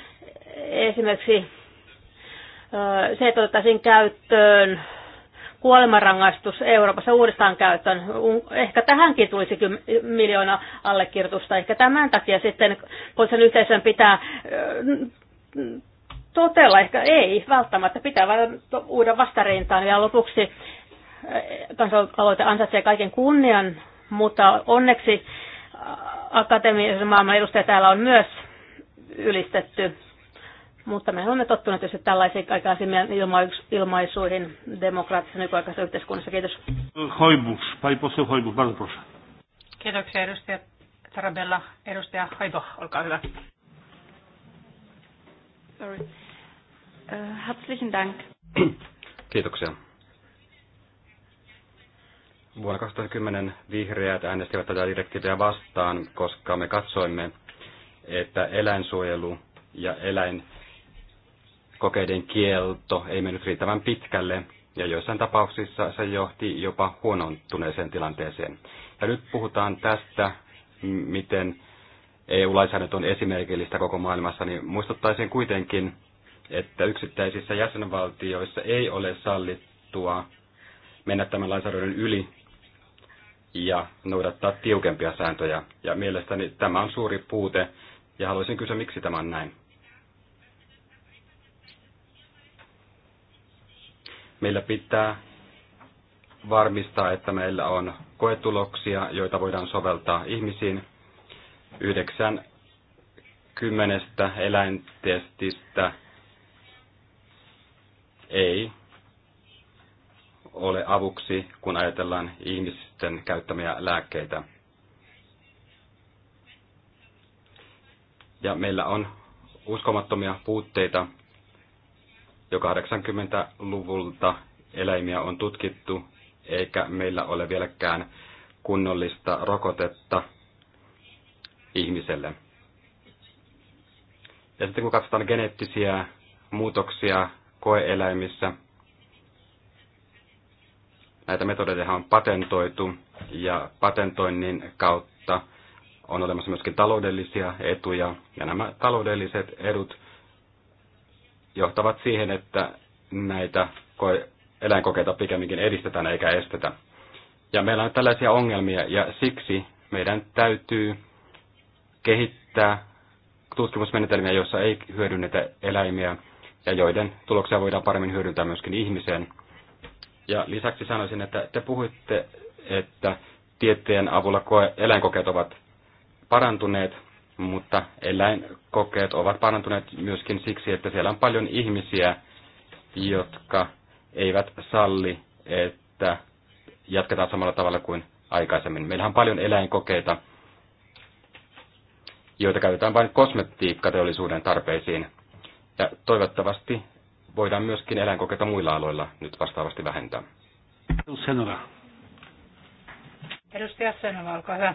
esimerkiksi äh, se, että otettaisiin käyttöön kuolemanrangaistus Euroopassa uudestaan käyttöön. Ehkä tähänkin tulisi miljoona allekirjoitusta. Ehkä tämän takia sitten poliisin yhteisön pitää totella, ehkä ei välttämättä, pitää vain uuden vastarintaan. Ja lopuksi kansalaisaloite ansaitsee kaiken kunnian, mutta onneksi akateemisen maailman edustaja täällä on myös ylistetty mutta me olemme tottuneet tietysti tällaisiin ilma- ilmaisuihin demokraattisessa nykyaikaisessa yhteiskunnassa. Kiitos. Hoibus, pai hoibus, Valtuus. Kiitoksia edustaja Tarabella. Edustaja Haito, olkaa hyvä. Sorry. Uh, herzlichen Dank. Kiitoksia. Vuonna 2010 vihreät äänestivät tätä direktiiviä vastaan, koska me katsoimme, että eläinsuojelu ja eläin kokeiden kielto ei mennyt riittävän pitkälle ja joissain tapauksissa se johti jopa huonontuneeseen tilanteeseen. Ja nyt puhutaan tästä, miten EU-lainsäädäntö on esimerkillistä koko maailmassa, niin muistuttaisin kuitenkin, että yksittäisissä jäsenvaltioissa ei ole sallittua mennä tämän lainsäädännön yli ja noudattaa tiukempia sääntöjä. Ja mielestäni tämä on suuri puute, ja haluaisin kysyä, miksi tämä on näin. Meillä pitää varmistaa, että meillä on koetuloksia, joita voidaan soveltaa ihmisiin. Yhdeksän kymmenestä eläintestistä ei ole avuksi, kun ajatellaan ihmisten käyttämiä lääkkeitä. Ja meillä on uskomattomia puutteita jo 80-luvulta eläimiä on tutkittu, eikä meillä ole vieläkään kunnollista rokotetta ihmiselle. Ja sitten kun katsotaan geneettisiä muutoksia koeeläimissä, näitä metodeja on patentoitu ja patentoinnin kautta on olemassa myöskin taloudellisia etuja ja nämä taloudelliset edut johtavat siihen, että näitä eläinkokeita pikemminkin edistetään eikä estetä. Ja meillä on tällaisia ongelmia ja siksi meidän täytyy kehittää tutkimusmenetelmiä, joissa ei hyödynnetä eläimiä ja joiden tuloksia voidaan paremmin hyödyntää myöskin ihmiseen. Ja lisäksi sanoisin, että te puhuitte, että tieteen avulla koe, eläinkokeet ovat parantuneet, mutta eläinkokeet ovat parantuneet myöskin siksi, että siellä on paljon ihmisiä, jotka eivät salli, että jatketaan samalla tavalla kuin aikaisemmin. Meillähän on paljon eläinkokeita, joita käytetään vain kosmetiikkateollisuuden tarpeisiin. Ja toivottavasti voidaan myöskin eläinkokeita muilla aloilla nyt vastaavasti vähentää. Edustaja Senola, olkaa hyvä.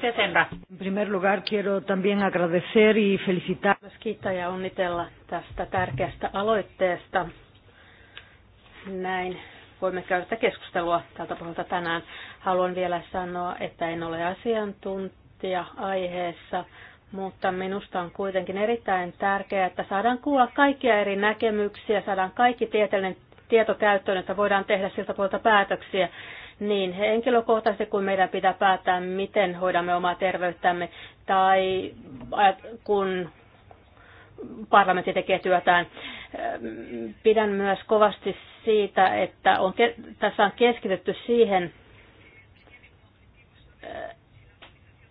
Kiitoksia Senra. En primer lugar quiero también agradecer y felicitar. Myös kiittää ja onnitella tästä tärkeästä aloitteesta. Näin voimme käydä keskustelua tältä puolelta tänään. Haluan vielä sanoa, että en ole asiantuntija aiheessa, mutta minusta on kuitenkin erittäin tärkeää, että saadaan kuulla kaikkia eri näkemyksiä, saadaan kaikki tieteellinen tieto käyttöön, että voidaan tehdä siltä puolelta päätöksiä niin henkilökohtaisesti kuin meidän pitää päättää, miten hoidamme omaa terveyttämme tai kun parlamentti tekee työtään. Pidän myös kovasti siitä, että on, tässä on keskitytty siihen,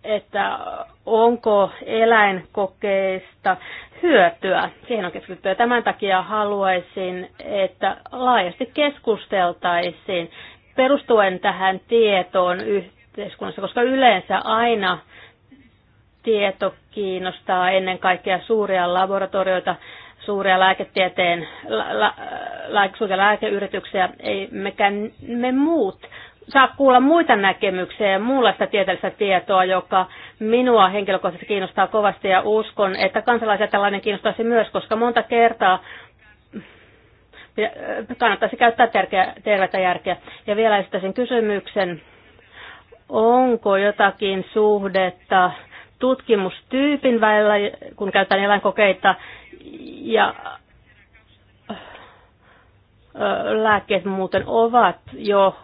että onko eläinkokeista hyötyä. Siihen on keskitytty ja tämän takia haluaisin, että laajasti keskusteltaisiin perustuen tähän tietoon yhteiskunnassa, koska yleensä aina tieto kiinnostaa ennen kaikkea suuria laboratorioita, suuria lääketieteen, lä, lä, suuria lääkeyrityksiä, ei mekään me muut saa kuulla muita näkemyksiä ja muunlaista tieteellistä tietoa, joka minua henkilökohtaisesti kiinnostaa kovasti ja uskon, että kansalaisia tällainen kiinnostaisi myös, koska monta kertaa kannattaisi käyttää tärkeä, tervetä järkeä. Ja vielä esittäisin kysymyksen, onko jotakin suhdetta tutkimustyypin välillä, kun käytetään eläinkokeita ja lääkkeet muuten ovat jo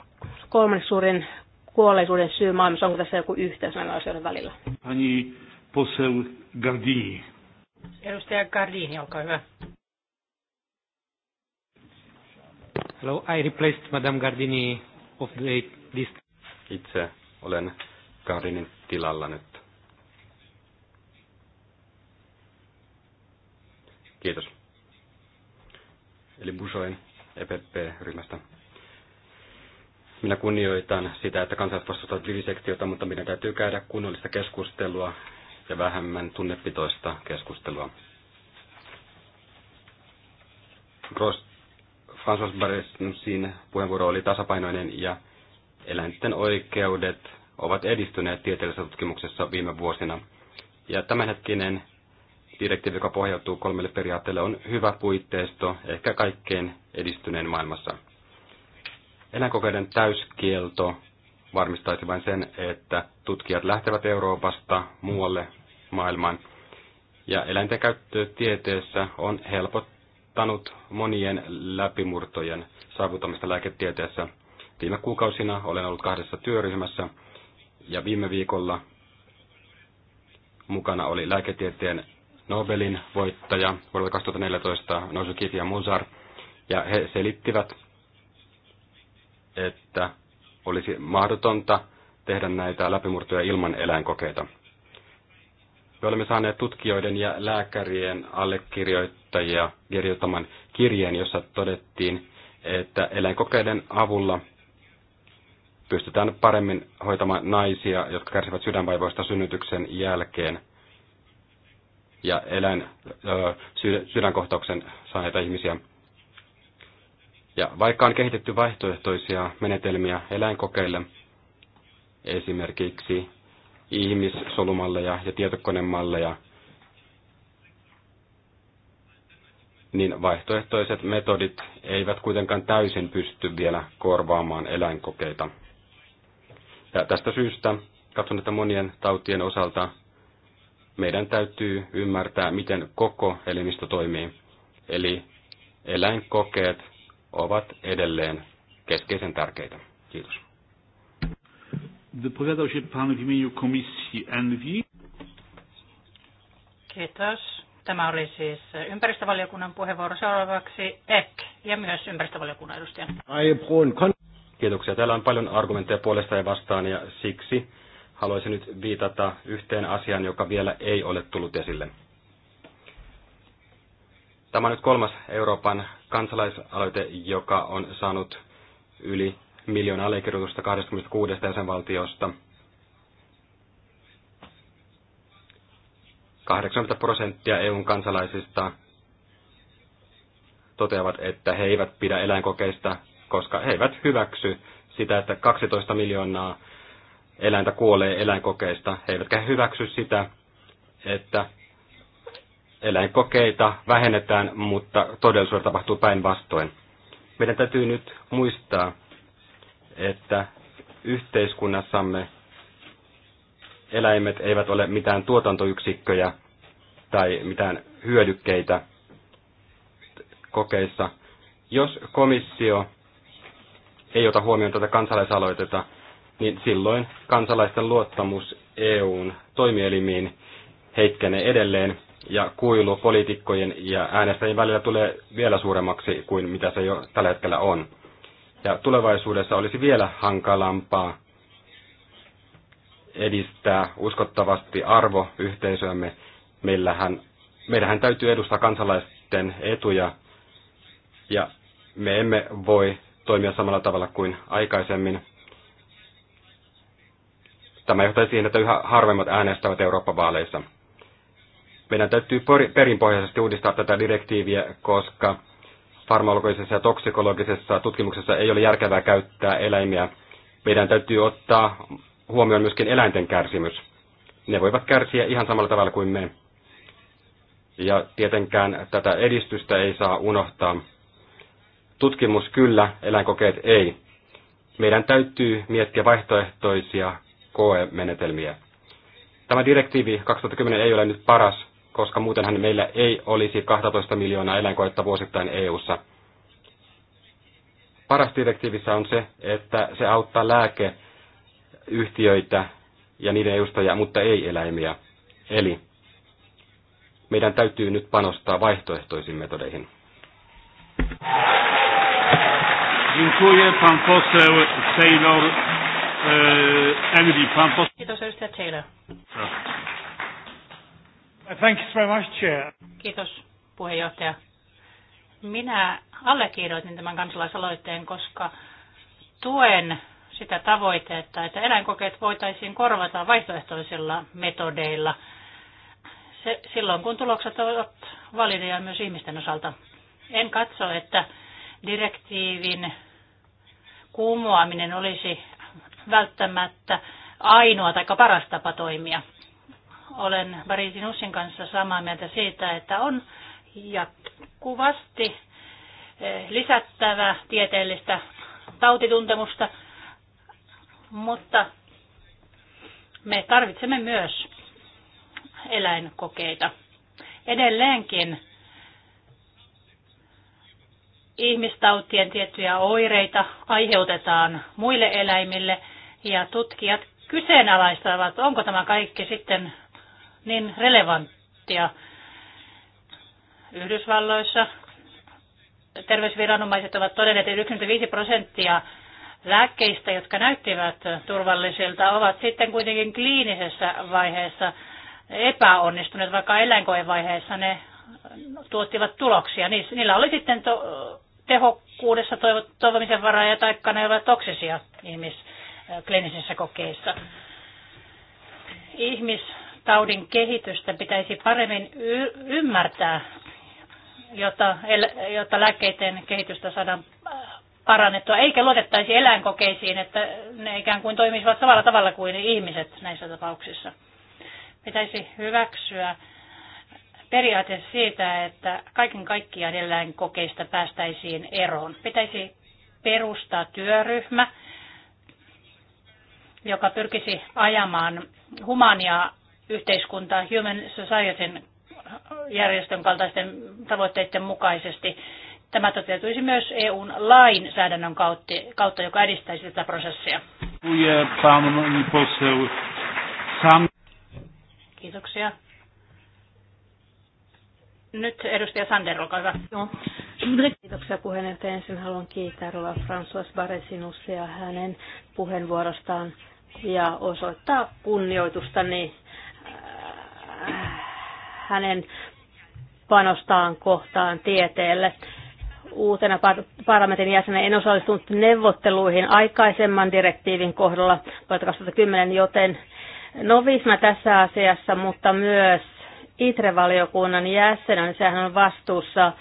kolmanneksi suurin kuolleisuuden syy maailmassa. Onko tässä joku yhteys näillä asioiden välillä? Pani posel Gardini. Edustaja Gardini, olkaa hyvä. Hello, I replaced Madame Gardini of the list. Itse olen Gardinin tilalla nyt. Kiitos. Eli Busoin EPP-ryhmästä. Minä kunnioitan sitä, että kansalaiset vastustavat vivisektiota, mutta meidän täytyy käydä kunnollista keskustelua ja vähemmän tunnepitoista keskustelua. Prost. François puheenvuoro oli tasapainoinen ja eläinten oikeudet ovat edistyneet tieteellisessä tutkimuksessa viime vuosina. Ja tämänhetkinen direktiivi, joka pohjautuu kolmelle periaatteelle, on hyvä puitteisto, ehkä kaikkein edistyneen maailmassa. Eläinkokeiden täyskielto varmistaisi vain sen, että tutkijat lähtevät Euroopasta muualle maailmaan. Ja eläinten käyttö tieteessä on helpottu auttanut monien läpimurtojen saavutamista lääketieteessä. Viime kuukausina olen ollut kahdessa työryhmässä ja viime viikolla mukana oli lääketieteen Nobelin voittaja vuodelta 2014 Nozukifi ja Musar, ja he selittivät, että olisi mahdotonta tehdä näitä läpimurtoja ilman eläinkokeita. Me olemme saaneet tutkijoiden ja lääkärien allekirjoittajia kirjoittaman kirjeen, jossa todettiin, että eläinkokeiden avulla pystytään paremmin hoitamaan naisia, jotka kärsivät sydänvaivoista synnytyksen jälkeen ja eläin, ö, sydänkohtauksen saaneita ihmisiä. Ja vaikka on kehitetty vaihtoehtoisia menetelmiä eläinkokeille, esimerkiksi ihmissolumalleja ja tietokonemalleja, niin vaihtoehtoiset metodit eivät kuitenkaan täysin pysty vielä korvaamaan eläinkokeita. Ja tästä syystä katson, että monien tautien osalta meidän täytyy ymmärtää, miten koko elimistö toimii. Eli eläinkokeet ovat edelleen keskeisen tärkeitä. Kiitos. Wypowiadał się Pan w imieniu komisji ENVI. Kiitos. Tämä oli siis ympäristövaliokunnan puheenvuoro seuraavaksi EK ja myös ympäristövaliokunnan edustaja. Kiitoksia. Täällä on paljon argumentteja puolesta ja vastaan ja siksi haluaisin nyt viitata yhteen asiaan, joka vielä ei ole tullut esille. Tämä on nyt kolmas Euroopan kansalaisaloite, joka on saanut yli miljoonaa allekirjoitusta 26 jäsenvaltiosta. 80 prosenttia EUn kansalaisista toteavat, että he eivät pidä eläinkokeista, koska he eivät hyväksy sitä, että 12 miljoonaa eläintä kuolee eläinkokeista. He eivätkä hyväksy sitä, että eläinkokeita vähennetään, mutta todellisuudessa tapahtuu päinvastoin. Meidän täytyy nyt muistaa, että yhteiskunnassamme eläimet eivät ole mitään tuotantoyksikköjä tai mitään hyödykkeitä kokeissa. Jos komissio ei ota huomioon tätä kansalaisaloitetta, niin silloin kansalaisten luottamus EUn toimielimiin heikkenee edelleen ja kuilu poliitikkojen ja äänestäjien välillä tulee vielä suuremmaksi kuin mitä se jo tällä hetkellä on. Ja tulevaisuudessa olisi vielä hankalampaa edistää uskottavasti arvoyhteisöämme. Meillähän, meidähän täytyy edustaa kansalaisten etuja ja me emme voi toimia samalla tavalla kuin aikaisemmin. Tämä johtaa siihen, että yhä harvemmat äänestävät Eurooppa-vaaleissa. Meidän täytyy perinpohjaisesti uudistaa tätä direktiiviä, koska farmakologisessa ja toksikologisessa tutkimuksessa ei ole järkevää käyttää eläimiä. Meidän täytyy ottaa huomioon myöskin eläinten kärsimys. Ne voivat kärsiä ihan samalla tavalla kuin me. Ja tietenkään tätä edistystä ei saa unohtaa. Tutkimus kyllä, eläinkokeet ei. Meidän täytyy miettiä vaihtoehtoisia koemenetelmiä. Tämä direktiivi 2010 ei ole nyt paras koska muutenhan meillä ei olisi 12 miljoonaa eläinkoetta vuosittain EU:ssa. Paras direktiivissä on se, että se auttaa lääkeyhtiöitä ja niiden edustajia, mutta ei eläimiä. Eli meidän täytyy nyt panostaa vaihtoehtoisiin metodeihin. Dziękuję pan poseł Taylor. E, Emily, pan poseł... Kiitos edustaja Taylor. Thanks very much, Chair. Kiitos, puheenjohtaja. Minä allekirjoitin tämän kansalaisaloitteen, koska tuen sitä tavoitetta, että eläinkokeet voitaisiin korvata vaihtoehtoisilla metodeilla se, silloin, kun tulokset ovat valideja myös ihmisten osalta. En katso, että direktiivin kuumoaminen olisi välttämättä ainoa tai paras tapa toimia. Olen Barisi Ussin kanssa samaa mieltä siitä, että on jatkuvasti eh, lisättävä tieteellistä tautituntemusta, mutta me tarvitsemme myös eläinkokeita. Edelleenkin ihmistautien tiettyjä oireita aiheutetaan muille eläimille ja tutkijat kyseenalaistavat, onko tämä kaikki sitten niin relevanttia. Yhdysvalloissa terveysviranomaiset ovat todenneet, että 95 prosenttia lääkkeistä, jotka näyttivät turvallisilta, ovat sitten kuitenkin kliinisessä vaiheessa epäonnistuneet, vaikka eläinkoevaiheessa ne tuottivat tuloksia. Niillä oli sitten to- tehokkuudessa toivo- toivomisen varaa ja taikka ne ovat toksisia ihmiskliinisissä kokeissa. Ihmis taudin kehitystä pitäisi paremmin ymmärtää, jotta, jotta lääkkeiden kehitystä saadaan äh, parannettua, eikä luotettaisi eläinkokeisiin, että ne ikään kuin toimisivat samalla tavalla kuin ihmiset näissä tapauksissa. Pitäisi hyväksyä periaate siitä, että kaiken kaikkiaan eläinkokeista päästäisiin eroon. Pitäisi perustaa työryhmä, joka pyrkisi ajamaan humania yhteiskuntaa Human Societyn järjestön kaltaisten tavoitteiden mukaisesti. Tämä toteutuisi myös EUn lainsäädännön kautta, joka edistäisi tätä prosessia. Kiitoksia. Nyt edustaja Sander, olkaa hyvä. Kiitoksia puheenjohtaja. Ensin haluan kiittää Rova François Baresinusia hänen puheenvuorostaan ja osoittaa kunnioitustani hänen panostaan kohtaan tieteelle. Uutena parlamentin jäsenen en osallistunut neuvotteluihin aikaisemman direktiivin kohdalla vuotta 2010, joten novisma tässä asiassa, mutta myös ITRE-valiokunnan jäsenä, niin sehän on vastuussa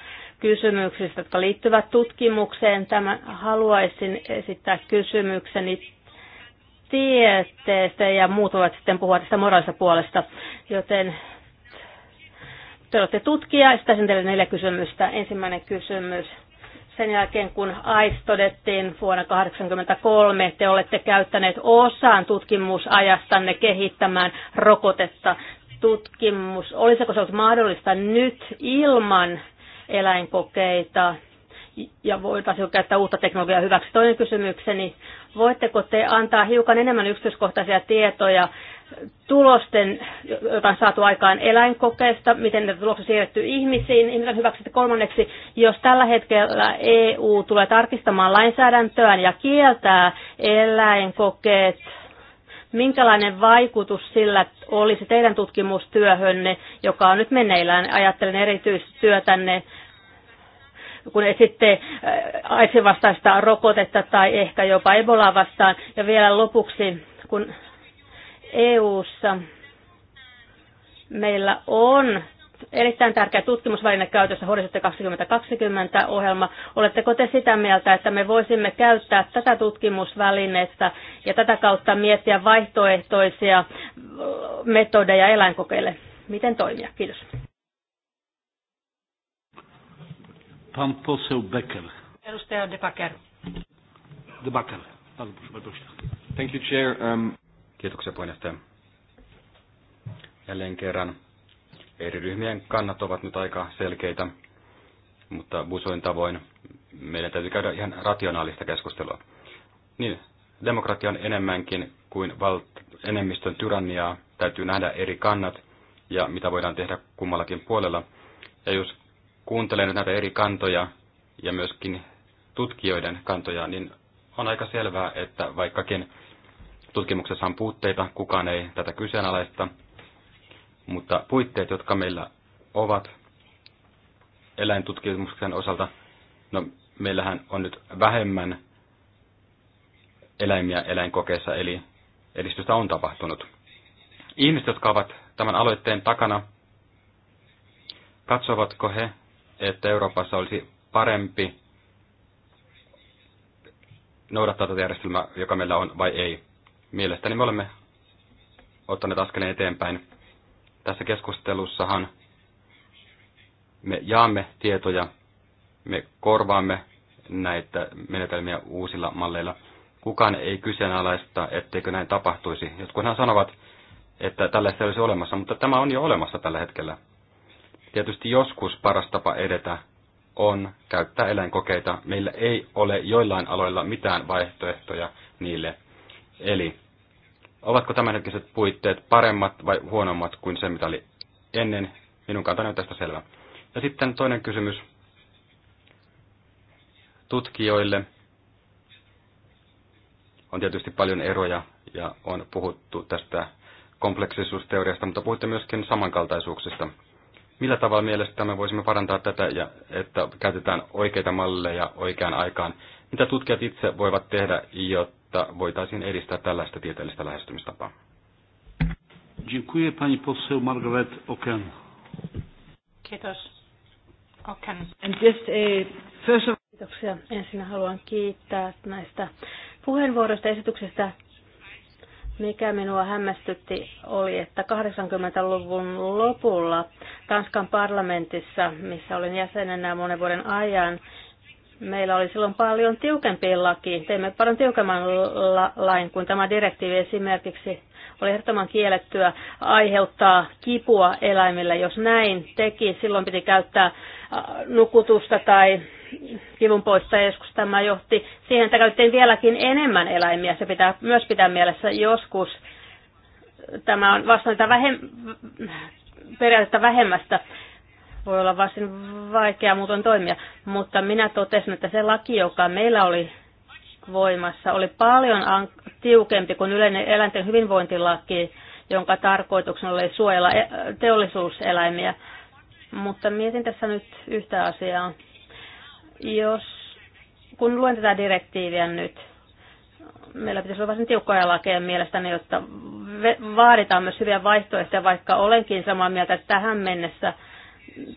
kysymyksistä, jotka liittyvät tutkimukseen. Tämän haluaisin esittää kysymykseni tieteestä ja muut voivat sitten puhua tästä moraalista puolesta. Joten te olette tutkija, sitä teille neljä kysymystä. Ensimmäinen kysymys. Sen jälkeen, kun AIS todettiin vuonna 1983, te olette käyttäneet osaan tutkimusajastanne kehittämään rokotetta. Tutkimus, olisiko se ollut mahdollista nyt ilman eläinkokeita ja voitaisiin käyttää uutta teknologiaa hyväksi? Toinen kysymykseni, Voitteko te antaa hiukan enemmän yksityiskohtaisia tietoja tulosten, joita on saatu aikaan eläinkokeista, miten ne tulokset siirretty ihmisiin, Ihmisen hyväksi kolmanneksi, jos tällä hetkellä EU tulee tarkistamaan lainsäädäntöään ja kieltää eläinkokeet, minkälainen vaikutus sillä olisi teidän tutkimustyöhönne, joka on nyt meneillään, ajattelen erityistyötänne kun esitte äh, aitsin vastaista rokotetta tai ehkä jopa Ebola vastaan. Ja vielä lopuksi, kun EU:ssa meillä on erittäin tärkeä tutkimusväline käytössä Horisontti 2020 ohjelma. Oletteko te sitä mieltä, että me voisimme käyttää tätä tutkimusvälineestä ja tätä kautta miettiä vaihtoehtoisia metodeja eläinkokeille? Miten toimia? Kiitos. Pan poseł Becker. Edustaja De Backer. De Backer. Thank you, Chair. Um... Kiitoksia puheenjohtaja. Jälleen kerran eri ryhmien kannat ovat nyt aika selkeitä, mutta Busoin tavoin meidän täytyy käydä ihan rationaalista keskustelua. Niin, demokratia on enemmänkin kuin valt- enemmistön tyranniaa. Täytyy nähdä eri kannat ja mitä voidaan tehdä kummallakin puolella. Ja jos kuuntelee nyt näitä eri kantoja ja myöskin tutkijoiden kantoja, niin on aika selvää, että vaikkakin tutkimuksessa on puutteita, kukaan ei tätä kyseenalaista, mutta puitteet, jotka meillä ovat eläintutkimuksen osalta, no meillähän on nyt vähemmän eläimiä eläinkokeessa, eli edistystä on tapahtunut. Ihmiset, jotka ovat tämän aloitteen takana, katsovatko he, että Euroopassa olisi parempi noudattaa tätä järjestelmää, joka meillä on, vai ei. Mielestäni me olemme ottaneet askeleen eteenpäin. Tässä keskustelussahan me jaamme tietoja, me korvaamme näitä menetelmiä uusilla malleilla. Kukaan ei kyseenalaista, etteikö näin tapahtuisi. Jotkunhan sanovat, että tällaista ei olisi olemassa, mutta tämä on jo olemassa tällä hetkellä. Tietysti joskus paras tapa edetä on käyttää eläinkokeita. Meillä ei ole joillain aloilla mitään vaihtoehtoja niille. Eli ovatko tämänhetkiset puitteet paremmat vai huonommat kuin se, mitä oli ennen? Minun kantani on tästä selvä. Ja sitten toinen kysymys tutkijoille. On tietysti paljon eroja ja on puhuttu tästä kompleksisuusteoriasta, mutta puhutte myöskin samankaltaisuuksista millä tavalla mielestämme voisimme parantaa tätä ja että käytetään oikeita malleja oikeaan aikaan. Mitä tutkijat itse voivat tehdä, jotta voitaisiin edistää tällaista tieteellistä lähestymistapaa? Margaret Oken. Kiitos. Oken. Eh, kiitoksia. Ensin haluan kiittää näistä puheenvuoroista esityksestä mikä minua hämmästytti oli, että 80-luvun lopulla Tanskan parlamentissa, missä olin jäsenenä monen vuoden ajan, meillä oli silloin paljon tiukempi laki. Teimme paljon tiukemman la- lain kuin tämä direktiivi esimerkiksi oli ehdottoman kiellettyä aiheuttaa kipua eläimille. Jos näin teki, silloin piti käyttää nukutusta tai kivun poista. Joskus tämä johti siihen, että käytettiin vieläkin enemmän eläimiä. Se pitää myös pitää mielessä joskus. Tämä on vastaan tätä vähem... periaatetta vähemmästä. Voi olla varsin vaikea muuten toimia. Mutta minä totesin, että se laki, joka meillä oli voimassa, oli paljon tiukempi kuin yleinen eläinten hyvinvointilaki, jonka tarkoituksena oli suojella e- teollisuuseläimiä. Mutta mietin tässä nyt yhtä asiaa. Jos, kun luen tätä direktiiviä nyt, meillä pitäisi olla varsin tiukkoja lakeja mielestäni, jotta vaaditaan myös hyviä vaihtoehtoja, vaikka olenkin samaa mieltä, että tähän mennessä,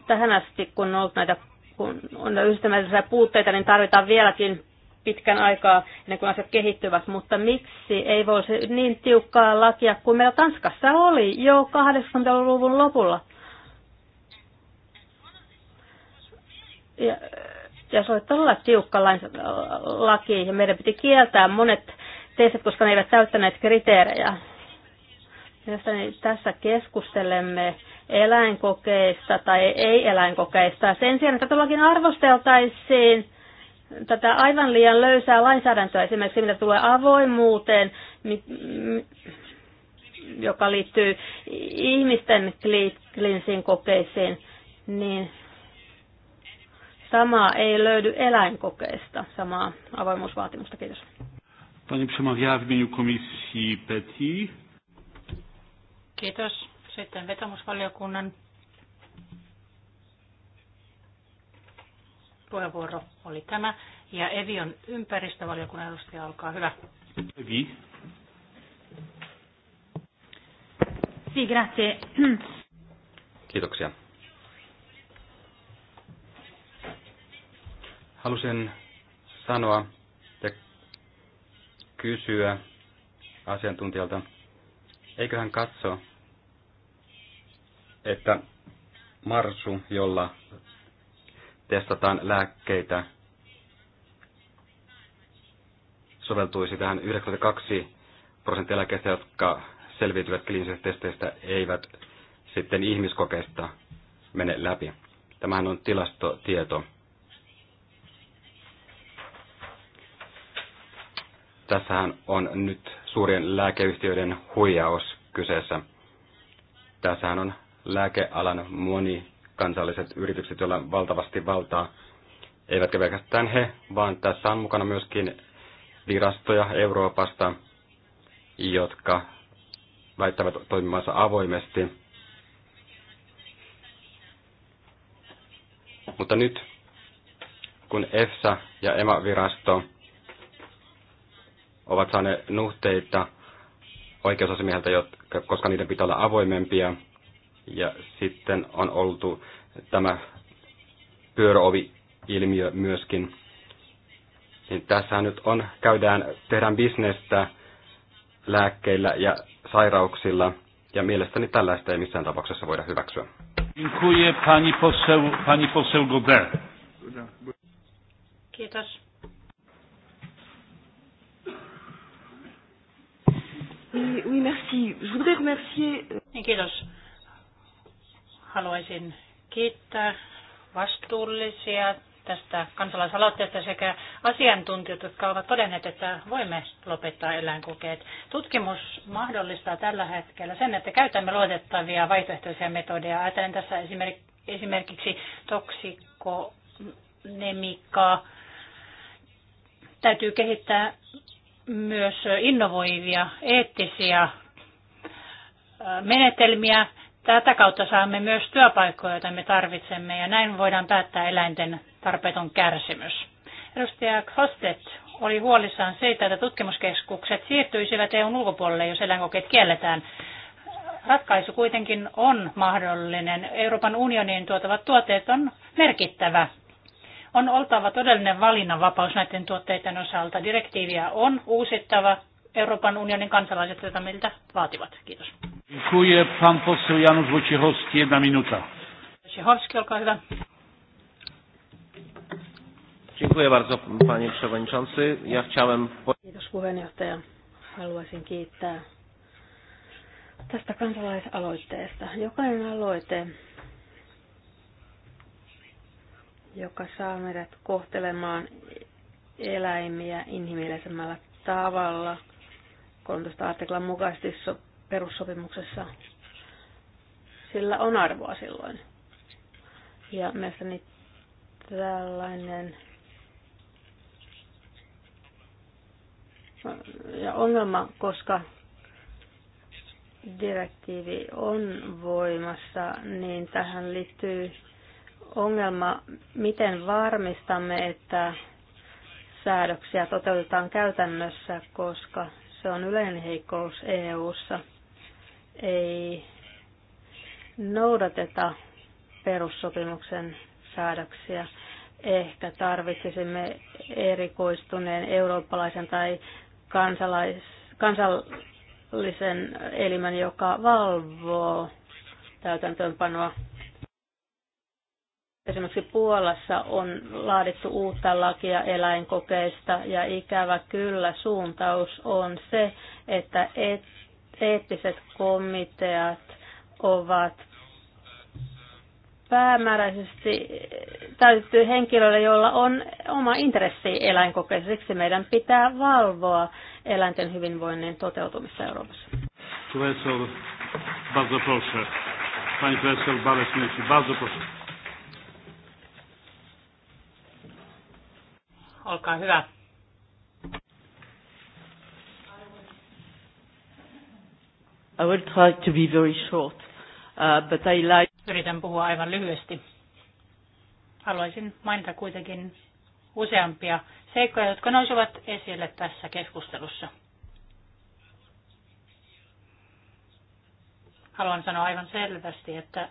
tähän asti, kun on ollut näitä kun on yhdistämällisiä puutteita, niin tarvitaan vieläkin pitkän aikaa ennen kuin asiat kehittyvät, mutta miksi ei voisi niin tiukkaa lakia kuin meillä Tanskassa oli jo 80-luvun lopulla? Ja ja se oli todella tiukka äh, laki ja meidän piti kieltää monet teiset, koska ne eivät täyttäneet kriteerejä. Mielestäni tässä keskustelemme eläinkokeista tai ei-eläinkokeista. Sen sijaan, että todellakin arvosteltaisiin tätä aivan liian löysää lainsäädäntöä, esimerkiksi mitä tulee avoimuuteen, joka liittyy ihmisten kliinisiin kokeisiin, niin Sama ei löydy eläinkokeista, samaa avoimuusvaatimusta. Kiitos. Pani Przemawia w imieniu komisji PETI. Kiitos. Sitten vetomusvaliokunnan puheenvuoro oli tämä. Ja Evion ympäristövaliokunnan edustaja, olkaa hyvä. Evi. Sì, grazie. Kiitoksia. Halusin sanoa ja kysyä asiantuntijalta, eikö hän katso, että marsu, jolla testataan lääkkeitä, soveltuisi tähän 92 prosenttia lääkkeistä, jotka selviytyvät kliinisistä testeistä, eivät sitten ihmiskokeista mene läpi. Tämähän on tilastotieto. Tässähän on nyt suurien lääkeyhtiöiden huijaus kyseessä. Tässähän on lääkealan monikansalliset yritykset, joilla on valtavasti valtaa. Eivätkä pelkästään he, vaan tässä on mukana myöskin virastoja Euroopasta, jotka väittävät toimimansa avoimesti. Mutta nyt, kun EFSA ja EMA-virasto ovat saaneet nuhteita oikeusasemieheltä, koska niiden pitää olla avoimempia. Ja sitten on oltu tämä pyöröovi-ilmiö myöskin. Niin tässä nyt on, käydään, tehdään bisnestä lääkkeillä ja sairauksilla, ja mielestäni tällaista ei missään tapauksessa voida hyväksyä. Dziękuję pani poseł, pani poseł Kiitos. Oui, oui, merci. Je voudrais remercier... Euh, niin, kiitos. Haluaisin kiittää vastuullisia tästä kansalaisaloitteesta sekä asiantuntijat, jotka ovat todenneet, että voimme lopettaa eläinkokeet. Tutkimus mahdollistaa tällä hetkellä sen, että käytämme luotettavia vaihtoehtoisia metodeja. Ajattelen tässä esimerkiksi toksikonemikaa. Täytyy kehittää myös innovoivia, eettisiä menetelmiä. Tätä kautta saamme myös työpaikkoja, joita me tarvitsemme, ja näin voidaan päättää eläinten tarpeeton kärsimys. Edustaja Kostet oli huolissaan siitä, että tutkimuskeskukset siirtyisivät EUn ulkopuolelle, jos eläinkokeet kielletään. Ratkaisu kuitenkin on mahdollinen. Euroopan unionin tuotavat tuotteet on merkittävä on oltava todellinen valinnanvapaus näiden tuotteiden osalta. Direktiiviä on uusittava. Euroopan unionin kansalaiset tätä meiltä vaativat. Kiitos. Dziękuję. Pan poseł Janusz Wojciechowski, jedna minuta. Wojciechowski, olkaa hyvä. Dziękuję bardzo, panie przewodniczący. Ja chciałem... Kiitos puheenjohtaja. Haluaisin kiittää tästä kansalaisaloitteesta. Jokainen aloite joka saa meidät kohtelemaan eläimiä inhimillisemmällä tavalla. 13 artiklan mukaisesti perussopimuksessa sillä on arvoa silloin. Ja mielestäni tällainen ja ongelma, koska direktiivi on voimassa, niin tähän liittyy ongelma, miten varmistamme, että säädöksiä toteutetaan käytännössä, koska se on yleinen heikkous EU:ssa. Ei noudateta perussopimuksen säädöksiä. Ehkä tarvitsisimme erikoistuneen eurooppalaisen tai kansalais, kansallisen elimen, joka valvoo täytäntöönpanoa Esimerkiksi Puolassa on laadittu uutta lakia eläinkokeista ja ikävä kyllä suuntaus on se, että eettiset komiteat ovat päämääräisesti täytyy henkilölle, joilla on oma intressi eläinkokeissa. Siksi meidän pitää valvoa eläinten hyvinvoinnin toteutumista Euroopassa. Professor, bardzo proszę. Pani profesor Balesniewski, bardzo proszę. Olkaa hyvä. I will try to be very short, uh, but I like... Yritän puhua aivan lyhyesti. Haluaisin mainita kuitenkin useampia seikkoja, jotka nousivat esille tässä keskustelussa. Haluan sanoa aivan selvästi, että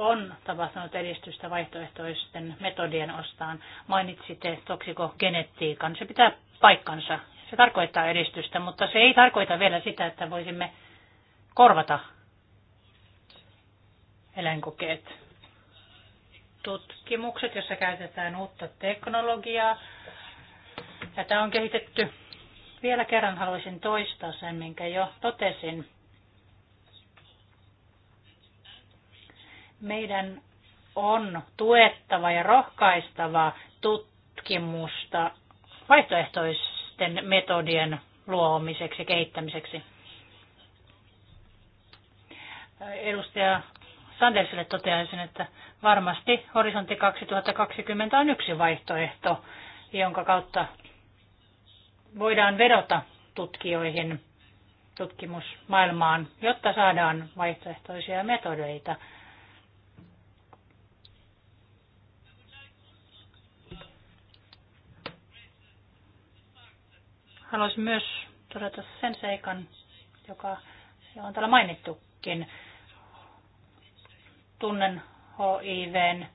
on tapahtunut edistystä vaihtoehtoisten metodien ostaan. Mainitsitte toksikogenetiikan. Se pitää paikkansa. Se tarkoittaa edistystä, mutta se ei tarkoita vielä sitä, että voisimme korvata eläinkokeet. Tutkimukset, joissa käytetään uutta teknologiaa. Tätä on kehitetty. Vielä kerran haluaisin toistaa sen, minkä jo totesin Meidän on tuettava ja rohkaistava tutkimusta vaihtoehtoisten metodien luomiseksi, kehittämiseksi. Edustaja Sandersille toteaisin, että varmasti Horisontti 2020 on yksi vaihtoehto, jonka kautta voidaan vedota tutkijoihin tutkimusmaailmaan, jotta saadaan vaihtoehtoisia metodeita – Haluaisin myös todeta sen seikan, joka on täällä mainittukin. Tunnen HIVn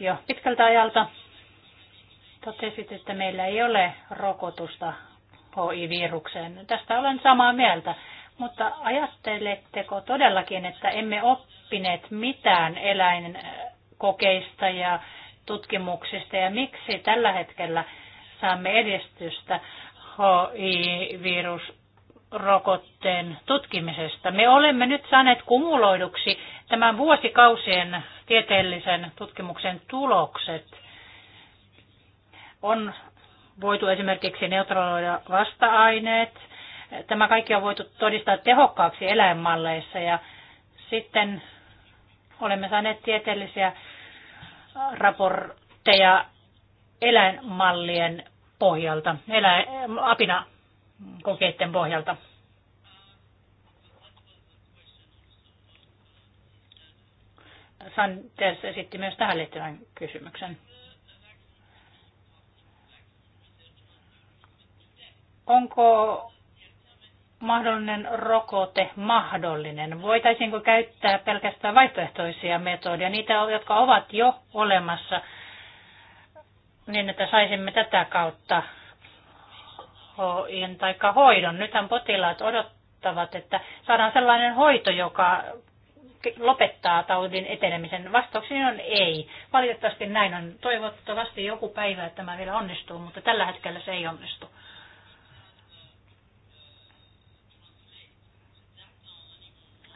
jo pitkältä ajalta. Totesit, että meillä ei ole rokotusta HIV-virukseen. Tästä olen samaa mieltä. Mutta ajatteletteko todellakin, että emme oppineet mitään eläinkokeista ja tutkimuksista ja miksi tällä hetkellä saamme edistystä HIV-virusrokotteen tutkimisesta. Me olemme nyt saaneet kumuloiduksi tämän vuosikausien tieteellisen tutkimuksen tulokset. On voitu esimerkiksi neutraloida vasta-aineet. Tämä kaikki on voitu todistaa tehokkaaksi eläinmalleissa ja sitten olemme saaneet tieteellisiä raportteja eläinmallien pohjalta, elä, apina kokeiden pohjalta. Sanders esitti myös tähän liittyvän kysymyksen. Onko mahdollinen rokote mahdollinen? Voitaisiinko käyttää pelkästään vaihtoehtoisia metodeja, niitä, jotka ovat jo olemassa – niin, että saisimme tätä kautta hoin tai hoidon. Nythän potilaat odottavat, että saadaan sellainen hoito, joka lopettaa taudin etenemisen. Vastaukseni on ei. Valitettavasti näin on. Toivottavasti joku päivä että tämä vielä onnistuu, mutta tällä hetkellä se ei onnistu.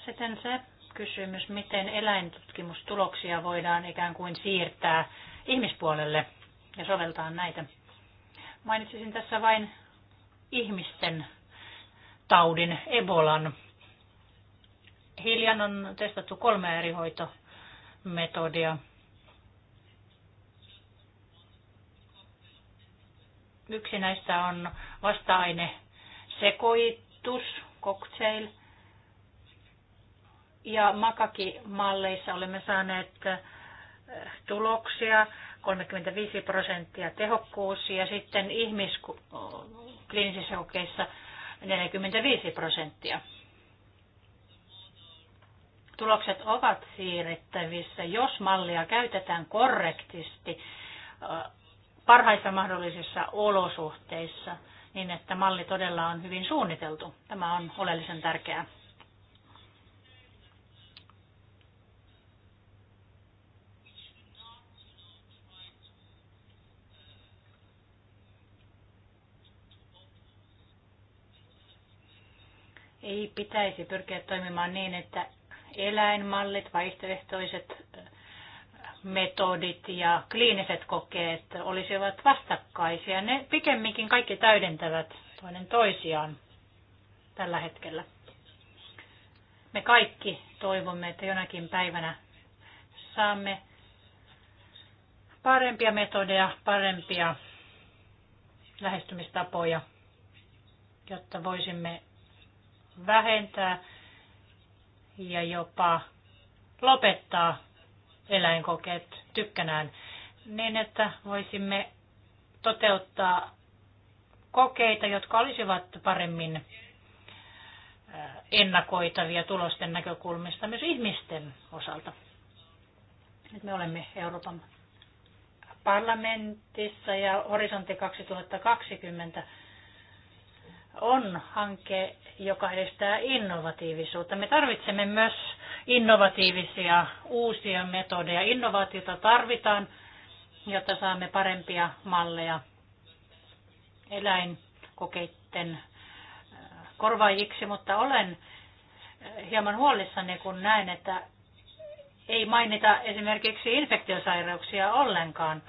Sitten se kysymys, miten eläintutkimustuloksia voidaan ikään kuin siirtää ihmispuolelle ja soveltaa näitä. Mainitsisin tässä vain ihmisten taudin, Ebolan. Hiljan on testattu kolme eri hoitometodia. Yksi näistä on vasta-aine sekoitus, cocktail. Ja makakimalleissa olemme saaneet äh, tuloksia 35 prosenttia tehokkuus ja sitten ihmiskliinisissä kokeissa 45 prosenttia. Tulokset ovat siirrettävissä, jos mallia käytetään korrektisti parhaissa mahdollisissa olosuhteissa niin, että malli todella on hyvin suunniteltu. Tämä on oleellisen tärkeää. ei pitäisi pyrkiä toimimaan niin, että eläinmallit, vaihtoehtoiset äh, metodit ja kliiniset kokeet olisivat vastakkaisia. Ne pikemminkin kaikki täydentävät toinen toisiaan tällä hetkellä. Me kaikki toivomme, että jonakin päivänä saamme parempia metodeja, parempia lähestymistapoja, jotta voisimme vähentää ja jopa lopettaa eläinkokeet tykkänään niin, että voisimme toteuttaa kokeita, jotka olisivat paremmin ennakoitavia tulosten näkökulmista myös ihmisten osalta. Nyt me olemme Euroopan parlamentissa ja Horisontti 2020 on hanke, joka edistää innovatiivisuutta. Me tarvitsemme myös innovatiivisia uusia metodeja. Innovaatiota tarvitaan, jotta saamme parempia malleja eläinkokeiden äh, korvaajiksi, mutta olen hieman huolissani, kun näen, että ei mainita esimerkiksi infektiosairauksia ollenkaan.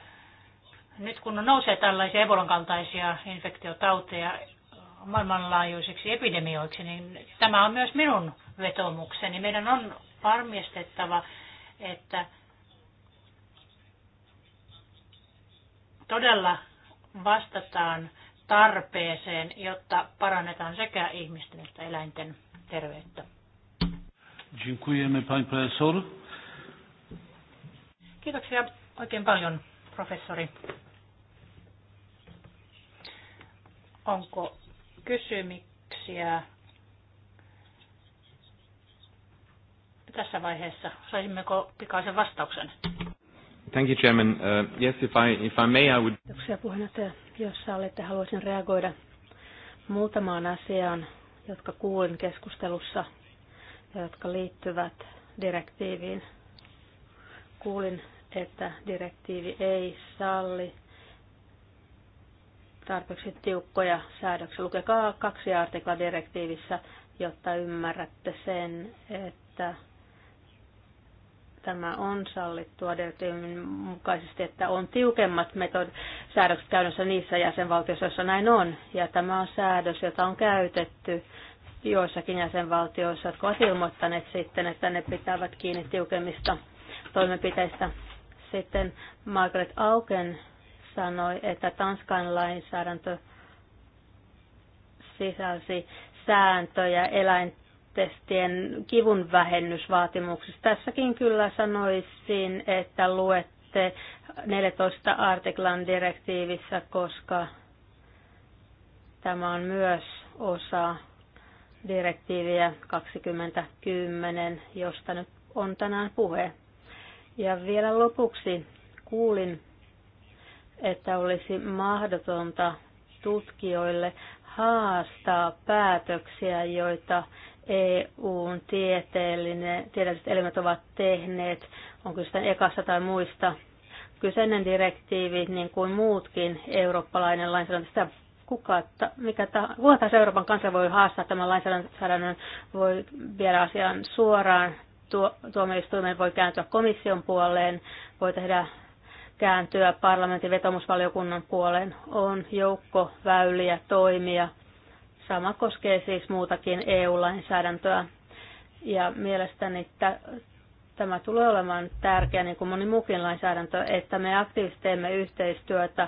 Nyt kun nousee tällaisia ebolan kaltaisia infektiotauteja, maailmanlaajuisiksi epidemioiksi, niin tämä on myös minun vetomukseni. Meidän on varmistettava, että todella vastataan tarpeeseen, jotta parannetaan sekä ihmisten että eläinten terveyttä. Kiitoksia oikein paljon, professori. Onko kysymyksiä tässä vaiheessa. Saisimmeko pikaisen vastauksen? Thank you, Chairman. Uh, yes, if I, if I may, I would... Kiitoksia puheenjohtaja. Jos olette, haluaisin reagoida muutamaan asiaan, jotka kuulin keskustelussa ja jotka liittyvät direktiiviin. Kuulin, että direktiivi ei salli tarpeeksi tiukkoja säädöksiä. Lukekaa kaksi artikla direktiivissä, jotta ymmärrätte sen, että tämä on sallittua direktiivin mukaisesti, että on tiukemmat metod- säädökset käynnissä niissä jäsenvaltioissa, joissa näin on. Ja tämä on säädös, jota on käytetty joissakin jäsenvaltioissa, jotka ovat ilmoittaneet sitten, että ne pitävät kiinni tiukemmista toimenpiteistä. Sitten Margaret Auken sanoi, että Tanskan lainsäädäntö sisälsi sääntöjä eläintestien kivun vähennysvaatimuksista. Tässäkin kyllä sanoisin, että luette 14 artiklan direktiivissä, koska tämä on myös osa direktiiviä 2010, josta nyt on tänään puhe. Ja vielä lopuksi kuulin että olisi mahdotonta tutkijoille haastaa päätöksiä, joita EUn tieteellinen, tieteelliset elimet ovat tehneet, on sitten ekassa tai muista. Kyseinen direktiivi, niin kuin muutkin eurooppalainen lainsäädäntö, sitä kuka, ta, mikä ta, kuka taas Euroopan kansa voi haastaa tämän lainsäädännön, voi viedä asian suoraan tuo, tuomioistuimen voi kääntyä komission puoleen, voi tehdä kääntyä parlamentin vetomusvaliokunnan puoleen. On joukko väyliä toimia. Sama koskee siis muutakin EU-lainsäädäntöä. Ja mielestäni tämä tulee olemaan tärkeä, niin kuin moni muukin lainsäädäntö, että me aktiivisesti teemme yhteistyötä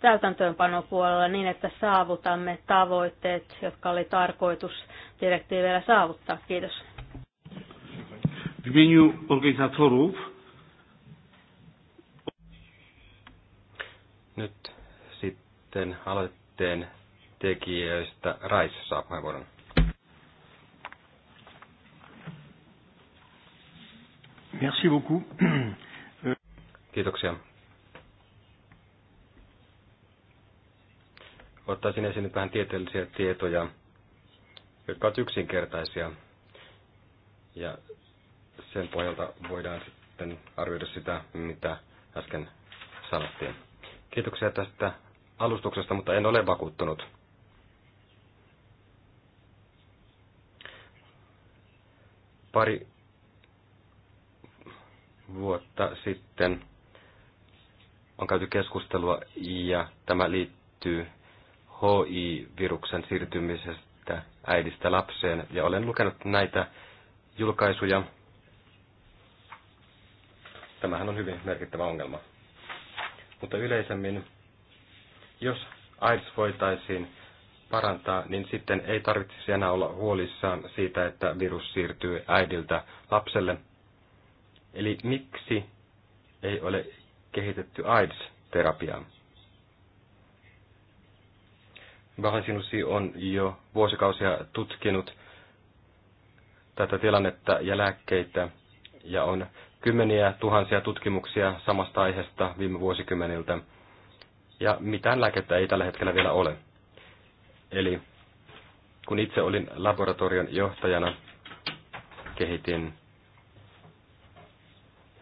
täytäntöönpanopuolella niin, että saavutamme tavoitteet, jotka oli tarkoitus direktiiveillä saavuttaa. Kiitos. W imieniu organizatorów Nyt sitten aloitteen tekijöistä Rais saa puheenvuoron. Merci beaucoup. Kiitoksia. Ottaisin esiin nyt vähän tieteellisiä tietoja, jotka ovat yksinkertaisia. Ja sen pohjalta voidaan sitten arvioida sitä, mitä äsken sanottiin. Kiitoksia tästä alustuksesta, mutta en ole vakuuttunut. Pari vuotta sitten on käyty keskustelua ja tämä liittyy HI-viruksen siirtymisestä äidistä lapseen ja olen lukenut näitä julkaisuja. Tämähän on hyvin merkittävä ongelma. Mutta yleisemmin, jos AIDS voitaisiin parantaa, niin sitten ei tarvitsisi enää olla huolissaan siitä, että virus siirtyy äidiltä lapselle. Eli miksi ei ole kehitetty AIDS-terapiaa? Vahansinusi on jo vuosikausia tutkinut tätä tilannetta ja lääkkeitä ja on kymmeniä tuhansia tutkimuksia samasta aiheesta viime vuosikymmeniltä, ja mitään lääkettä ei tällä hetkellä vielä ole. Eli kun itse olin laboratorion johtajana, kehitin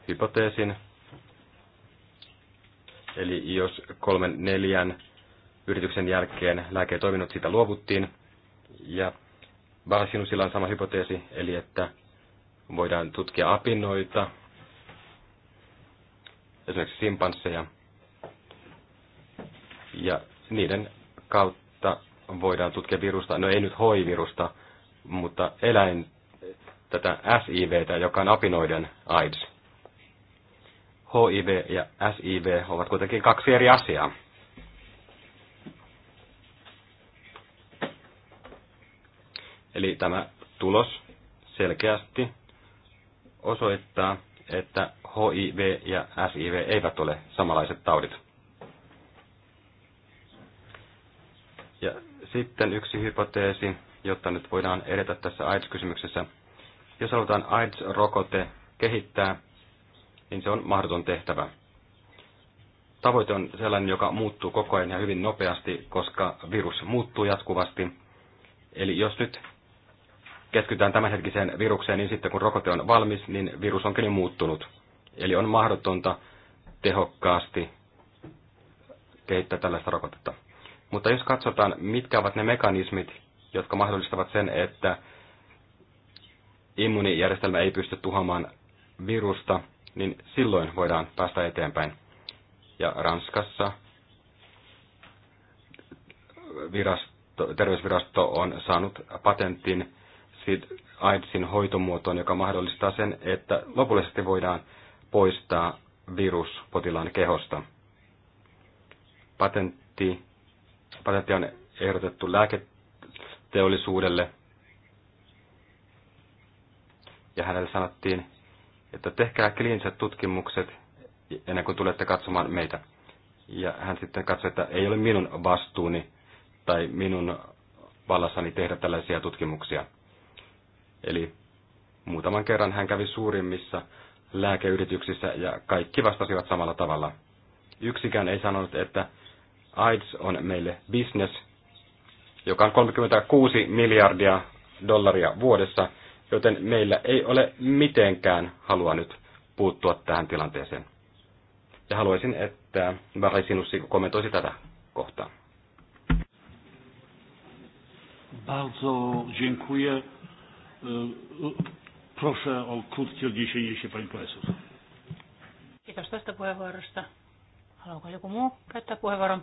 hypoteesin, eli jos kolmen neljän yrityksen jälkeen lääke ei toiminut, siitä luovuttiin, ja Varsinusilla on sama hypoteesi, eli että voidaan tutkia apinoita esimerkiksi simpansseja. Ja niiden kautta voidaan tutkia virusta, no ei nyt hoivirusta, virusta mutta eläin, tätä SIVtä, joka on apinoiden AIDS. HIV ja SIV ovat kuitenkin kaksi eri asiaa. Eli tämä tulos selkeästi osoittaa, että HIV ja SIV eivät ole samanlaiset taudit. Ja sitten yksi hypoteesi, jotta nyt voidaan edetä tässä AIDS-kysymyksessä. Jos halutaan AIDS-rokote kehittää, niin se on mahdoton tehtävä. Tavoite on sellainen, joka muuttuu koko ajan ja hyvin nopeasti, koska virus muuttuu jatkuvasti. Eli jos nyt keskitytään tämänhetkiseen virukseen, niin sitten kun rokote on valmis, niin virus onkin jo muuttunut. Eli on mahdotonta tehokkaasti kehittää tällaista rokotetta. Mutta jos katsotaan, mitkä ovat ne mekanismit, jotka mahdollistavat sen, että immuunijärjestelmä ei pysty tuhoamaan virusta, niin silloin voidaan päästä eteenpäin. Ja Ranskassa virasto, terveysvirasto on saanut patentin siitä AIDSin hoitomuotoon, joka mahdollistaa sen, että lopullisesti voidaan poistaa virus potilaan kehosta. Patentti, patentti on ehdotettu lääketeollisuudelle, ja hänelle sanottiin, että tehkää kliiniset tutkimukset ennen kuin tulette katsomaan meitä. Ja hän sitten katsoi, että ei ole minun vastuuni tai minun vallassani tehdä tällaisia tutkimuksia. Eli muutaman kerran hän kävi suurimmissa lääkeyrityksissä ja kaikki vastasivat samalla tavalla. Yksikään ei sanonut, että AIDS on meille business, joka on 36 miljardia dollaria vuodessa, joten meillä ei ole mitenkään halua nyt puuttua tähän tilanteeseen. Ja haluaisin, että Barry Sinussi kommentoisi tätä kohtaa. Bardzo dziękuję. Proszę o krótkie odniesienie się pani profesor. Kiitos tästä puheenvuorosta. Haluanko joku muu käyttää puheenvuoron?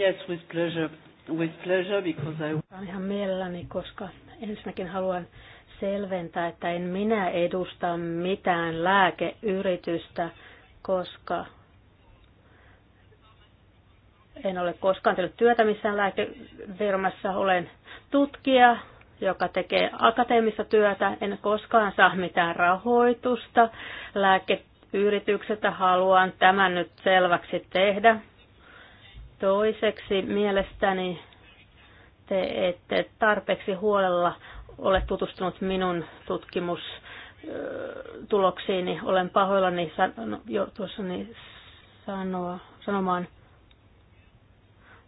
Yes, with pleasure. With pleasure, because I... Olen ihan mielelläni, koska ensinnäkin haluan selventää, että en minä edusta mitään lääkeyritystä, koska en ole koskaan tehnyt työtä missään lääkevirmassa. Olen tutkija, joka tekee akateemista työtä. En koskaan saa mitään rahoitusta Lääkeyrityksestä Haluan tämän nyt selväksi tehdä. Toiseksi mielestäni te ette tarpeeksi huolella ole tutustunut minun tutkimustuloksiini. Olen pahoillani no, jo tuossa niin sanoa, sanomaan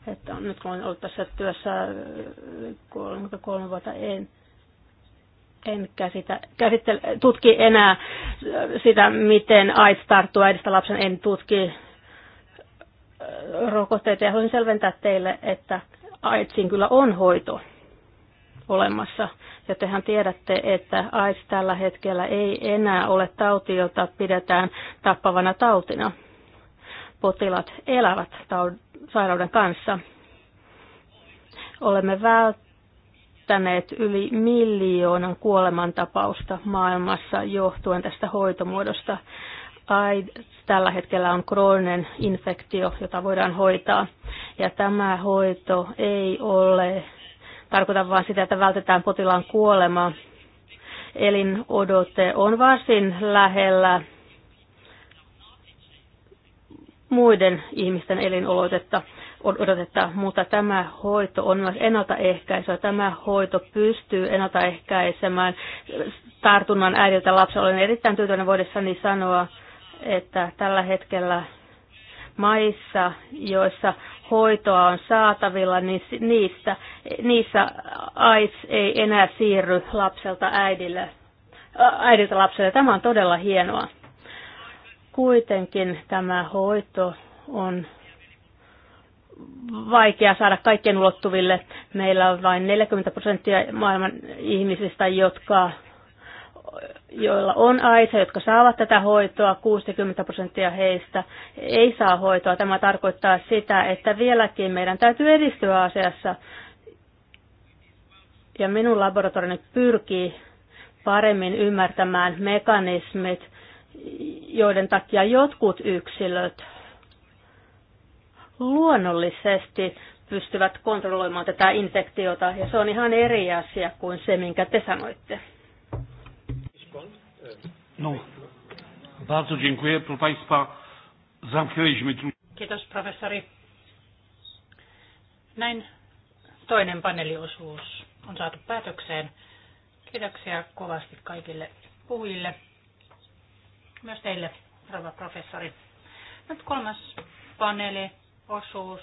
että nyt kun olen ollut tässä työssä äh, kolme vuotta, en, en käsitä, käsittele, tutki enää äh, sitä, miten AIDS tarttuu äidistä lapsen, en tutki äh, rokotteita. Ja haluan selventää teille, että AIDSin kyllä on hoito olemassa. Ja tehän tiedätte, että AIDS tällä hetkellä ei enää ole tauti, jota pidetään tappavana tautina. potilat elävät sairauden kanssa. Olemme välttäneet yli miljoonan kuolemantapausta maailmassa johtuen tästä hoitomuodosta. AIDS tällä hetkellä on krooninen infektio, jota voidaan hoitaa. Ja tämä hoito ei ole, tarkoita vain sitä, että vältetään potilaan kuolema. Elinodote on varsin lähellä muiden ihmisten elinoloitetta odotetta, mutta tämä hoito on myös ennaltaehkäisyä. Tämä hoito pystyy ennaltaehkäisemään tartunnan äidiltä lapsella. Olen erittäin tyytyväinen voidessani sanoa, että tällä hetkellä maissa, joissa hoitoa on saatavilla, niin niistä, niissä AIDS ei enää siirry lapselta äidille, äidiltä lapselle. Tämä on todella hienoa. Kuitenkin tämä hoito on vaikea saada kaikkien ulottuville. Meillä on vain 40 prosenttia maailman ihmisistä, jotka, joilla on AIDSa, jotka saavat tätä hoitoa. 60 prosenttia heistä ei saa hoitoa. Tämä tarkoittaa sitä, että vieläkin meidän täytyy edistyä asiassa. Ja minun laboratorioni pyrkii paremmin ymmärtämään mekanismit, joiden takia jotkut yksilöt luonnollisesti pystyvät kontrolloimaan tätä infektiota, ja se on ihan eri asia kuin se, minkä te sanoitte. No, bardzo dziękuję, proszę Państwa. Zamknęliśmy Kiitos, professori. Näin toinen paneeliosuus on saatu päätökseen. Kiitoksia kovasti kaikille puhujille. Myös teille, rouva professori. Nyt kolmas paneeli, osuus,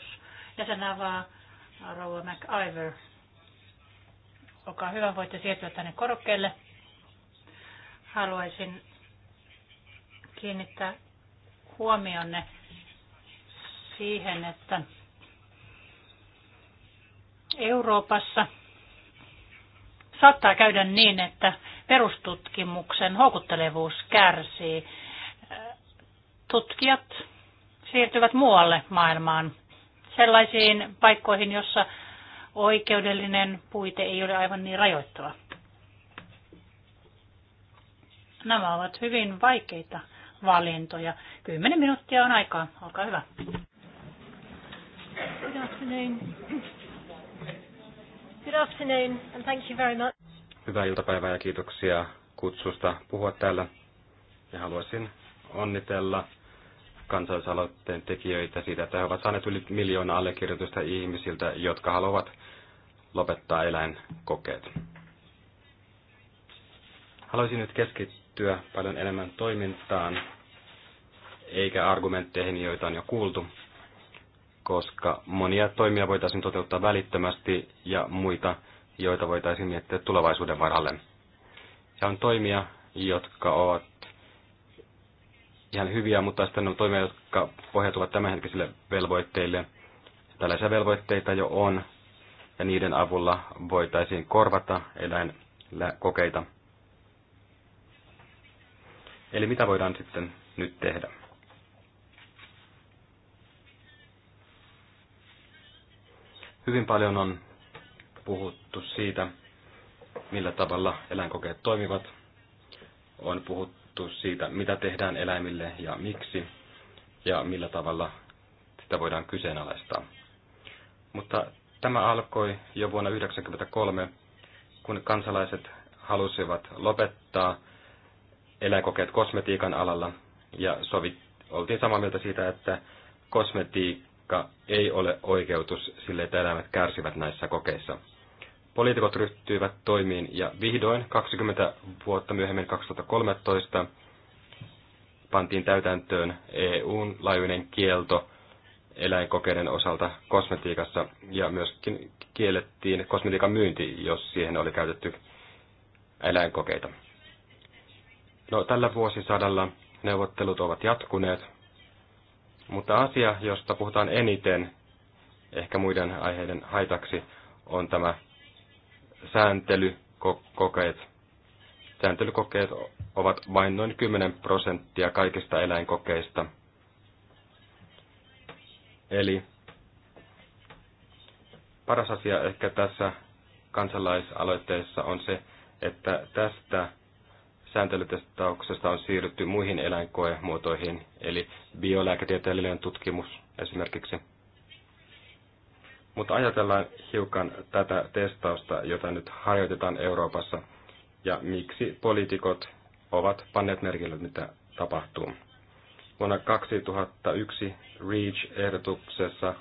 ja sen avaa rouva McIver. Olkaa hyvä, voitte siirtyä tänne korokkeelle. Haluaisin kiinnittää huomionne siihen, että Euroopassa – saattaa käydä niin, että perustutkimuksen houkuttelevuus kärsii. Tutkijat siirtyvät muualle maailmaan sellaisiin paikkoihin, jossa oikeudellinen puite ei ole aivan niin rajoittava. Nämä ovat hyvin vaikeita valintoja. Kymmenen minuuttia on aikaa. Olkaa hyvä. Good afternoon. Good afternoon and thank you very much. Hyvää iltapäivää ja kiitoksia kutsusta puhua täällä. Ja haluaisin onnitella kansalaisaloitteen tekijöitä siitä, että he ovat saaneet yli miljoona allekirjoitusta ihmisiltä, jotka haluavat lopettaa eläinkokeet. Haluaisin nyt keskittyä paljon enemmän toimintaan, eikä argumentteihin, joita on jo kuultu koska monia toimia voitaisiin toteuttaa välittömästi ja muita, joita voitaisiin miettiä tulevaisuuden varalle. Ja on toimia, jotka ovat ihan hyviä, mutta sitten on toimia, jotka pohjautuvat tämänhetkisille velvoitteille. Tällaisia velvoitteita jo on, ja niiden avulla voitaisiin korvata eläinkokeita. Eli mitä voidaan sitten nyt tehdä? Hyvin paljon on puhuttu siitä, millä tavalla eläinkokeet toimivat. On puhuttu siitä, mitä tehdään eläimille ja miksi, ja millä tavalla sitä voidaan kyseenalaistaa. Mutta tämä alkoi jo vuonna 1993, kun kansalaiset halusivat lopettaa eläinkokeet kosmetiikan alalla, ja sovit, oltiin samaa mieltä siitä, että kosmetiikka vaikka ei ole oikeutus sille, että eläimet kärsivät näissä kokeissa. Poliitikot ryhtyivät toimiin ja vihdoin 20 vuotta myöhemmin 2013 pantiin täytäntöön EUn laajuinen kielto eläinkokeiden osalta kosmetiikassa ja myöskin kiellettiin kosmetiikan myynti, jos siihen oli käytetty eläinkokeita. No, tällä vuosisadalla neuvottelut ovat jatkuneet mutta asia, josta puhutaan eniten, ehkä muiden aiheiden haitaksi, on tämä sääntelykokeet. Sääntelykokeet ovat vain noin 10 prosenttia kaikista eläinkokeista. Eli paras asia ehkä tässä kansalaisaloitteessa on se, että tästä sääntelytestauksesta on siirrytty muihin eläinkoemuotoihin, eli biolääketieteellinen tutkimus esimerkiksi. Mutta ajatellaan hiukan tätä testausta, jota nyt harjoitetaan Euroopassa, ja miksi poliitikot ovat panneet merkille, mitä tapahtuu. Vuonna 2001 REACH-ehdotuksessa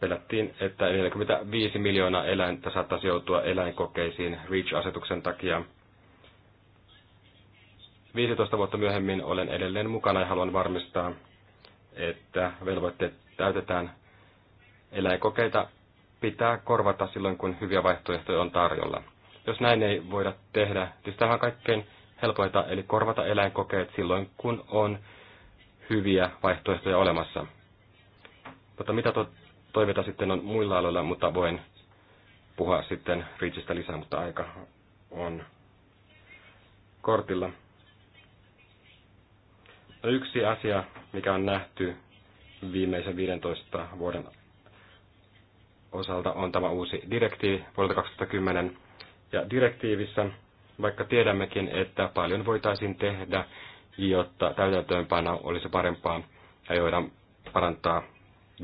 pelättiin, että 45 miljoonaa eläintä saattaisi joutua eläinkokeisiin REACH-asetuksen takia – 15 vuotta myöhemmin olen edelleen mukana ja haluan varmistaa, että velvoitteet täytetään. Eläinkokeita pitää korvata silloin, kun hyviä vaihtoehtoja on tarjolla. Jos näin ei voida tehdä, niin siis tämä on kaikkein helpoita, eli korvata eläinkokeet silloin, kun on hyviä vaihtoehtoja olemassa. Mutta mitä to- toiveita sitten on muilla aloilla, mutta voin puhua sitten Reachistä lisää, mutta aika on kortilla yksi asia, mikä on nähty viimeisen 15 vuoden osalta, on tämä uusi direktiivi vuodelta 2010. Ja direktiivissä, vaikka tiedämmekin, että paljon voitaisiin tehdä, jotta täytäntöönpano olisi parempaa ja voidaan parantaa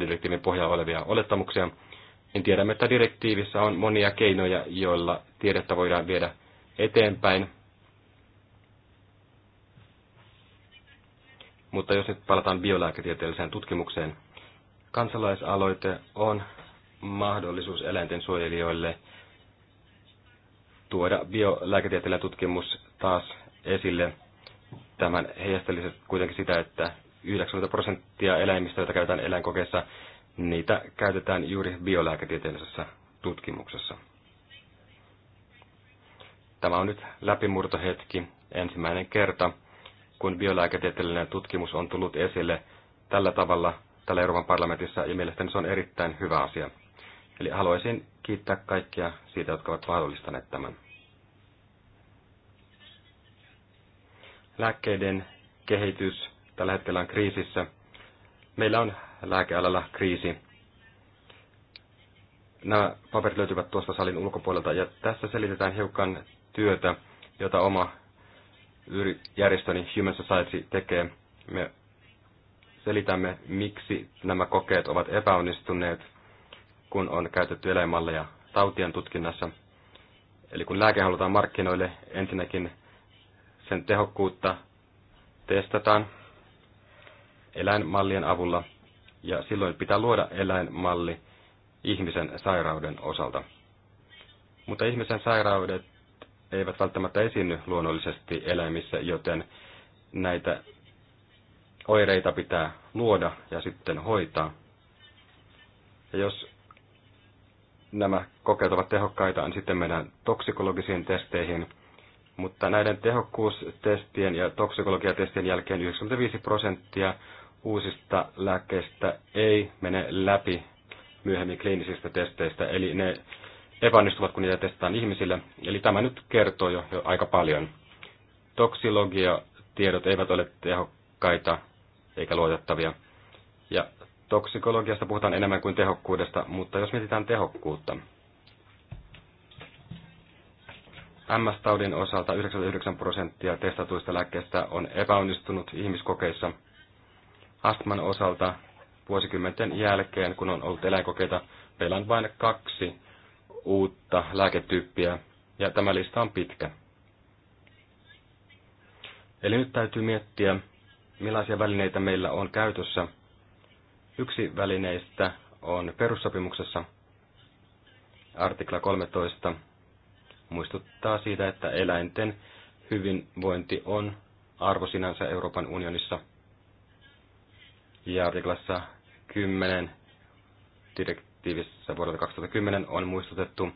direktiivin pohjalla olevia olettamuksia, niin tiedämme, että direktiivissä on monia keinoja, joilla tiedettä voidaan viedä eteenpäin Mutta jos nyt palataan biolääketieteelliseen tutkimukseen, kansalaisaloite on mahdollisuus eläinten suojelijoille tuoda biolääketieteellinen tutkimus taas esille. Tämän heijasteli kuitenkin sitä, että 90 prosenttia eläimistä, joita käytetään eläinkokeissa, niitä käytetään juuri biolääketieteellisessä tutkimuksessa. Tämä on nyt läpimurtohetki, ensimmäinen kerta, kun biolääketieteellinen tutkimus on tullut esille tällä tavalla täällä Euroopan parlamentissa, ja mielestäni se on erittäin hyvä asia. Eli haluaisin kiittää kaikkia siitä, jotka ovat mahdollistaneet tämän. Lääkkeiden kehitys tällä hetkellä on kriisissä. Meillä on lääkealalla kriisi. Nämä paperit löytyvät tuosta salin ulkopuolelta ja tässä selitetään hiukan työtä, jota oma järjestöni Human Society tekee. Me selitämme, miksi nämä kokeet ovat epäonnistuneet, kun on käytetty eläinmalleja tautien tutkinnassa. Eli kun lääke halutaan markkinoille, ensinnäkin sen tehokkuutta testataan eläinmallien avulla, ja silloin pitää luoda eläinmalli ihmisen sairauden osalta. Mutta ihmisen sairaudet eivät välttämättä esiinny luonnollisesti eläimissä, joten näitä oireita pitää luoda ja sitten hoitaa. Ja jos nämä kokeet ovat tehokkaita, niin sitten mennään toksikologisiin testeihin. Mutta näiden tehokkuustestien ja toksikologiatestien jälkeen 95 prosenttia uusista lääkkeistä ei mene läpi myöhemmin kliinisistä testeistä, eli ne epäonnistuvat, kun niitä testataan ihmisille. Eli tämä nyt kertoo jo, jo aika paljon. Toksilogia tiedot eivät ole tehokkaita eikä luotettavia. Ja toksikologiasta puhutaan enemmän kuin tehokkuudesta, mutta jos mietitään tehokkuutta, MS-taudin osalta 99 prosenttia testatuista lääkkeistä on epäonnistunut ihmiskokeissa. Astman osalta vuosikymmenten jälkeen, kun on ollut eläinkokeita, meillä on vain kaksi uutta lääketyyppiä, ja tämä lista on pitkä. Eli nyt täytyy miettiä, millaisia välineitä meillä on käytössä. Yksi välineistä on perussopimuksessa artikla 13 muistuttaa siitä, että eläinten hyvinvointi on arvo sinänsä Euroopan unionissa. Ja artiklassa 10 direktiivissä vuodelta 2010 on muistutettu,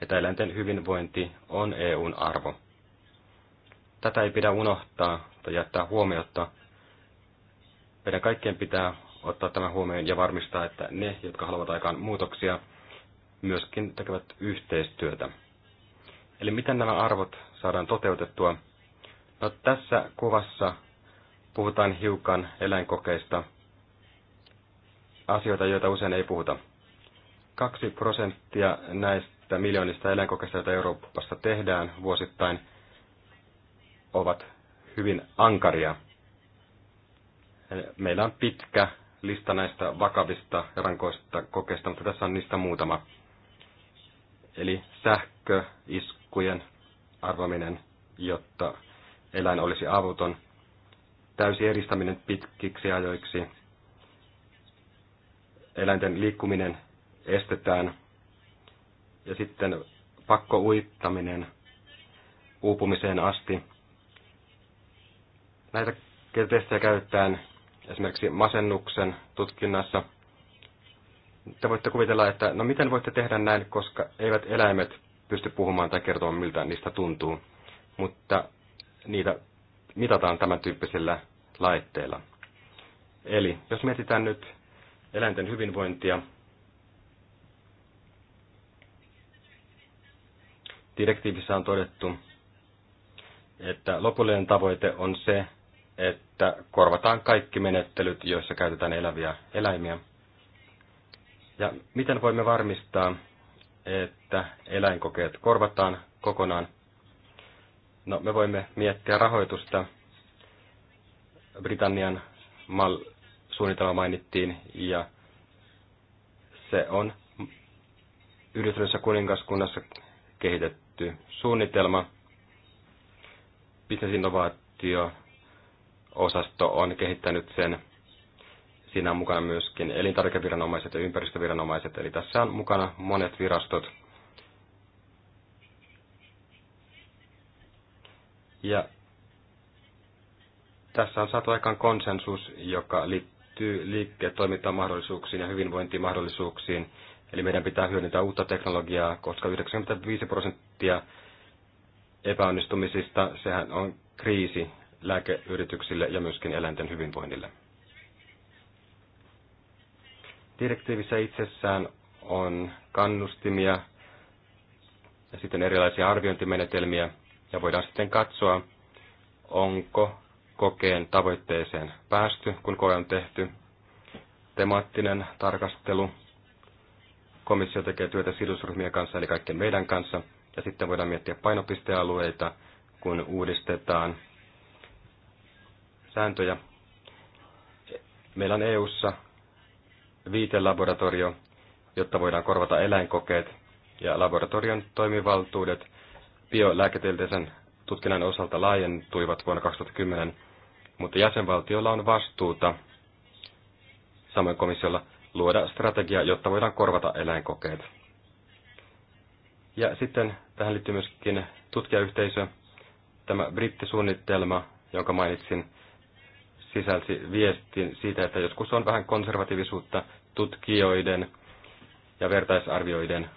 että eläinten hyvinvointi on EUn arvo. Tätä ei pidä unohtaa tai jättää huomiota. Meidän kaikkien pitää ottaa tämä huomioon ja varmistaa, että ne, jotka haluavat aikaan muutoksia, myöskin tekevät yhteistyötä. Eli miten nämä arvot saadaan toteutettua? No, tässä kuvassa puhutaan hiukan eläinkokeista, asioita, joita usein ei puhuta. 2 prosenttia näistä miljoonista eläinkokeista, joita Euroopassa tehdään vuosittain, ovat hyvin ankaria. Meillä on pitkä lista näistä vakavista ja rankoista kokeista, mutta tässä on niistä muutama. Eli sähköiskujen arvominen, jotta eläin olisi avuton, täysi eristäminen pitkiksi ajoiksi, eläinten liikkuminen estetään. Ja sitten pakko uittaminen uupumiseen asti. Näitä testejä käytetään esimerkiksi masennuksen tutkinnassa. Te voitte kuvitella, että no miten voitte tehdä näin, koska eivät eläimet pysty puhumaan tai kertoa, miltä niistä tuntuu. Mutta niitä mitataan tämän tyyppisillä laitteilla. Eli jos mietitään nyt eläinten hyvinvointia, Direktiivissä on todettu, että lopullinen tavoite on se, että korvataan kaikki menettelyt, joissa käytetään eläviä eläimiä. Ja miten voimme varmistaa, että eläinkokeet korvataan kokonaan? No, me voimme miettiä rahoitusta. Britannian MAL-suunnitelma mainittiin, ja se on Yhdistyneessä kuningaskunnassa kehitetty tehty suunnitelma. Innovaatio osasto on kehittänyt sen. Siinä on mukana myöskin elintarvikeviranomaiset ja ympäristöviranomaiset, eli tässä on mukana monet virastot. Ja tässä on saatu aikaan konsensus, joka liittyy liiketoimintamahdollisuuksiin ja hyvinvointimahdollisuuksiin Eli meidän pitää hyödyntää uutta teknologiaa, koska 95 prosenttia epäonnistumisista, sehän on kriisi lääkeyrityksille ja myöskin eläinten hyvinvoinnille. Direktiivissä itsessään on kannustimia ja sitten erilaisia arviointimenetelmiä, ja voidaan sitten katsoa, onko kokeen tavoitteeseen päästy, kun koe on tehty. Temaattinen tarkastelu Komissio tekee työtä sidosryhmien kanssa, eli kaikkien meidän kanssa, ja sitten voidaan miettiä painopistealueita, kun uudistetaan sääntöjä. Meillä on EU-ssa viitelaboratorio, jotta voidaan korvata eläinkokeet ja laboratorion toimivaltuudet biolääketieteellisen tutkinnan osalta laajentuivat vuonna 2010, mutta jäsenvaltiolla on vastuuta, samoin komissiolla, luoda strategia, jotta voidaan korvata eläinkokeet. Ja sitten tähän liittyy myöskin tutkijayhteisö. Tämä brittisuunnitelma, jonka mainitsin, sisälsi viestin siitä, että joskus on vähän konservatiivisuutta tutkijoiden ja vertaisarvioiden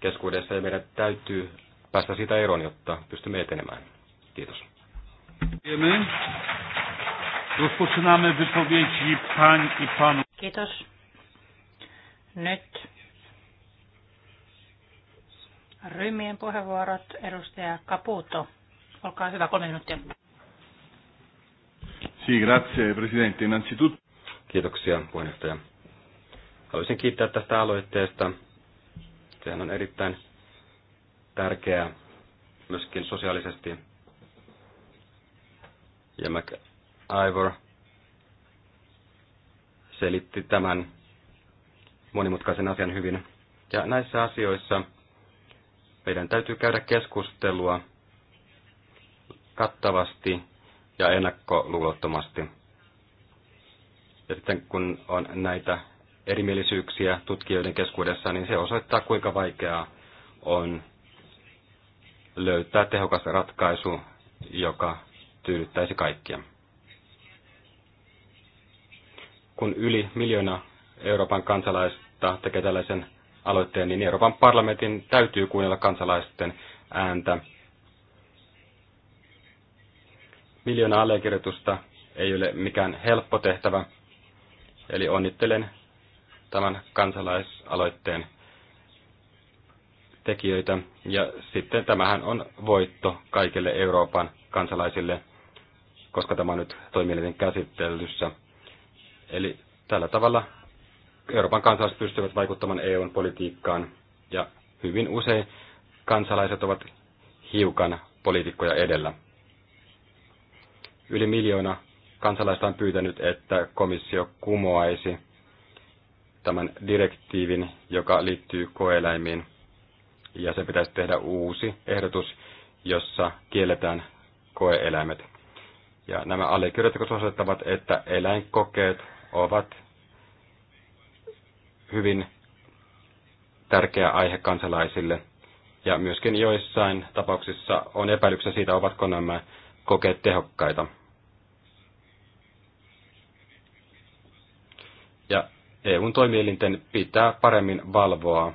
keskuudessa, ja meidän täytyy päästä siitä eroon, jotta pystymme etenemään. Kiitos. Kiitos. Nyt ryhmien puheenvuorot. Edustaja Caputo, olkaa hyvä, kolme minuuttia. Sì, grazie Presidente. Innanzitutto... Kiitoksia puheenjohtaja. Haluaisin kiittää tästä aloitteesta. Sehän on erittäin tärkeää myöskin sosiaalisesti. Ja MacIvor selitti tämän monimutkaisen asian hyvin. Ja näissä asioissa meidän täytyy käydä keskustelua kattavasti ja ennakkoluulottomasti. Ja sitten kun on näitä erimielisyyksiä tutkijoiden keskuudessa, niin se osoittaa, kuinka vaikeaa on löytää tehokas ratkaisu, joka tyydyttäisi kaikkia. Kun yli miljoona Euroopan kansalaista tekee tällaisen aloitteen, niin Euroopan parlamentin täytyy kuunnella kansalaisten ääntä. Miljoona allekirjoitusta ei ole mikään helppo tehtävä, eli onnittelen tämän kansalaisaloitteen tekijöitä. Ja sitten tämähän on voitto kaikille Euroopan kansalaisille, koska tämä on nyt toimielinten käsittelyssä. Eli tällä tavalla Euroopan kansalaiset pystyvät vaikuttamaan EUn politiikkaan ja hyvin usein kansalaiset ovat hiukan poliitikkoja edellä. Yli miljoona kansalaista on pyytänyt, että komissio kumoaisi tämän direktiivin, joka liittyy koeläimiin, ja se pitäisi tehdä uusi ehdotus, jossa kielletään koeeläimet. Ja nämä allekirjoitukset osoittavat, että eläinkokeet ovat hyvin tärkeä aihe kansalaisille. Ja myöskin joissain tapauksissa on epäilyksiä siitä, ovatko nämä kokeet tehokkaita. Ja EUn toimielinten pitää paremmin valvoa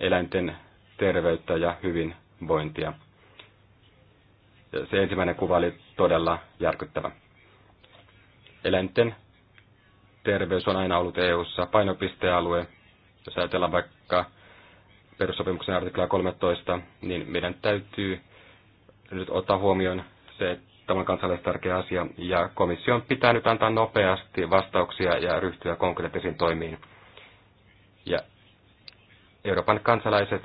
eläinten terveyttä ja hyvinvointia. Ja se ensimmäinen kuva oli todella järkyttävä. Eläinten terveys on aina ollut EU-ssa painopistealue. Jos ajatellaan vaikka perussopimuksen artikla 13, niin meidän täytyy nyt ottaa huomioon se, että tämä on kansallisesti tärkeä asia, ja komission pitää nyt antaa nopeasti vastauksia ja ryhtyä konkreettisiin toimiin. Ja Euroopan kansalaiset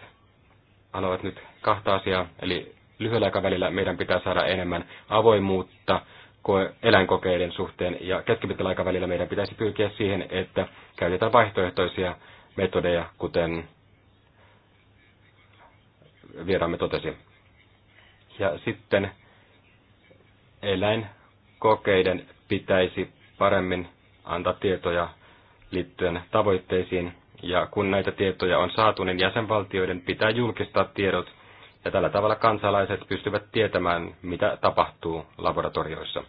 haluavat nyt kahta asiaa, eli lyhyellä aikavälillä meidän pitää saada enemmän avoimuutta koe, eläinkokeiden suhteen ja keskipitkällä aikavälillä meidän pitäisi pyrkiä siihen, että käytetään vaihtoehtoisia metodeja, kuten vieraamme totesi. Ja sitten eläinkokeiden pitäisi paremmin antaa tietoja liittyen tavoitteisiin, ja kun näitä tietoja on saatu, niin jäsenvaltioiden pitää julkistaa tiedot, ja tällä tavalla kansalaiset pystyvät tietämään, mitä tapahtuu laboratorioissa.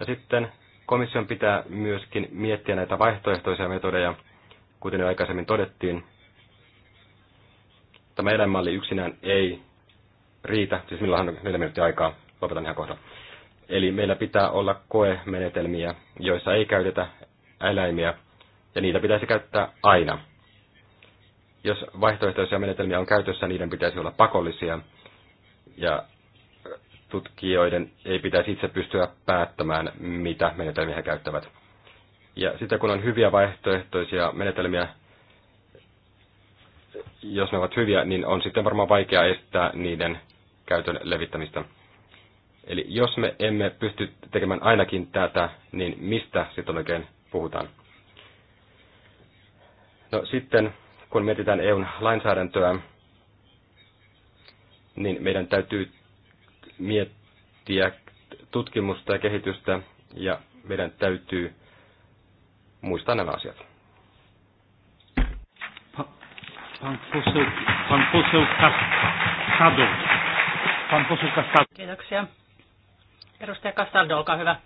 Ja sitten komission pitää myöskin miettiä näitä vaihtoehtoisia metodeja, kuten jo aikaisemmin todettiin. Tämä eläinmalli yksinään ei riitä, siis milloinhan on neljä minuuttia aikaa, lopetan ihan kohta. Eli meillä pitää olla koemenetelmiä, joissa ei käytetä eläimiä, ja niitä pitäisi käyttää aina. Jos vaihtoehtoisia menetelmiä on käytössä, niiden pitäisi olla pakollisia, ja tutkijoiden ei pitäisi itse pystyä päättämään, mitä menetelmiä he käyttävät. Ja sitten kun on hyviä vaihtoehtoisia menetelmiä, jos ne ovat hyviä, niin on sitten varmaan vaikea estää niiden käytön levittämistä. Eli jos me emme pysty tekemään ainakin tätä, niin mistä sitten oikein puhutaan? No sitten, kun mietitään EUn lainsäädäntöä, niin meidän täytyy miettiä tutkimusta ja kehitystä ja meidän täytyy muistaa nämä asiat. Kiitoksia. Edustaja Castaldo, olkaa hyvä.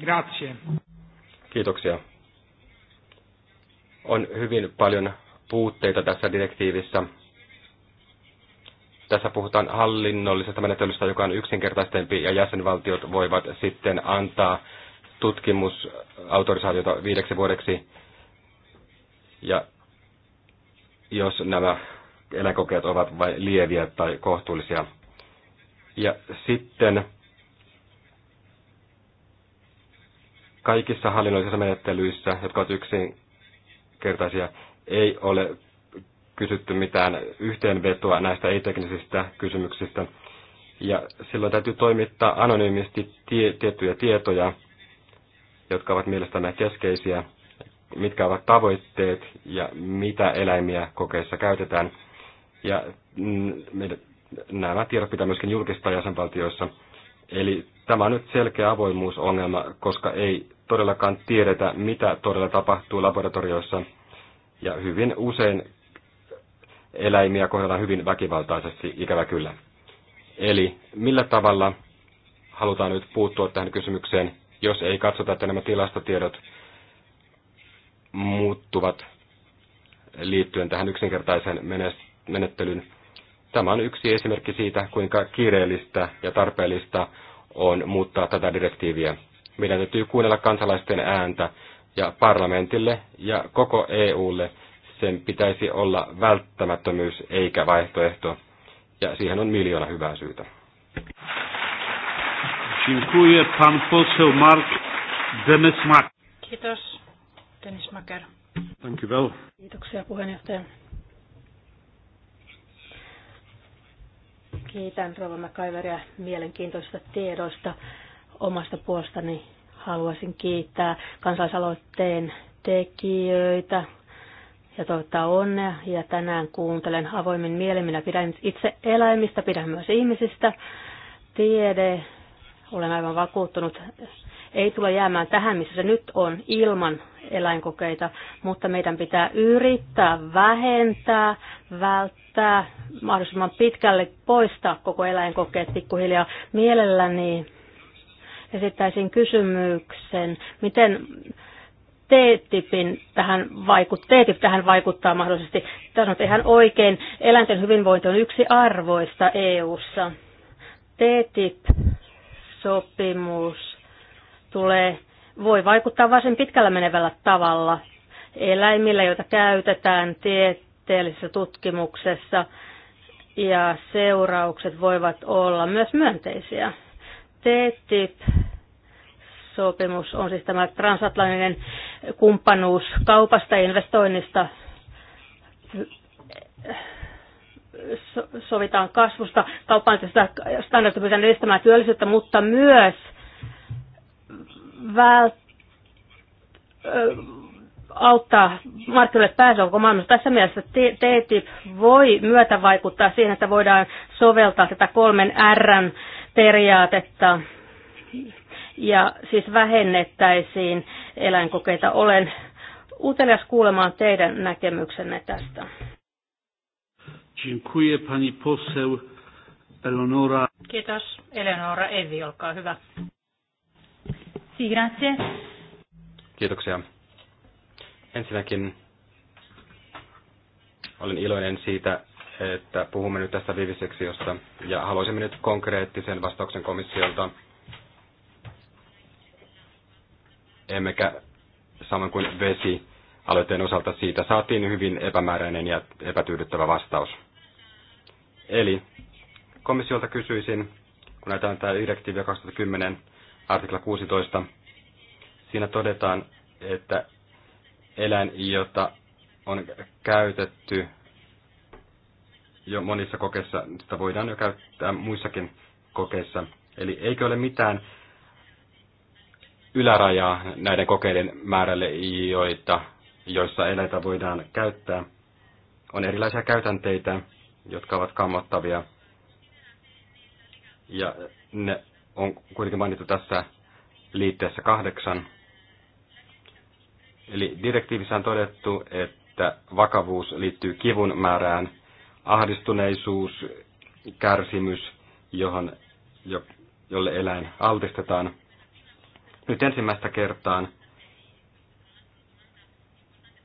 Grazie. Kiitoksia. On hyvin paljon puutteita tässä direktiivissä tässä puhutaan hallinnollisesta menettelystä, joka on yksinkertaisempi ja jäsenvaltiot voivat sitten antaa tutkimusautorisaatiota viideksi vuodeksi. Ja jos nämä eläinkokeet ovat vain lieviä tai kohtuullisia. Ja sitten kaikissa hallinnollisissa menettelyissä, jotka ovat yksinkertaisia, ei ole kysytty mitään yhteenvetoa näistä ei-teknisistä kysymyksistä. Ja silloin täytyy toimittaa anonyymisti tie, tiettyjä tietoja, jotka ovat mielestämme keskeisiä, mitkä ovat tavoitteet ja mitä eläimiä kokeissa käytetään. Ja mm, nämä tiedot pitää myöskin julkistaa jäsenvaltioissa. Eli tämä on nyt selkeä avoimuusongelma, koska ei todellakaan tiedetä, mitä todella tapahtuu laboratorioissa. Ja hyvin usein eläimiä kohdellaan hyvin väkivaltaisesti, ikävä kyllä. Eli millä tavalla halutaan nyt puuttua tähän kysymykseen, jos ei katsota, että nämä tilastotiedot muuttuvat liittyen tähän yksinkertaiseen menettelyyn. Tämä on yksi esimerkki siitä, kuinka kiireellistä ja tarpeellista on muuttaa tätä direktiiviä. Meidän täytyy kuunnella kansalaisten ääntä ja parlamentille ja koko EUlle sen pitäisi olla välttämättömyys eikä vaihtoehto, ja siihen on miljoona hyvää syytä. Mark Kiitos, Dennis Macker. Thank you well. Kiitoksia puheenjohtaja. Kiitän Rova Mäkaiveria mielenkiintoisista tiedoista. Omasta puolestani haluaisin kiittää kansalaisaloitteen tekijöitä, ja toivottaa onnea. Ja tänään kuuntelen avoimin mielen. Minä pidän itse eläimistä, pidän myös ihmisistä. Tiede, olen aivan vakuuttunut, ei tule jäämään tähän, missä se nyt on, ilman eläinkokeita, mutta meidän pitää yrittää vähentää, välttää, mahdollisimman pitkälle poistaa koko eläinkokeet pikkuhiljaa mielelläni. Esittäisin kysymyksen, miten T-tipin tähän, vaikut, T-tip tähän vaikuttaa mahdollisesti. Tässä on ihan oikein. Eläinten hyvinvointi on yksi arvoista EU:ssa. tip sopimus tulee, voi vaikuttaa varsin pitkällä menevällä tavalla eläimillä, joita käytetään tieteellisessä tutkimuksessa, ja seuraukset voivat olla myös myönteisiä. TTIP sopimus on siis tämä transatlanttinen kumppanuus kaupasta ja investoinnista sovitaan kasvusta, kaupallisesta standardista pitää edistämään työllisyyttä, mutta myös vält, auttaa markkinoille pääsyä koko maailmassa. Tässä mielessä TTIP voi myötä vaikuttaa siihen, että voidaan soveltaa tätä kolmen Rn periaatetta ja siis vähennettäisiin eläinkokeita. Olen utelias kuulemaan teidän näkemyksenne tästä. Dziękuję pani poseł Eleonora. Kiitos. Eleonora Evi, olkaa hyvä. Si, grazie. Kiitoksia. Ensinnäkin olen iloinen siitä, että puhumme nyt tästä viviseksiosta ja haluaisimme nyt konkreettisen vastauksen komissiolta emmekä samoin kuin vesi aloitteen osalta siitä saatiin hyvin epämääräinen ja epätyydyttävä vastaus. Eli komissiolta kysyisin, kun näitä on tämä direktiivi 2010 artikla 16, siinä todetaan, että eläin, jota on käytetty jo monissa kokeissa, sitä voidaan jo käyttää muissakin kokeissa. Eli eikö ole mitään ylärajaa näiden kokeiden määrälle, joita, joissa eläitä voidaan käyttää. On erilaisia käytänteitä, jotka ovat kammottavia. Ja ne on kuitenkin mainittu tässä liitteessä kahdeksan. Eli direktiivissä on todettu, että vakavuus liittyy kivun määrään, ahdistuneisuus, kärsimys, johon, jo, jolle eläin altistetaan – nyt ensimmäistä kertaa,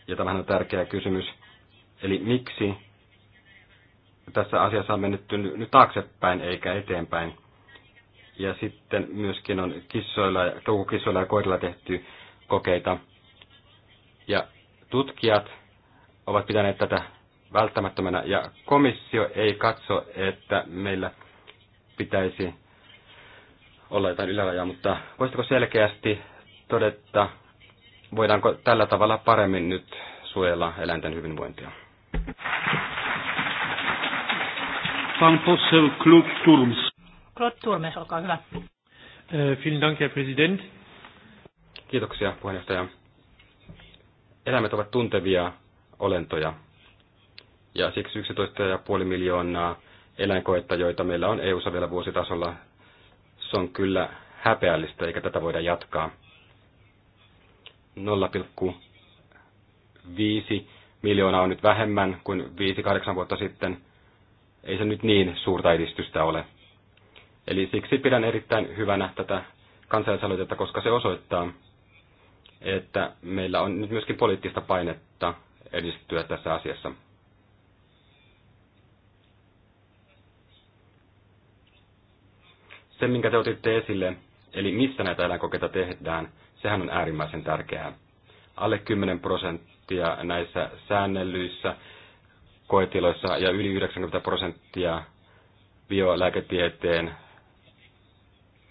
ja tämähän on tärkeä kysymys, eli miksi tässä asiassa on mennyt nyt taaksepäin eikä eteenpäin. Ja sitten myöskin on kissoilla, kissoilla ja koirilla tehty kokeita. Ja tutkijat ovat pitäneet tätä välttämättömänä, ja komissio ei katso, että meillä pitäisi olla jotain ylärajaa, mutta voisitko selkeästi todeta, voidaanko tällä tavalla paremmin nyt suojella eläinten hyvinvointia? Pan poseł Klub Claude Turmes, olkaa hyvä. E, vielen Dank, Herr Präsident. Kiitoksia, puheenjohtaja. Eläimet ovat tuntevia olentoja. Ja siksi 11,5 miljoonaa eläinkoetta, joita meillä on EU-ssa vielä vuositasolla, se on kyllä häpeällistä, eikä tätä voida jatkaa. 0,5 miljoonaa on nyt vähemmän kuin 5-8 vuotta sitten. Ei se nyt niin suurta edistystä ole. Eli siksi pidän erittäin hyvänä tätä kansalaisaloitetta, koska se osoittaa, että meillä on nyt myöskin poliittista painetta edistyä tässä asiassa. Se, minkä te otitte esille, eli missä näitä eläinkokeita tehdään, sehän on äärimmäisen tärkeää. Alle 10 prosenttia näissä säännellyissä koetiloissa ja yli 90 prosenttia biolääketieteen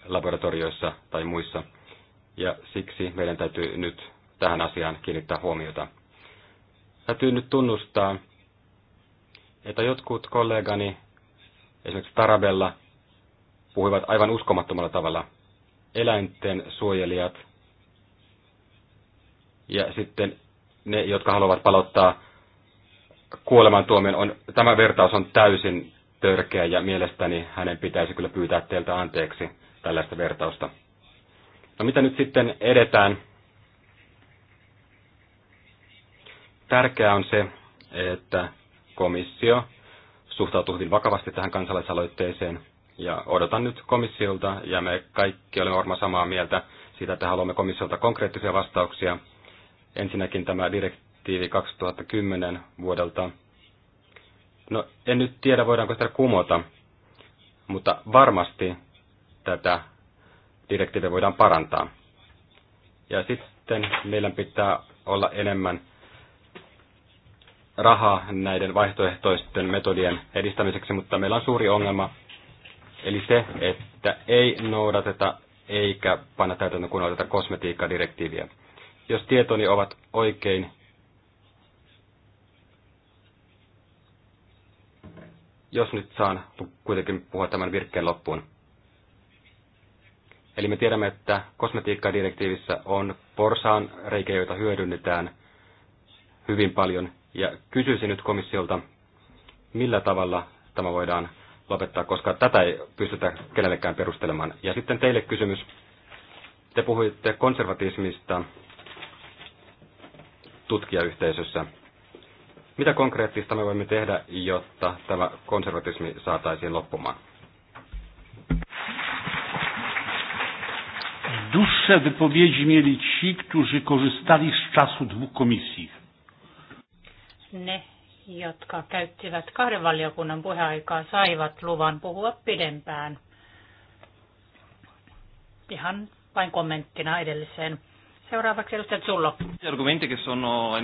laboratorioissa tai muissa. Ja siksi meidän täytyy nyt tähän asiaan kiinnittää huomiota. Täytyy nyt tunnustaa, että jotkut kollegani, esimerkiksi Tarabella, puhuivat aivan uskomattomalla tavalla. Eläinten suojelijat ja sitten ne, jotka haluavat palottaa kuolemantuomion, on, tämä vertaus on täysin törkeä ja mielestäni hänen pitäisi kyllä pyytää teiltä anteeksi tällaista vertausta. No mitä nyt sitten edetään? Tärkeää on se, että komissio suhtautuu hyvin vakavasti tähän kansalaisaloitteeseen. Ja odotan nyt komissiolta, ja me kaikki olemme varmaan samaa mieltä siitä, että haluamme komissiolta konkreettisia vastauksia. Ensinnäkin tämä direktiivi 2010 vuodelta. No, en nyt tiedä, voidaanko sitä kumota, mutta varmasti tätä direktiiviä voidaan parantaa. Ja sitten meillä pitää olla enemmän rahaa näiden vaihtoehtoisten metodien edistämiseksi, mutta meillä on suuri ongelma Eli se, että ei noudateta eikä panna täytäntöön kunnolla tätä kosmetiikkadirektiiviä. Jos tietoni ovat oikein, jos nyt saan kuitenkin puhua tämän virkkeen loppuun. Eli me tiedämme, että kosmetiikkadirektiivissä on porsaan reikä, joita hyödynnetään hyvin paljon. Ja kysyisin nyt komissiolta, millä tavalla tämä voidaan lopettaa, koska tätä ei pystytä kenellekään perustelemaan. Ja sitten teille kysymys. Te puhuitte konservatismista tutkijayhteisössä. Mitä konkreettista me voimme tehdä, jotta tämä konservatismi saataisiin loppumaan? Dłuższe wypowiedzi mieli ci, którzy korzystali z czasu dwóch komisji. Ne, jotka käyttivät kahden valiokunnan puheaikaa, saivat luvan puhua pidempään. Ihan vain kommenttina edelliseen. Seuraavaksi edustaja Zullo. No,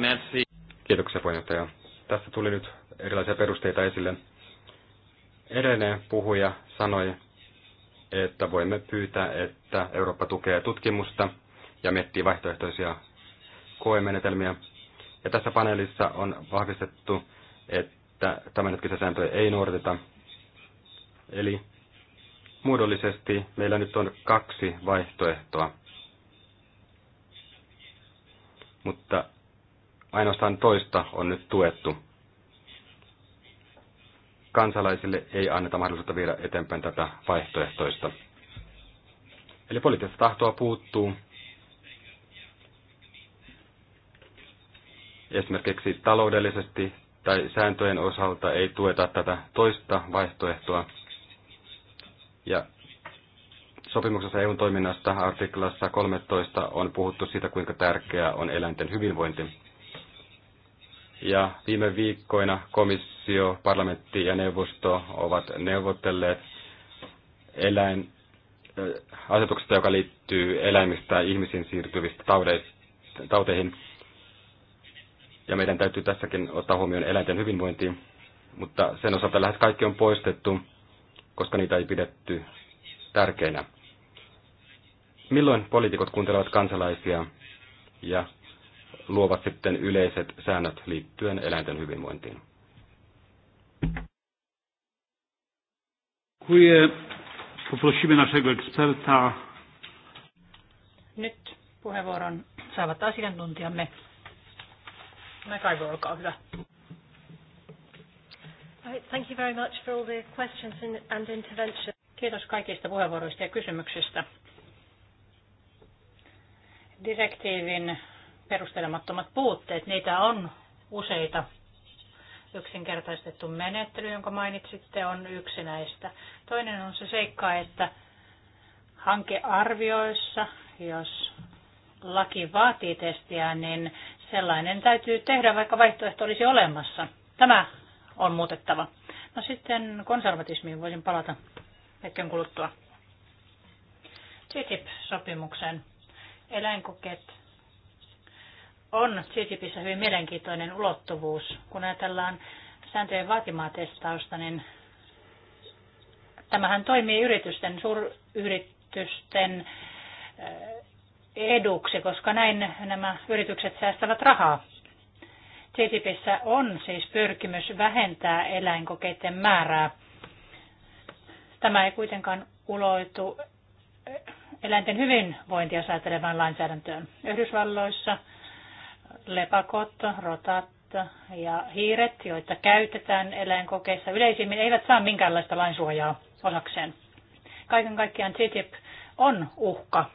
Kiitoksia puheenjohtaja. Tässä tuli nyt erilaisia perusteita esille. edelleen puhuja sanoi, että voimme pyytää, että Eurooppa tukee tutkimusta ja miettii vaihtoehtoisia koemenetelmiä ja tässä paneelissa on vahvistettu, että tämänhetkisiä sääntöjä ei noudateta. Eli muodollisesti meillä nyt on kaksi vaihtoehtoa. Mutta ainoastaan toista on nyt tuettu. Kansalaisille ei anneta mahdollisuutta viedä eteenpäin tätä vaihtoehtoista. Eli poliittista tahtoa puuttuu, esimerkiksi taloudellisesti tai sääntöjen osalta ei tueta tätä toista vaihtoehtoa. Ja sopimuksessa EUn toiminnasta artiklassa 13 on puhuttu siitä, kuinka tärkeää on eläinten hyvinvointi. Ja viime viikkoina komissio, parlamentti ja neuvosto ovat neuvotelleet eläin, asetuksesta, joka liittyy eläimistä ihmisiin siirtyvistä taudeista, tauteihin ja meidän täytyy tässäkin ottaa huomioon eläinten hyvinvointi, mutta sen osalta lähes kaikki on poistettu, koska niitä ei pidetty tärkeinä. Milloin poliitikot kuuntelevat kansalaisia ja luovat sitten yleiset säännöt liittyen eläinten hyvinvointiin? Nyt puheenvuoron saavat asiantuntijamme olkaa hyvä. Thank you very much for all the questions and interventions. Kiitos kaikista puheenvuoroista ja kysymyksistä. Direktiivin perustelemattomat puutteet, niitä on useita. Yksinkertaistettu menettely, jonka mainitsitte, on yksi näistä. Toinen on se seikka, että hankearvioissa, jos laki vaatii testiä, niin Sellainen täytyy tehdä, vaikka vaihtoehto olisi olemassa. Tämä on muutettava. No sitten konservatismiin voisin palata hetken kuluttua. TTIP-sopimuksen eläinkokeet on TTIPissä hyvin mielenkiintoinen ulottuvuus. Kun ajatellaan sääntöjen vaatimaa testausta, niin tämähän toimii yritysten, suuryritysten eduksi, koska näin nämä yritykset säästävät rahaa. TTIPissä on siis pyrkimys vähentää eläinkokeiden määrää. Tämä ei kuitenkaan uloitu eläinten hyvinvointia säätelevään lainsäädäntöön. Yhdysvalloissa lepakot, rotat ja hiiret, joita käytetään eläinkokeissa yleisimmin, eivät saa minkäänlaista lainsuojaa osakseen. Kaiken kaikkiaan TTIP on uhka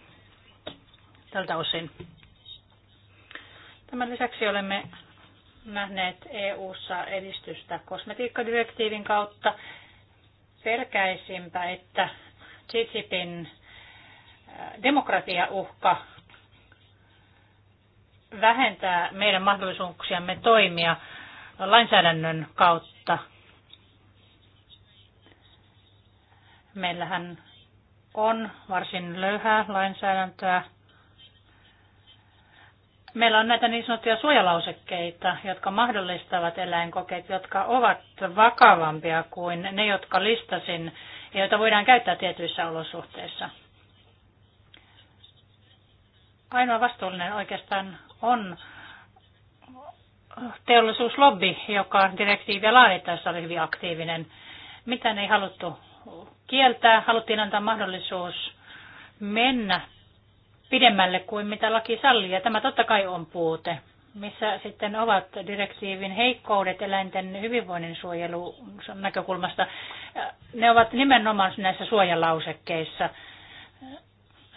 tältä osin. Tämän lisäksi olemme nähneet EU-ssa edistystä kosmetiikkadirektiivin kautta. Pelkäisinpä, että TTIPin äh, demokratiauhka vähentää meidän mahdollisuuksiamme toimia lainsäädännön kautta. Meillähän on varsin löyhää lainsäädäntöä Meillä on näitä niin sanottuja suojalausekkeita, jotka mahdollistavat eläinkokeet, jotka ovat vakavampia kuin ne, jotka listasin ja joita voidaan käyttää tietyissä olosuhteissa. Ainoa vastuullinen oikeastaan on teollisuuslobby, joka direktiiviä laadittaessa oli hyvin aktiivinen. Mitä ei haluttu kieltää, haluttiin antaa mahdollisuus mennä pidemmälle kuin mitä laki sallii. Ja tämä totta kai on puute. Missä sitten ovat direktiivin heikkoudet eläinten hyvinvoinnin suojelun näkökulmasta? Ne ovat nimenomaan näissä suojalausekkeissa.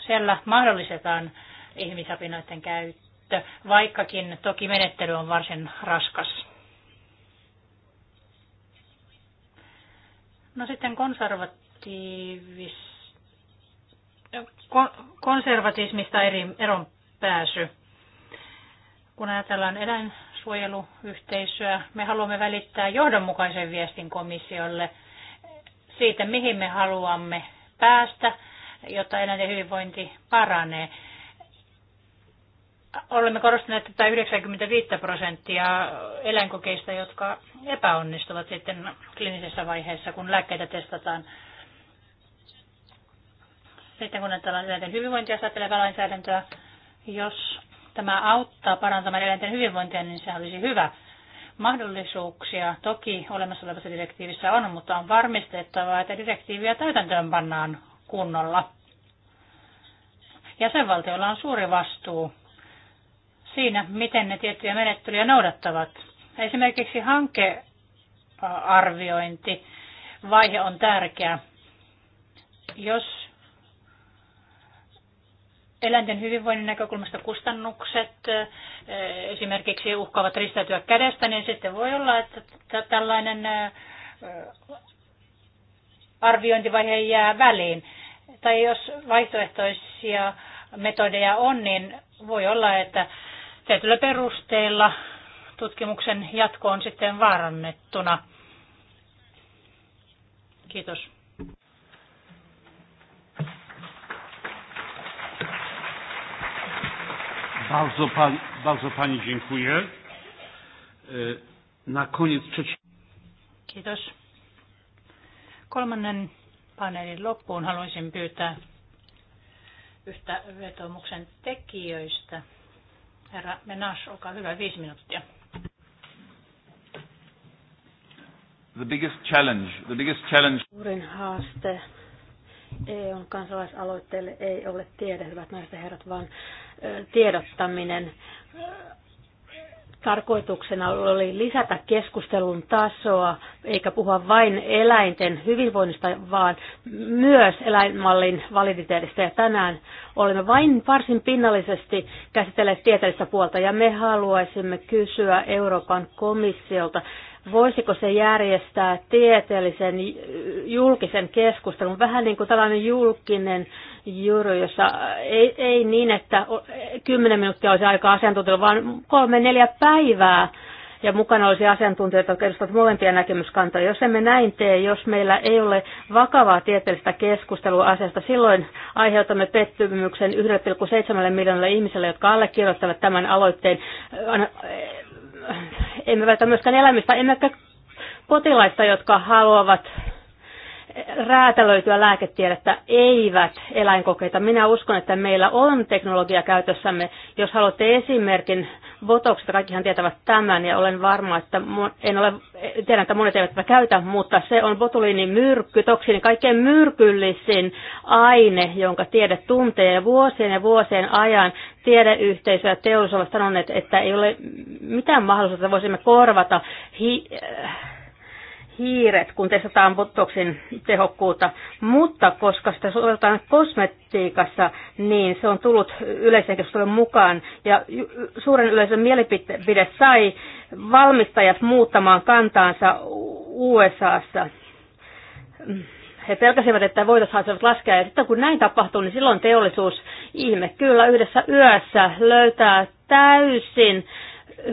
Siellä mahdollistetaan ihmisapinoiden käyttö, vaikkakin toki menettely on varsin raskas. No sitten konservatiivis konservatismista eri, eron pääsy. Kun ajatellaan eläinsuojeluyhteisöä, me haluamme välittää johdonmukaisen viestin komissiolle siitä, mihin me haluamme päästä, jotta eläinten hyvinvointi paranee. Olemme korostaneet tätä 95 prosenttia eläinkokeista, jotka epäonnistuvat sitten klinisessä vaiheessa, kun lääkkeitä testataan sitten kun ajatellaan eläinten hyvinvointia säätelevää lainsäädäntöä, jos tämä auttaa parantamaan eläinten hyvinvointia, niin se olisi hyvä. Mahdollisuuksia toki olemassa olevassa direktiivissä on, mutta on varmistettava, että direktiiviä täytäntöön pannaan kunnolla. Jäsenvaltioilla on suuri vastuu siinä, miten ne tiettyjä menettelyjä noudattavat. Esimerkiksi hankearviointi vaihe on tärkeä. Jos eläinten hyvinvoinnin näkökulmasta kustannukset esimerkiksi uhkaavat ristäytyä kädestä, niin sitten voi olla, että tällainen arviointivaihe jää väliin. Tai jos vaihtoehtoisia metodeja on, niin voi olla, että tietyllä perusteella tutkimuksen jatko on sitten vaarannettuna. Kiitos. Bardzo, pan, bardzo Pani dziękuję. E, na koniec trzeci... Kiitos. Kolmannen paneelin loppuun haluaisin pyytää yhtä vetomuksen tekijöistä. Herra Menas, olkaa hyvä, viisi minuuttia. The biggest challenge, the biggest challenge. Suurin haaste EUn kansalaisaloitteelle ei ole tiede, hyvät naiset ja herrat, vaan tiedottaminen. Tarkoituksena oli lisätä keskustelun tasoa, eikä puhua vain eläinten hyvinvoinnista, vaan myös eläinmallin validiteetistä. Ja tänään olemme vain varsin pinnallisesti käsitelleet tieteellistä puolta, ja me haluaisimme kysyä Euroopan komissiolta, voisiko se järjestää tieteellisen julkisen keskustelun, vähän niin kuin tällainen julkinen juuri, jossa ei, ei niin, että 10 minuuttia olisi aika asiantuntijoilla, vaan kolme neljä päivää ja mukana olisi asiantuntijoita, jotka edustavat molempia näkemyskantoja. Jos emme näin tee, jos meillä ei ole vakavaa tieteellistä keskustelua asiasta, silloin aiheutamme pettymyksen 1,7 miljoonalle ihmiselle, jotka allekirjoittavat tämän aloitteen äh, emme vältä myöskään elämistä, emmekä potilaista, jotka haluavat räätälöityä lääketiedettä, eivät eläinkokeita. Minä uskon, että meillä on teknologia käytössämme. Jos haluatte esimerkin botoksista. Kaikkihan tietävät tämän ja olen varma, että en ole, tiedän, että monet eivät tätä käytä, mutta se on botuliinin myrkky, toksiini, kaikkein myrkyllisin aine, jonka tiede tuntee. Ja vuosien ja vuosien ajan tiedeyhteisö ja teollisuus ovat sanoneet, että ei ole mitään mahdollisuutta, että voisimme korvata hi- hiiret, kun testataan botoksin tehokkuutta, mutta koska sitä soveltaan kosmetiikassa, niin se on tullut yleisen keskustelun mukaan ja suuren yleisön mielipide sai valmistajat muuttamaan kantaansa USAssa. He pelkäsivät, että voitaisiin saisivat laskea ja sitten kun näin tapahtuu, niin silloin teollisuus ihme kyllä yhdessä yössä löytää täysin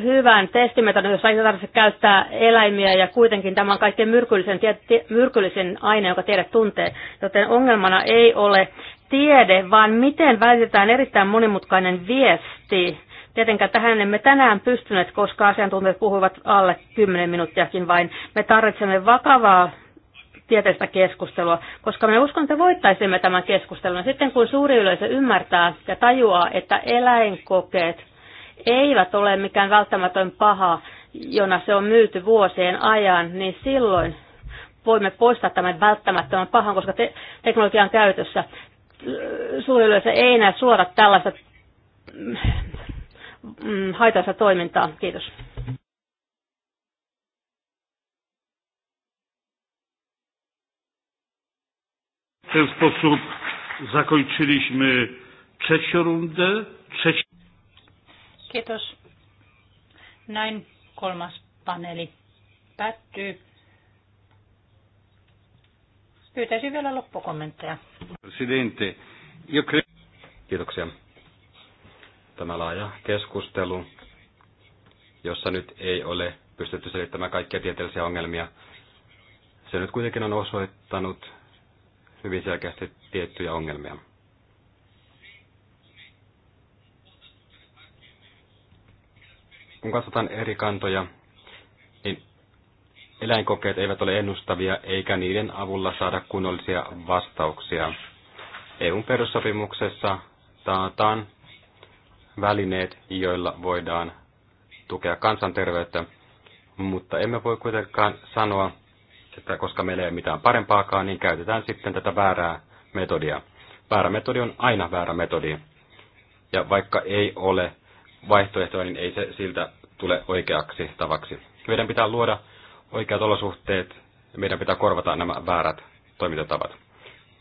hyvän testimeton, jossa ei tarvitse käyttää eläimiä ja kuitenkin tämä on kaikkein myrkyllisen, myrkyllisen aine, joka tiede tuntee. Joten ongelmana ei ole tiede, vaan miten välitetään erittäin monimutkainen viesti. Tietenkään tähän emme tänään pystyneet, koska asiantuntijat puhuivat alle 10 minuuttiakin vain. Me tarvitsemme vakavaa tieteellistä keskustelua, koska me uskon, että voittaisimme tämän keskustelun. Sitten kun suuri yleisö ymmärtää ja tajuaa, että eläinkokeet eivät ole mikään välttämätön paha, jona se on myyty vuosien ajan, niin silloin voimme poistaa tämän välttämättömän pahan, koska te- teknologian käytössä. Äh, Suuri ei enää suora tällaista mm, mm, haitallista toimintaa. Kiitos. W ten sposób zakończyliśmy trzecią rundę. Trzeci... Kiitos. Näin kolmas paneeli päättyy. Pyytäisin vielä loppukommentteja. Presidente, jo cre- Kiitoksia. Tämä laaja keskustelu, jossa nyt ei ole pystytty selittämään kaikkia tieteellisiä ongelmia, se nyt kuitenkin on osoittanut hyvin selkeästi tiettyjä ongelmia. Kun katsotaan eri kantoja, niin eläinkokeet eivät ole ennustavia eikä niiden avulla saada kunnollisia vastauksia. EUn perussopimuksessa taataan välineet, joilla voidaan tukea kansanterveyttä, mutta emme voi kuitenkaan sanoa, että koska meillä ei ole mitään parempaakaan, niin käytetään sitten tätä väärää metodia. Väärä metodi on aina väärä metodi. Ja vaikka ei ole vaihtoehtoja, niin ei se siltä tule oikeaksi tavaksi. Meidän pitää luoda oikeat olosuhteet ja meidän pitää korvata nämä väärät toimintatavat.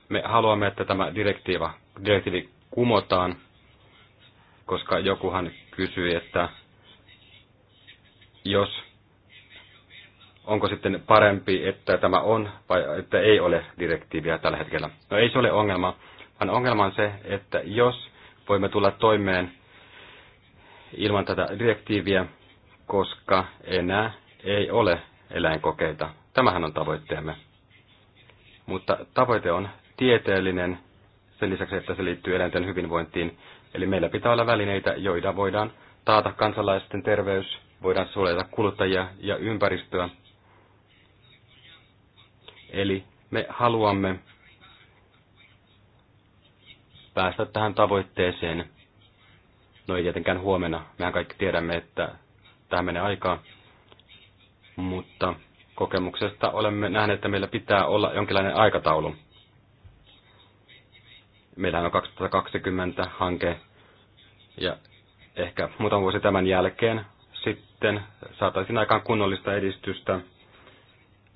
Me haluamme, että tämä direktiiva, direktiivi kumotaan, koska jokuhan kysyi, että jos onko sitten parempi, että tämä on vai että ei ole direktiiviä tällä hetkellä. No ei se ole ongelma, vaan ongelma on se, että jos voimme tulla toimeen ilman tätä direktiiviä, koska enää ei ole eläinkokeita. Tämähän on tavoitteemme. Mutta tavoite on tieteellinen sen lisäksi, että se liittyy eläinten hyvinvointiin. Eli meillä pitää olla välineitä, joita voidaan taata kansalaisten terveys, voidaan suojata kuluttajia ja ympäristöä. Eli me haluamme päästä tähän tavoitteeseen, No ei tietenkään huomenna. Mehän kaikki tiedämme, että tähän menee aikaa. Mutta kokemuksesta olemme nähneet, että meillä pitää olla jonkinlainen aikataulu. Meillähän on 2020 hanke ja ehkä muutama vuosi tämän jälkeen sitten saataisiin aikaan kunnollista edistystä,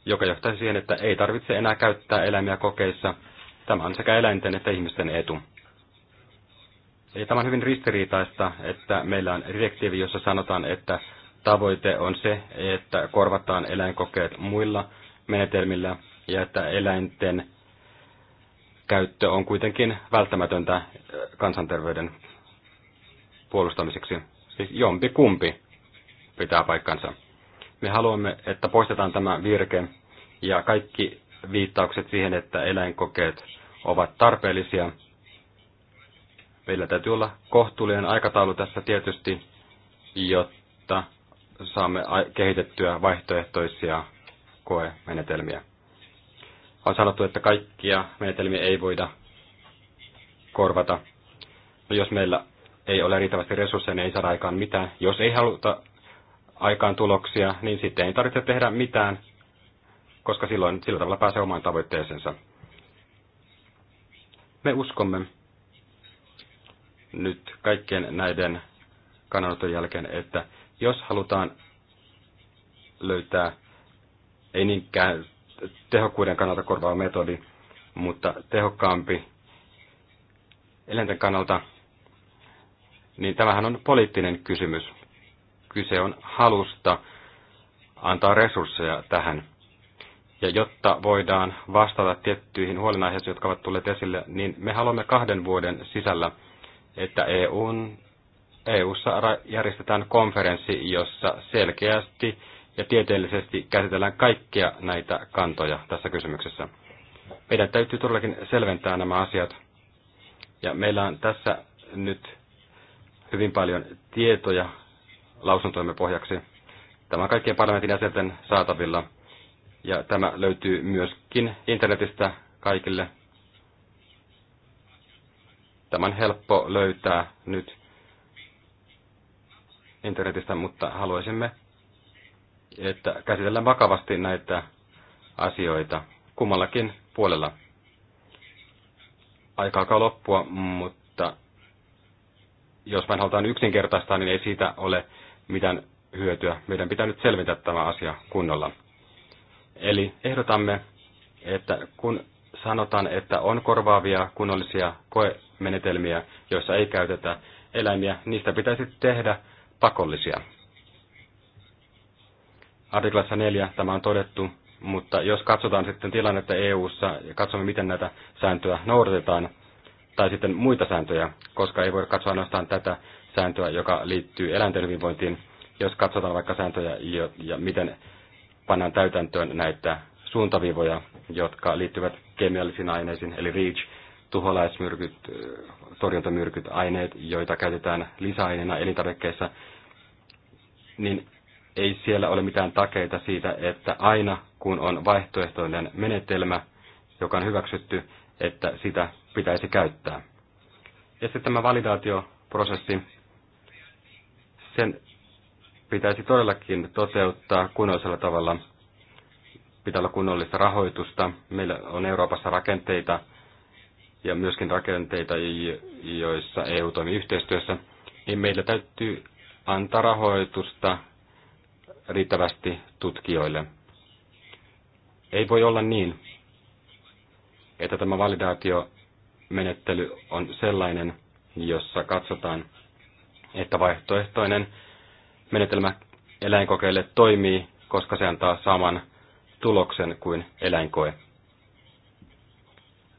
joka johtaisi siihen, että ei tarvitse enää käyttää eläimiä kokeissa. Tämä on sekä eläinten että ihmisten etu. Eli tämä on hyvin ristiriitaista, että meillä on direktiivi, jossa sanotaan, että tavoite on se, että korvataan eläinkokeet muilla menetelmillä ja että eläinten käyttö on kuitenkin välttämätöntä äh, kansanterveyden puolustamiseksi. Siis jompi kumpi pitää paikkansa. Me haluamme, että poistetaan tämä virke ja kaikki viittaukset siihen, että eläinkokeet ovat tarpeellisia – Meillä täytyy olla kohtuullinen aikataulu tässä tietysti, jotta saamme kehitettyä vaihtoehtoisia koemenetelmiä. On sanottu, että kaikkia menetelmiä ei voida korvata. No jos meillä ei ole riittävästi resursseja, niin ei saada aikaan mitään. Jos ei haluta aikaan tuloksia, niin sitten ei tarvitse tehdä mitään, koska silloin sillä tavalla pääsee omaan tavoitteeseensa. Me uskomme, nyt kaikkien näiden kannanoton jälkeen, että jos halutaan löytää ei niinkään tehokkuuden kannalta korvaava metodi, mutta tehokkaampi eläinten kannalta, niin tämähän on poliittinen kysymys. Kyse on halusta antaa resursseja tähän. Ja jotta voidaan vastata tiettyihin huolenaiheisiin, jotka ovat tulleet esille, niin me haluamme kahden vuoden sisällä että EUn, EUssa järjestetään konferenssi, jossa selkeästi ja tieteellisesti käsitellään kaikkia näitä kantoja tässä kysymyksessä. Meidän täytyy todellakin selventää nämä asiat. Ja meillä on tässä nyt hyvin paljon tietoja lausuntoimme pohjaksi. Tämä on kaikkien parlamentin jäsenten saatavilla. Ja tämä löytyy myöskin internetistä kaikille Tämän on helppo löytää nyt internetistä, mutta haluaisimme, että käsitellään vakavasti näitä asioita kummallakin puolella. Aika alkaa loppua, mutta jos vain halutaan yksinkertaistaa, niin ei siitä ole mitään hyötyä. Meidän pitää nyt selvitä tämä asia kunnolla. Eli ehdotamme, että kun sanotaan, että on korvaavia kunnollisia koe menetelmiä, joissa ei käytetä eläimiä, niistä pitäisi tehdä pakollisia. Artiklassa 4 tämä on todettu, mutta jos katsotaan sitten tilannetta EU-ssa ja katsomme, miten näitä sääntöjä noudatetaan, tai sitten muita sääntöjä, koska ei voi katsoa ainoastaan tätä sääntöä, joka liittyy eläinten hyvinvointiin, jos katsotaan vaikka sääntöjä ja miten pannaan täytäntöön näitä suuntavivoja, jotka liittyvät kemiallisiin aineisiin, eli REACH, tuholaismyrkyt, torjuntamyrkyt, aineet, joita käytetään lisäaineena elintarvikkeissa, niin ei siellä ole mitään takeita siitä, että aina kun on vaihtoehtoinen menetelmä, joka on hyväksytty, että sitä pitäisi käyttää. Ja sitten tämä validaatioprosessi, sen pitäisi todellakin toteuttaa kunnollisella tavalla. Pitää olla kunnollista rahoitusta. Meillä on Euroopassa rakenteita, ja myöskin rakenteita, joissa EU toimii yhteistyössä, niin meillä täytyy antaa rahoitusta riittävästi tutkijoille. Ei voi olla niin, että tämä validaatiomenettely on sellainen, jossa katsotaan, että vaihtoehtoinen menetelmä eläinkokeille toimii, koska se antaa saman tuloksen kuin eläinkoe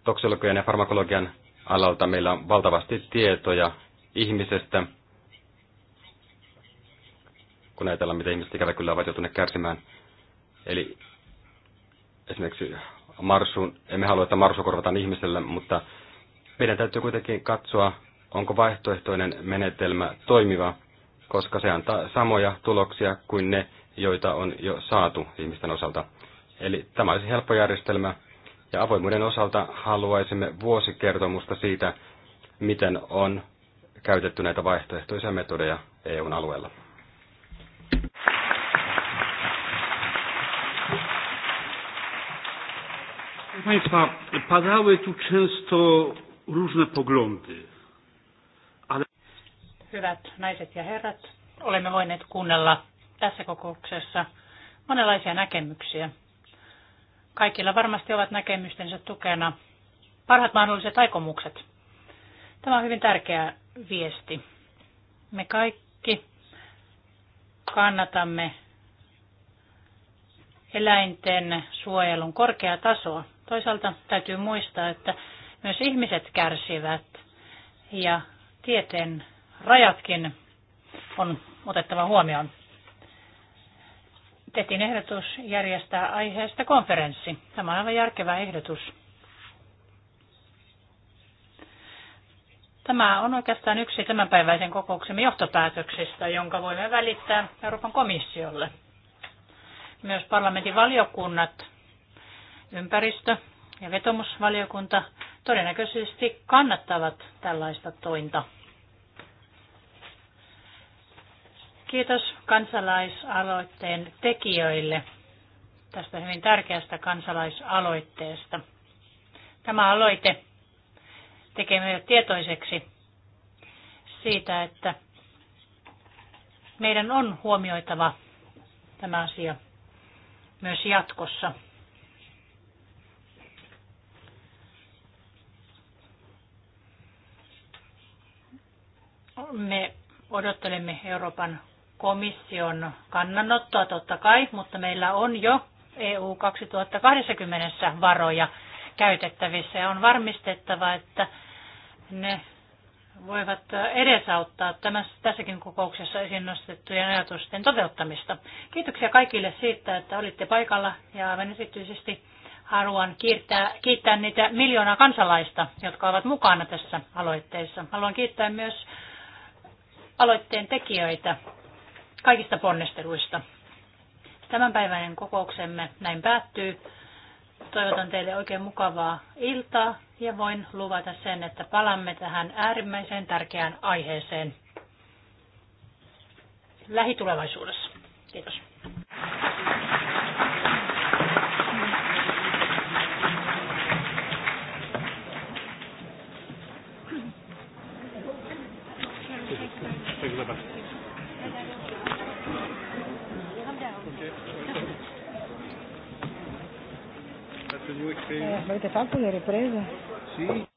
toksologian ja farmakologian alalta meillä on valtavasti tietoja ihmisestä, kun ajatellaan, mitä ihmiset ikävä kyllä ovat joutuneet kärsimään. Eli esimerkiksi marsuun, emme halua, että marsu korvataan ihmiselle, mutta meidän täytyy kuitenkin katsoa, onko vaihtoehtoinen menetelmä toimiva, koska se antaa samoja tuloksia kuin ne, joita on jo saatu ihmisten osalta. Eli tämä olisi helppo järjestelmä, ja avoimuuden osalta haluaisimme vuosikertomusta siitä, miten on käytetty näitä vaihtoehtoisia metodeja EUn alueella. Państwa, padały tu często różne poglądy, ale... Hyvät naiset ja herrat, olemme voineet kuunnella tässä kokouksessa monenlaisia näkemyksiä. Kaikilla varmasti ovat näkemystensä tukena parhaat mahdolliset aikomukset. Tämä on hyvin tärkeä viesti. Me kaikki kannatamme eläinten suojelun korkeaa tasoa. Toisaalta täytyy muistaa, että myös ihmiset kärsivät ja tieteen rajatkin on otettava huomioon tehtiin ehdotus järjestää aiheesta konferenssi. Tämä on aivan järkevä ehdotus. Tämä on oikeastaan yksi tämänpäiväisen kokouksemme johtopäätöksistä, jonka voimme välittää Euroopan komissiolle. Myös parlamentin valiokunnat, ympäristö- ja vetomusvaliokunta todennäköisesti kannattavat tällaista tointa. Kiitos kansalaisaloitteen tekijöille tästä hyvin tärkeästä kansalaisaloitteesta. Tämä aloite tekee meidät tietoiseksi siitä, että meidän on huomioitava tämä asia myös jatkossa. Me odottelemme Euroopan komission kannanottoa totta kai, mutta meillä on jo EU 2020 varoja käytettävissä ja on varmistettava, että ne voivat edesauttaa tässäkin kokouksessa esiin nostettujen ajatusten toteuttamista. Kiitoksia kaikille siitä, että olitte paikalla ja aivan esityisesti haluan kiittää, kiittää niitä miljoonaa kansalaista, jotka ovat mukana tässä aloitteessa. Haluan kiittää myös aloitteen tekijöitä, kaikista ponnisteluista. Tämänpäiväinen kokouksemme näin päättyy. Toivotan teille oikein mukavaa iltaa ja voin luvata sen, että palamme tähän äärimmäiseen tärkeään aiheeseen lähitulevaisuudessa. Kiitos. Thank you. due che... Eh, avete fatto le riprese? Sì.